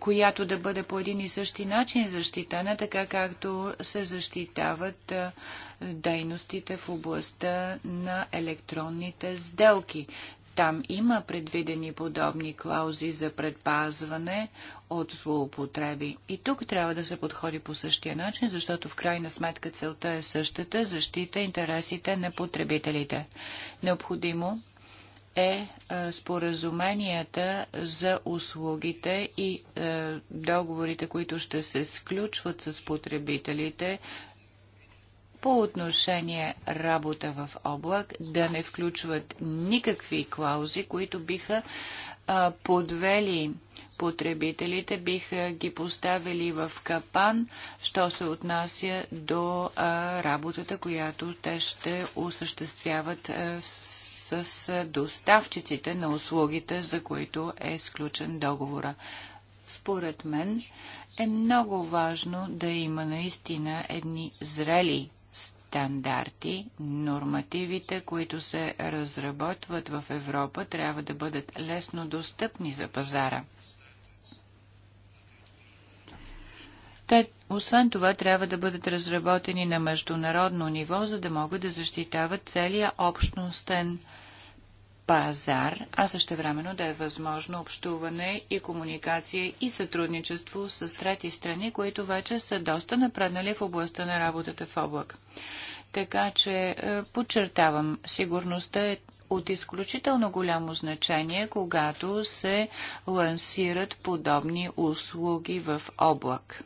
която да бъде по един и същи начин защитана, така както се защитават дейностите в областта на електронните сделки. Там има предвидени подобни клаузи за предпазване от злоупотреби. И тук трябва да се подходи по същия начин, защото в крайна сметка целта е същата защита интересите на потребителите. Необходимо е, е споразуменията за услугите и е, договорите, които ще се сключват с потребителите по отношение работа в облак да не включват никакви клаузи, които биха а, подвели потребителите, биха ги поставили в капан, що се отнася до а, работата, която те ще осъществяват а, с, с доставчиците на услугите, за които е изключен договора. Според мен е много важно да има наистина едни зрели стандарти, нормативите, които се разработват в Европа, трябва да бъдат лесно достъпни за пазара. Те, освен това, трябва да бъдат разработени на международно ниво, за да могат да защитават целия общностен пазар, а също времено да е възможно общуване и комуникация и сътрудничество с трети страни, които вече са доста напреднали в областта на работата в облак. Така че е, подчертавам, сигурността е от изключително голямо значение, когато се лансират подобни услуги в облак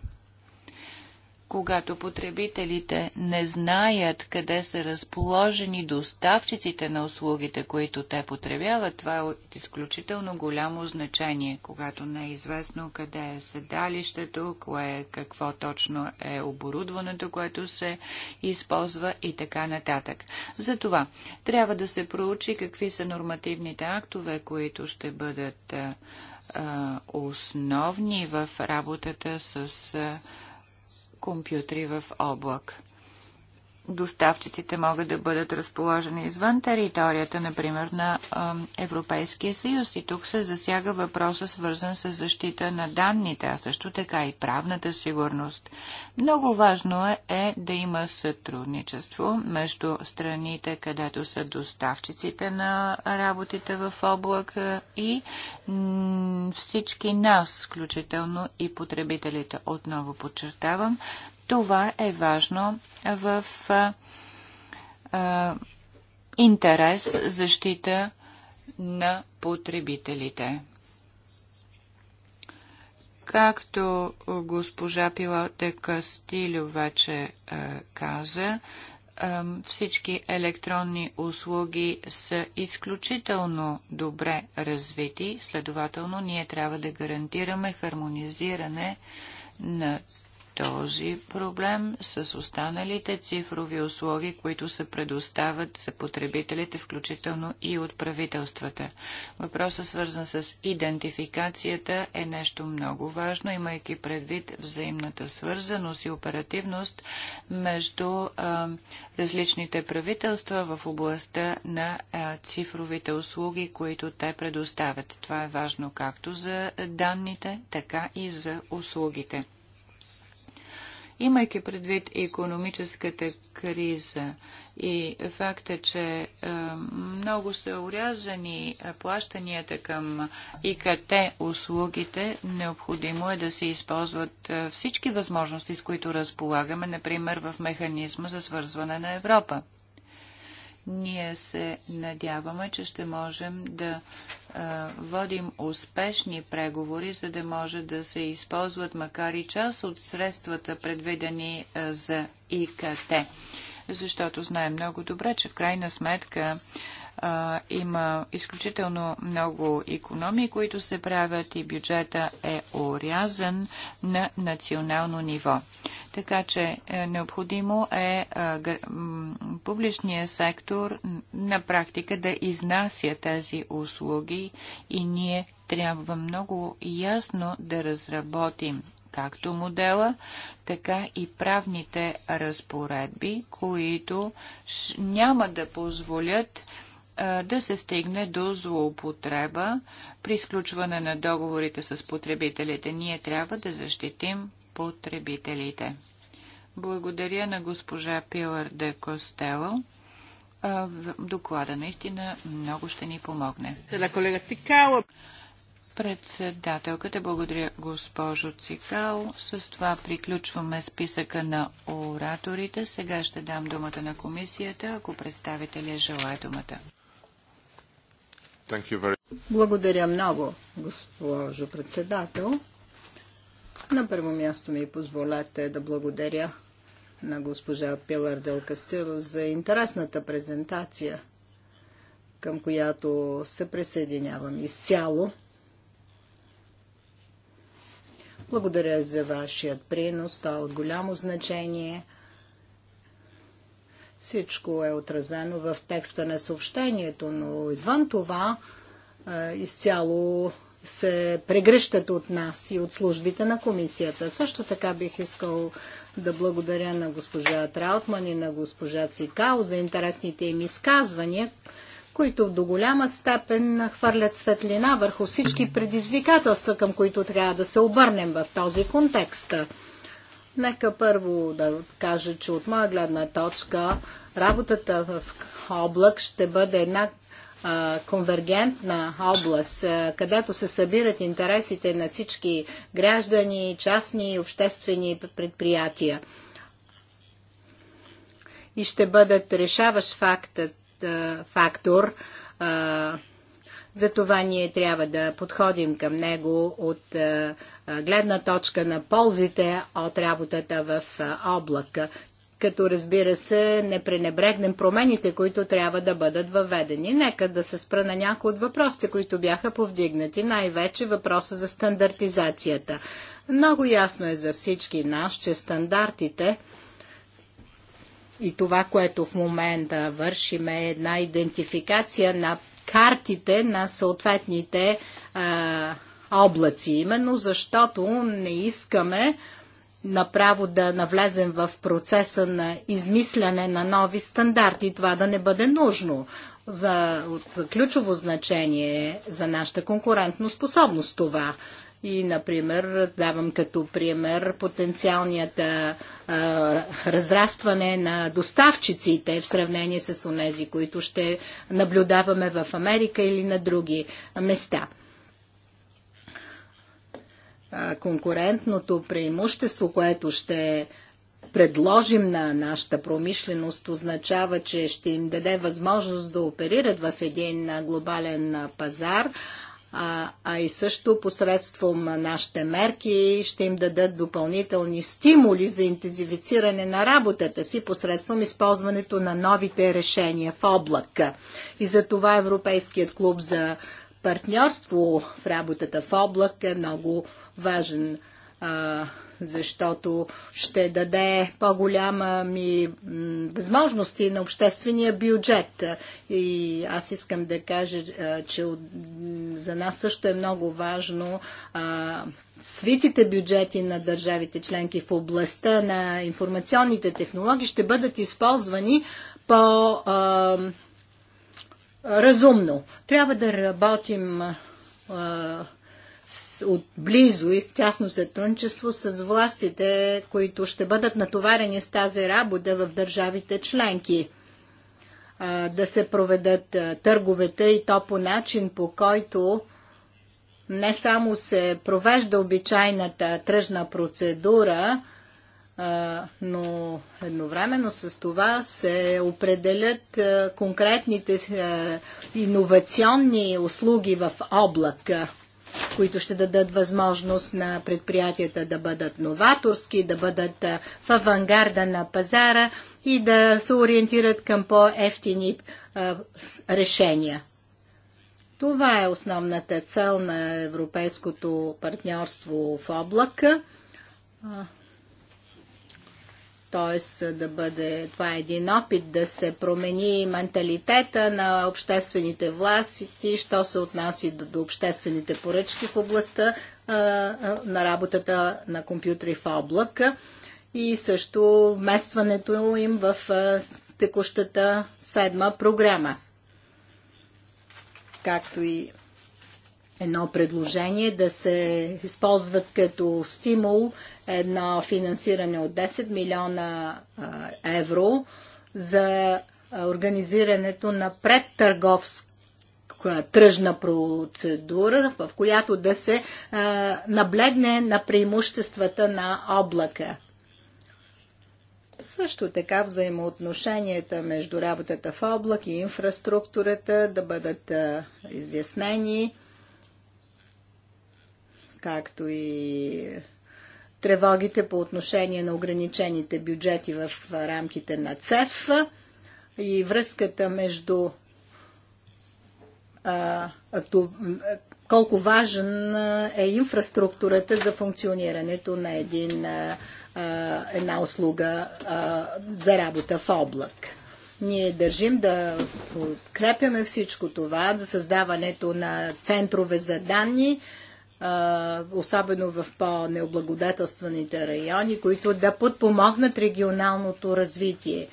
когато потребителите не знаят къде са разположени доставчиците на услугите, които те потребяват, това е от изключително голямо значение, когато не е известно къде е седалището, кое, е, какво точно е оборудването, което се използва и така нататък. Затова трябва да се проучи какви са нормативните актове, които ще бъдат а, основни в работата с а, компютри в облак доставчиците могат да бъдат разположени извън територията, например, на Европейския съюз. И тук се засяга въпроса, свързан с защита на данните, а също така и правната сигурност. Много важно е, е да има сътрудничество между страните, където са доставчиците на работите в облак и всички нас, включително и потребителите. Отново подчертавам, това е важно в а, интерес защита на потребителите. Както госпожа Пилоте Кастилю вече а, каза, всички електронни услуги са изключително добре развити, следователно ние трябва да гарантираме хармонизиране на този проблем с останалите цифрови услуги, които се предоставят за потребителите, включително и от правителствата. Въпросът свързан с идентификацията е нещо много важно, имайки предвид взаимната свързаност и оперативност между а, различните правителства в областта на а, цифровите услуги, които те предоставят. Това е важно както за данните, така и за услугите. Имайки предвид економическата криза и факта, че е, много са урязани е, плащанията към е, ИКТ услугите, необходимо е да се използват всички възможности, с които разполагаме, например в механизма за свързване на Европа. Ние се надяваме, че ще можем да водим успешни преговори, за да може да се използват макар и част от средствата, предвидени за ИКТ. Защото знаем много добре, че в крайна сметка а, има изключително много економии, които се правят и бюджета е урязан на национално ниво. Така че е, необходимо е а, е, публичния сектор на практика да изнася тези услуги и ние трябва много ясно да разработим както модела, така и правните разпоредби, които няма да позволят да се стигне до злоупотреба при изключване на договорите с потребителите. Ние трябва да защитим потребителите. Благодаря на госпожа Пилар де Костело. Доклада наистина много ще ни помогне. Председателката, благодаря госпожо Цикал. С това приключваме списъка на ораторите. Сега ще дам думата на комисията, ако представителя желая думата. Благодаря много, госпожо председател. На първо място ми позволете да благодаря на госпожа Пилар Дел Кастило за интересната презентация, към която се присъединявам изцяло. Благодаря за вашият принос, това е от голямо значение – всичко е отразено в текста на съобщението, но извън това изцяло се прегръщат от нас и от службите на комисията. Също така бих искал да благодаря на госпожа Траутман и на госпожа Цикал за интересните им изказвания, които до голяма степен хвърлят светлина върху всички предизвикателства, към които трябва да се обърнем в този контекст. Нека първо да кажа, че от моя гледна точка работата в облак ще бъде една а, конвергентна област, а, където се събират интересите на всички граждани, частни и обществени предприятия. И ще бъдат решаващ фактът, а, фактор а, затова ние трябва да подходим към него от е, е, гледна точка на ползите от работата в е, облака, като разбира се не пренебрегнем промените, които трябва да бъдат въведени. Нека да се спра на някои от въпросите, които бяха повдигнати, най-вече въпроса за стандартизацията. Много ясно е за всички нас, че стандартите и това, което в момента вършим е една идентификация на картите на съответните а, облаци. Именно защото не искаме направо да навлезем в процеса на измисляне на нови стандарти. Това да не бъде нужно. За, от ключово значение е за нашата конкурентно способност това. И, например, давам като пример потенциалният разрастване на доставчиците в сравнение с онези, които ще наблюдаваме в Америка или на други места конкурентното преимущество, което ще предложим на нашата промишленост, означава, че ще им даде възможност да оперират в един глобален пазар, а, а и също посредством нашите мерки ще им дадат допълнителни стимули за интензифициране на работата си посредством използването на новите решения в облак. И за това Европейският клуб за партньорство в работата в облак е много важен. А, защото ще даде по-голяма ми възможности на обществения бюджет. И аз искам да кажа, че за нас също е много важно свитите бюджети на държавите членки в областта на информационните технологии ще бъдат използвани по разумно. Трябва да работим отблизо и в тясно сътрудничество с властите, които ще бъдат натоварени с тази работа в държавите членки. Да се проведат търговете и то по начин, по който не само се провежда обичайната тръжна процедура, но едновременно с това се определят конкретните иновационни услуги в облака които ще дадат възможност на предприятията да бъдат новаторски, да бъдат в авангарда на пазара и да се ориентират към по-ефтини решения. Това е основната цел на европейското партньорство в облака т.е. да бъде, това е един опит да се промени менталитета на обществените власти, що се отнася до, до обществените поръчки в областта а, на работата на компютри в облака и също вместването им в а, текущата седма програма. Както и едно предложение да се използват като стимул едно финансиране от 10 милиона евро за организирането на предтърговска тръжна процедура, в която да се наблегне на преимуществата на облака. Също така взаимоотношенията между работата в облак и инфраструктурата да бъдат изяснени както и тревогите по отношение на ограничените бюджети в рамките на ЦЕФ и връзката между а, колко важен е инфраструктурата за функционирането на един, а, една услуга а, за работа в облак. Ние държим да подкрепяме всичко това, за създаването на центрове за данни, особено в по-необлагодетелстваните райони, които да подпомогнат регионалното развитие.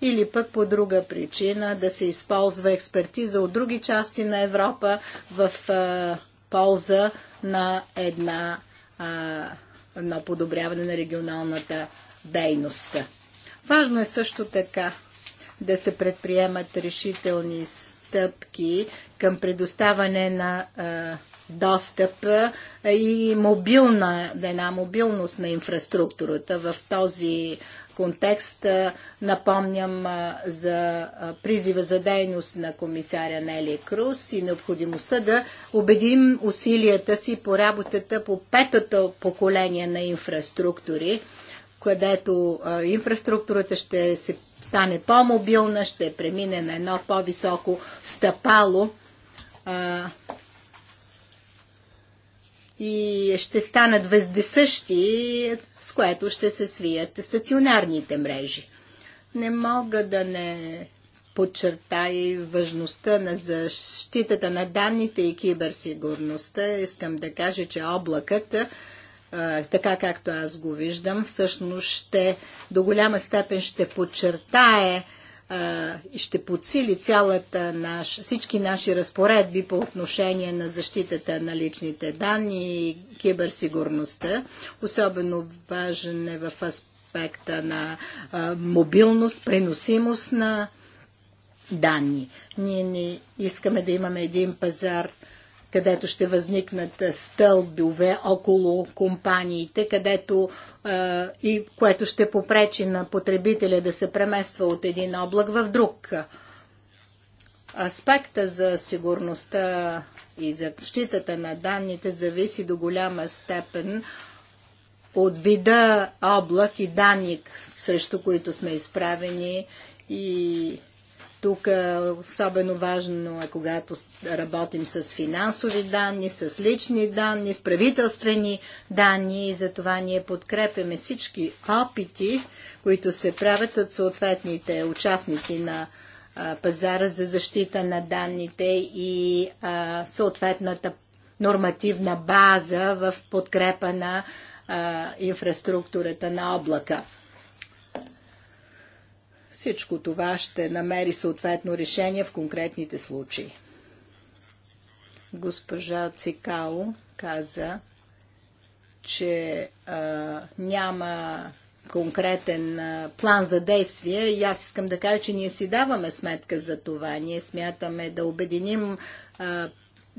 Или пък по друга причина да се използва експертиза от други части на Европа в полза на една, на подобряване на регионалната дейност. Важно е също така да се предприемат решителни стъпки към предоставане на достъп и мобилна, е една мобилност на инфраструктурата. В този контекст напомням за призива за дейност на комисаря Нели Крус и необходимостта да убедим усилията си по работата по петото поколение на инфраструктури, където инфраструктурата ще се стане по-мобилна, ще премине на едно по-високо стъпало и ще станат въздесъщи, с което ще се свият стационарните мрежи. Не мога да не подчертая и важността на защитата на данните и киберсигурността. Искам да кажа, че облакът, така както аз го виждам, всъщност ще до голяма степен ще подчертае и ще подсили цялата наш, всички наши разпоредби по отношение на защитата на личните данни и киберсигурността. Особено важен е в аспекта на а, мобилност, преносимост на данни. Ние не искаме да имаме един пазар където ще възникнат стълбове около компаниите, където и което ще попречи на потребителя да се премества от един облак в друг. Аспекта за сигурността и защитата на данните зависи до голяма степен от вида облак и данни, срещу които сме изправени и тук е, особено важно е, когато работим с финансови данни, с лични данни, с правителствени данни и затова ние подкрепяме всички опити, които се правят от съответните участници на пазара за защита на данните и съответната нормативна база в подкрепа на инфраструктурата на облака. Всичко това ще намери съответно решение в конкретните случаи. Госпожа Цикао каза, че а, няма конкретен а, план за действие и аз искам да кажа, че ние си даваме сметка за това. Ние смятаме да обединим а,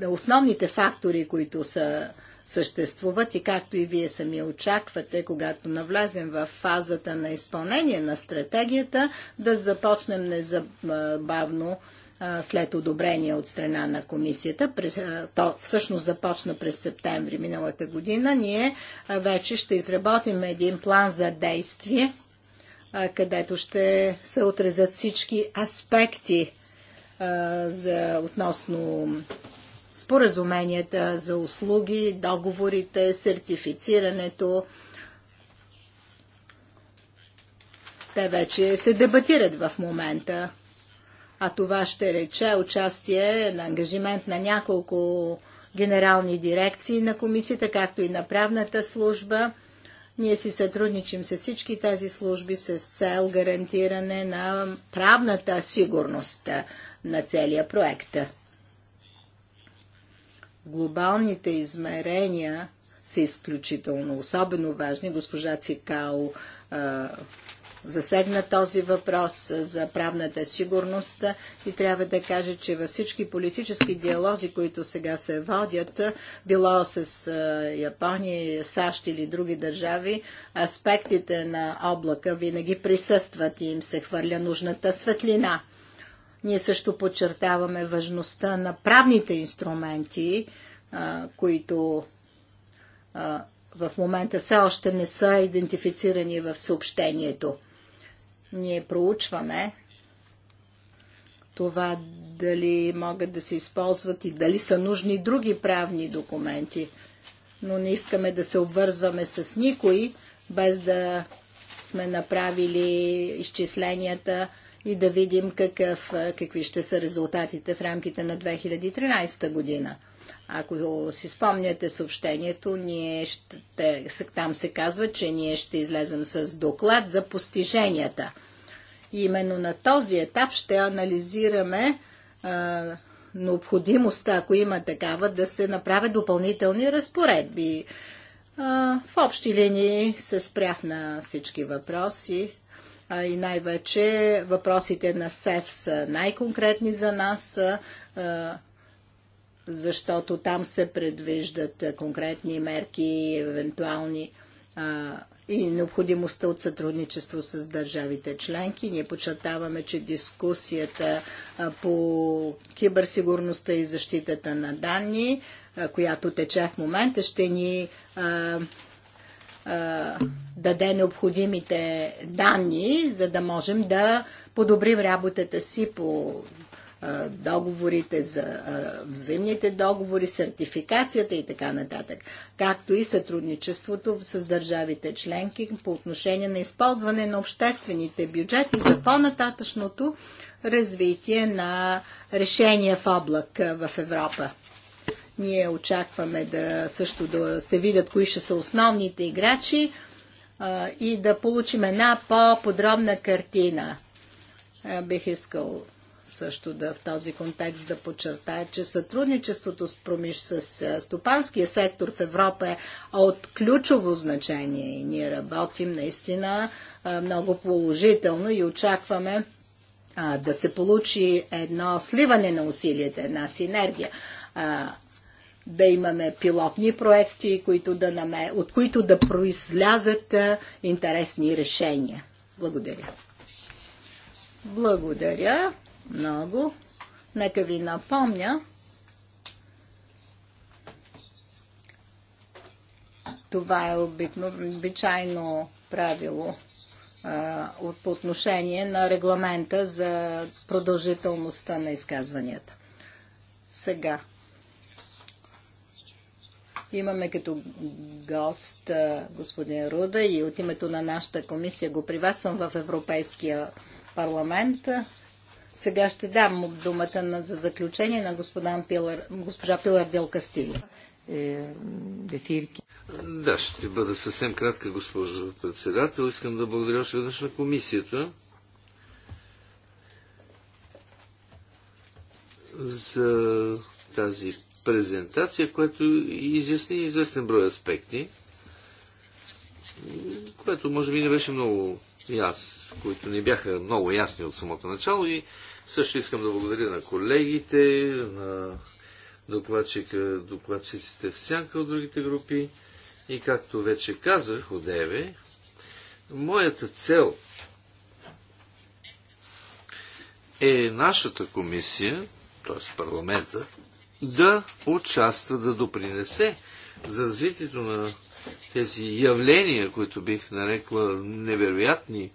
основните фактори, които са а, съществуват и както и вие сами очаквате, когато навлезем в фазата на изпълнение на стратегията, да започнем незабавно след одобрение от страна на комисията. То всъщност започна през септември миналата година. Ние вече ще изработим един план за действие, където ще се отрезат всички аспекти за, относно споразуменията за услуги, договорите, сертифицирането. Те вече се дебатират в момента. А това ще рече участие на ангажимент на няколко генерални дирекции на комисията, както и на правната служба. Ние си сътрудничим с всички тези служби с цел гарантиране на правната сигурност на целия проект глобалните измерения са изключително, особено важни. Госпожа Цикао а, засегна този въпрос за правната сигурност и трябва да кажа, че във всички политически диалози, които сега се водят, било с Япония, САЩ или други държави, аспектите на облака винаги присъстват и им се хвърля нужната светлина. Ние също подчертаваме важността на правните инструменти, които в момента все още не са идентифицирани в съобщението. Ние проучваме това дали могат да се използват и дали са нужни други правни документи. Но не искаме да се обвързваме с никой, без да сме направили изчисленията и да видим какъв, какви ще са резултатите в рамките на 2013 година. Ако си спомняте съобщението, ние ще, там се казва, че ние ще излезем с доклад за постиженията. И именно на този етап ще анализираме а, необходимостта, ако има такава, да се направят допълнителни разпоредби. А, в общи линии се спрях на всички въпроси и най-вече въпросите на СЕФ са най-конкретни за нас, защото там се предвиждат конкретни мерки, евентуални и необходимостта от сътрудничество с държавите членки. Ние подчертаваме, че дискусията по киберсигурността и защитата на данни, която тече в момента, ще ни даде необходимите данни, за да можем да подобрим работата си по договорите за взаимните договори, сертификацията и така нататък, както и сътрудничеството с държавите членки по отношение на използване на обществените бюджети за по-нататъчното развитие на решения в облак в Европа. Ние очакваме да също да се видят кои ще са основните играчи а, и да получим една по-подробна картина. А, бих искал също да в този контекст да подчертая, че сътрудничеството с, промиш, с стопанския сектор в Европа е от ключово значение и ние работим наистина много положително и очакваме а, да се получи едно сливане на усилията, една синергия да имаме пилотни проекти, които да наме, от които да произлязат интересни решения. Благодаря. Благодаря много. Нека ви напомня, това е обикно, обичайно правило а, от, по отношение на регламента за продължителността на изказванията. Сега Имаме като гост господин Руда и от името на нашата комисия го приветствам в Европейския парламент. Сега ще дам думата на, за заключение на господа Пилар, госпожа Пилар Дел Кастило. Е, да, ще бъда съвсем кратка, госпожо председател. Искам да благодаря още веднъж на комисията за тази презентация, която изясни известен брой аспекти, което може би не беше много ясно, които не бяха много ясни от самото начало и също искам да благодаря на колегите, на докладчика, докладчиците в сянка от другите групи и както вече казах от ЕВЕ, моята цел е нашата комисия, т.е. парламента, да участва, да допринесе за развитието на тези явления, които бих нарекла невероятни,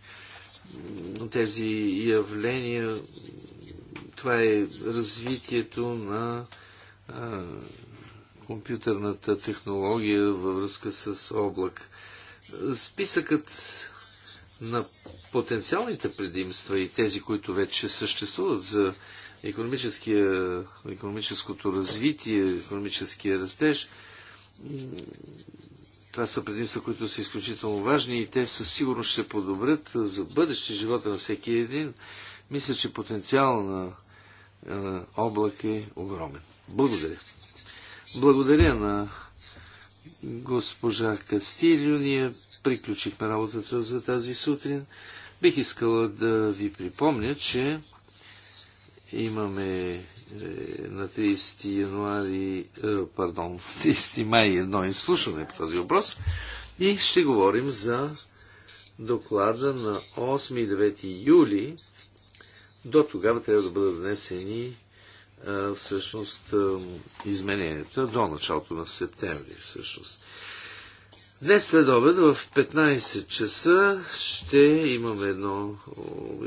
тези явления, това е развитието на а, компютърната технология във връзка с облак. Списъкът на потенциалните предимства и тези, които вече съществуват за економическото развитие, економическия растеж. Това са предимства, които са изключително важни и те със сигурност ще подобрят за бъдеще живота на всеки един. Мисля, че потенциал на, на облак е огромен. Благодаря. Благодаря на госпожа Кастилио. Ние приключихме работата за тази сутрин. Бих искала да ви припомня, че Имаме е, на 30 януари, е, пардон, 30 май едно изслушване по този въпрос и ще говорим за доклада на 8 и 9 юли. До тогава трябва да бъдат внесени е, всъщност измененията до началото на септември всъщност. Днес след обед в 15 часа ще имаме едно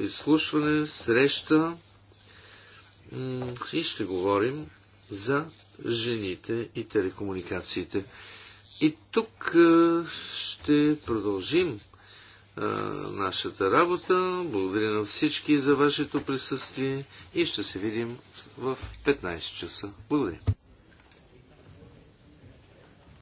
изслушване, среща и ще говорим за жените и телекомуникациите. И тук ще продължим нашата работа. Благодаря на всички за вашето присъствие и ще се видим в 15 часа. Благодаря.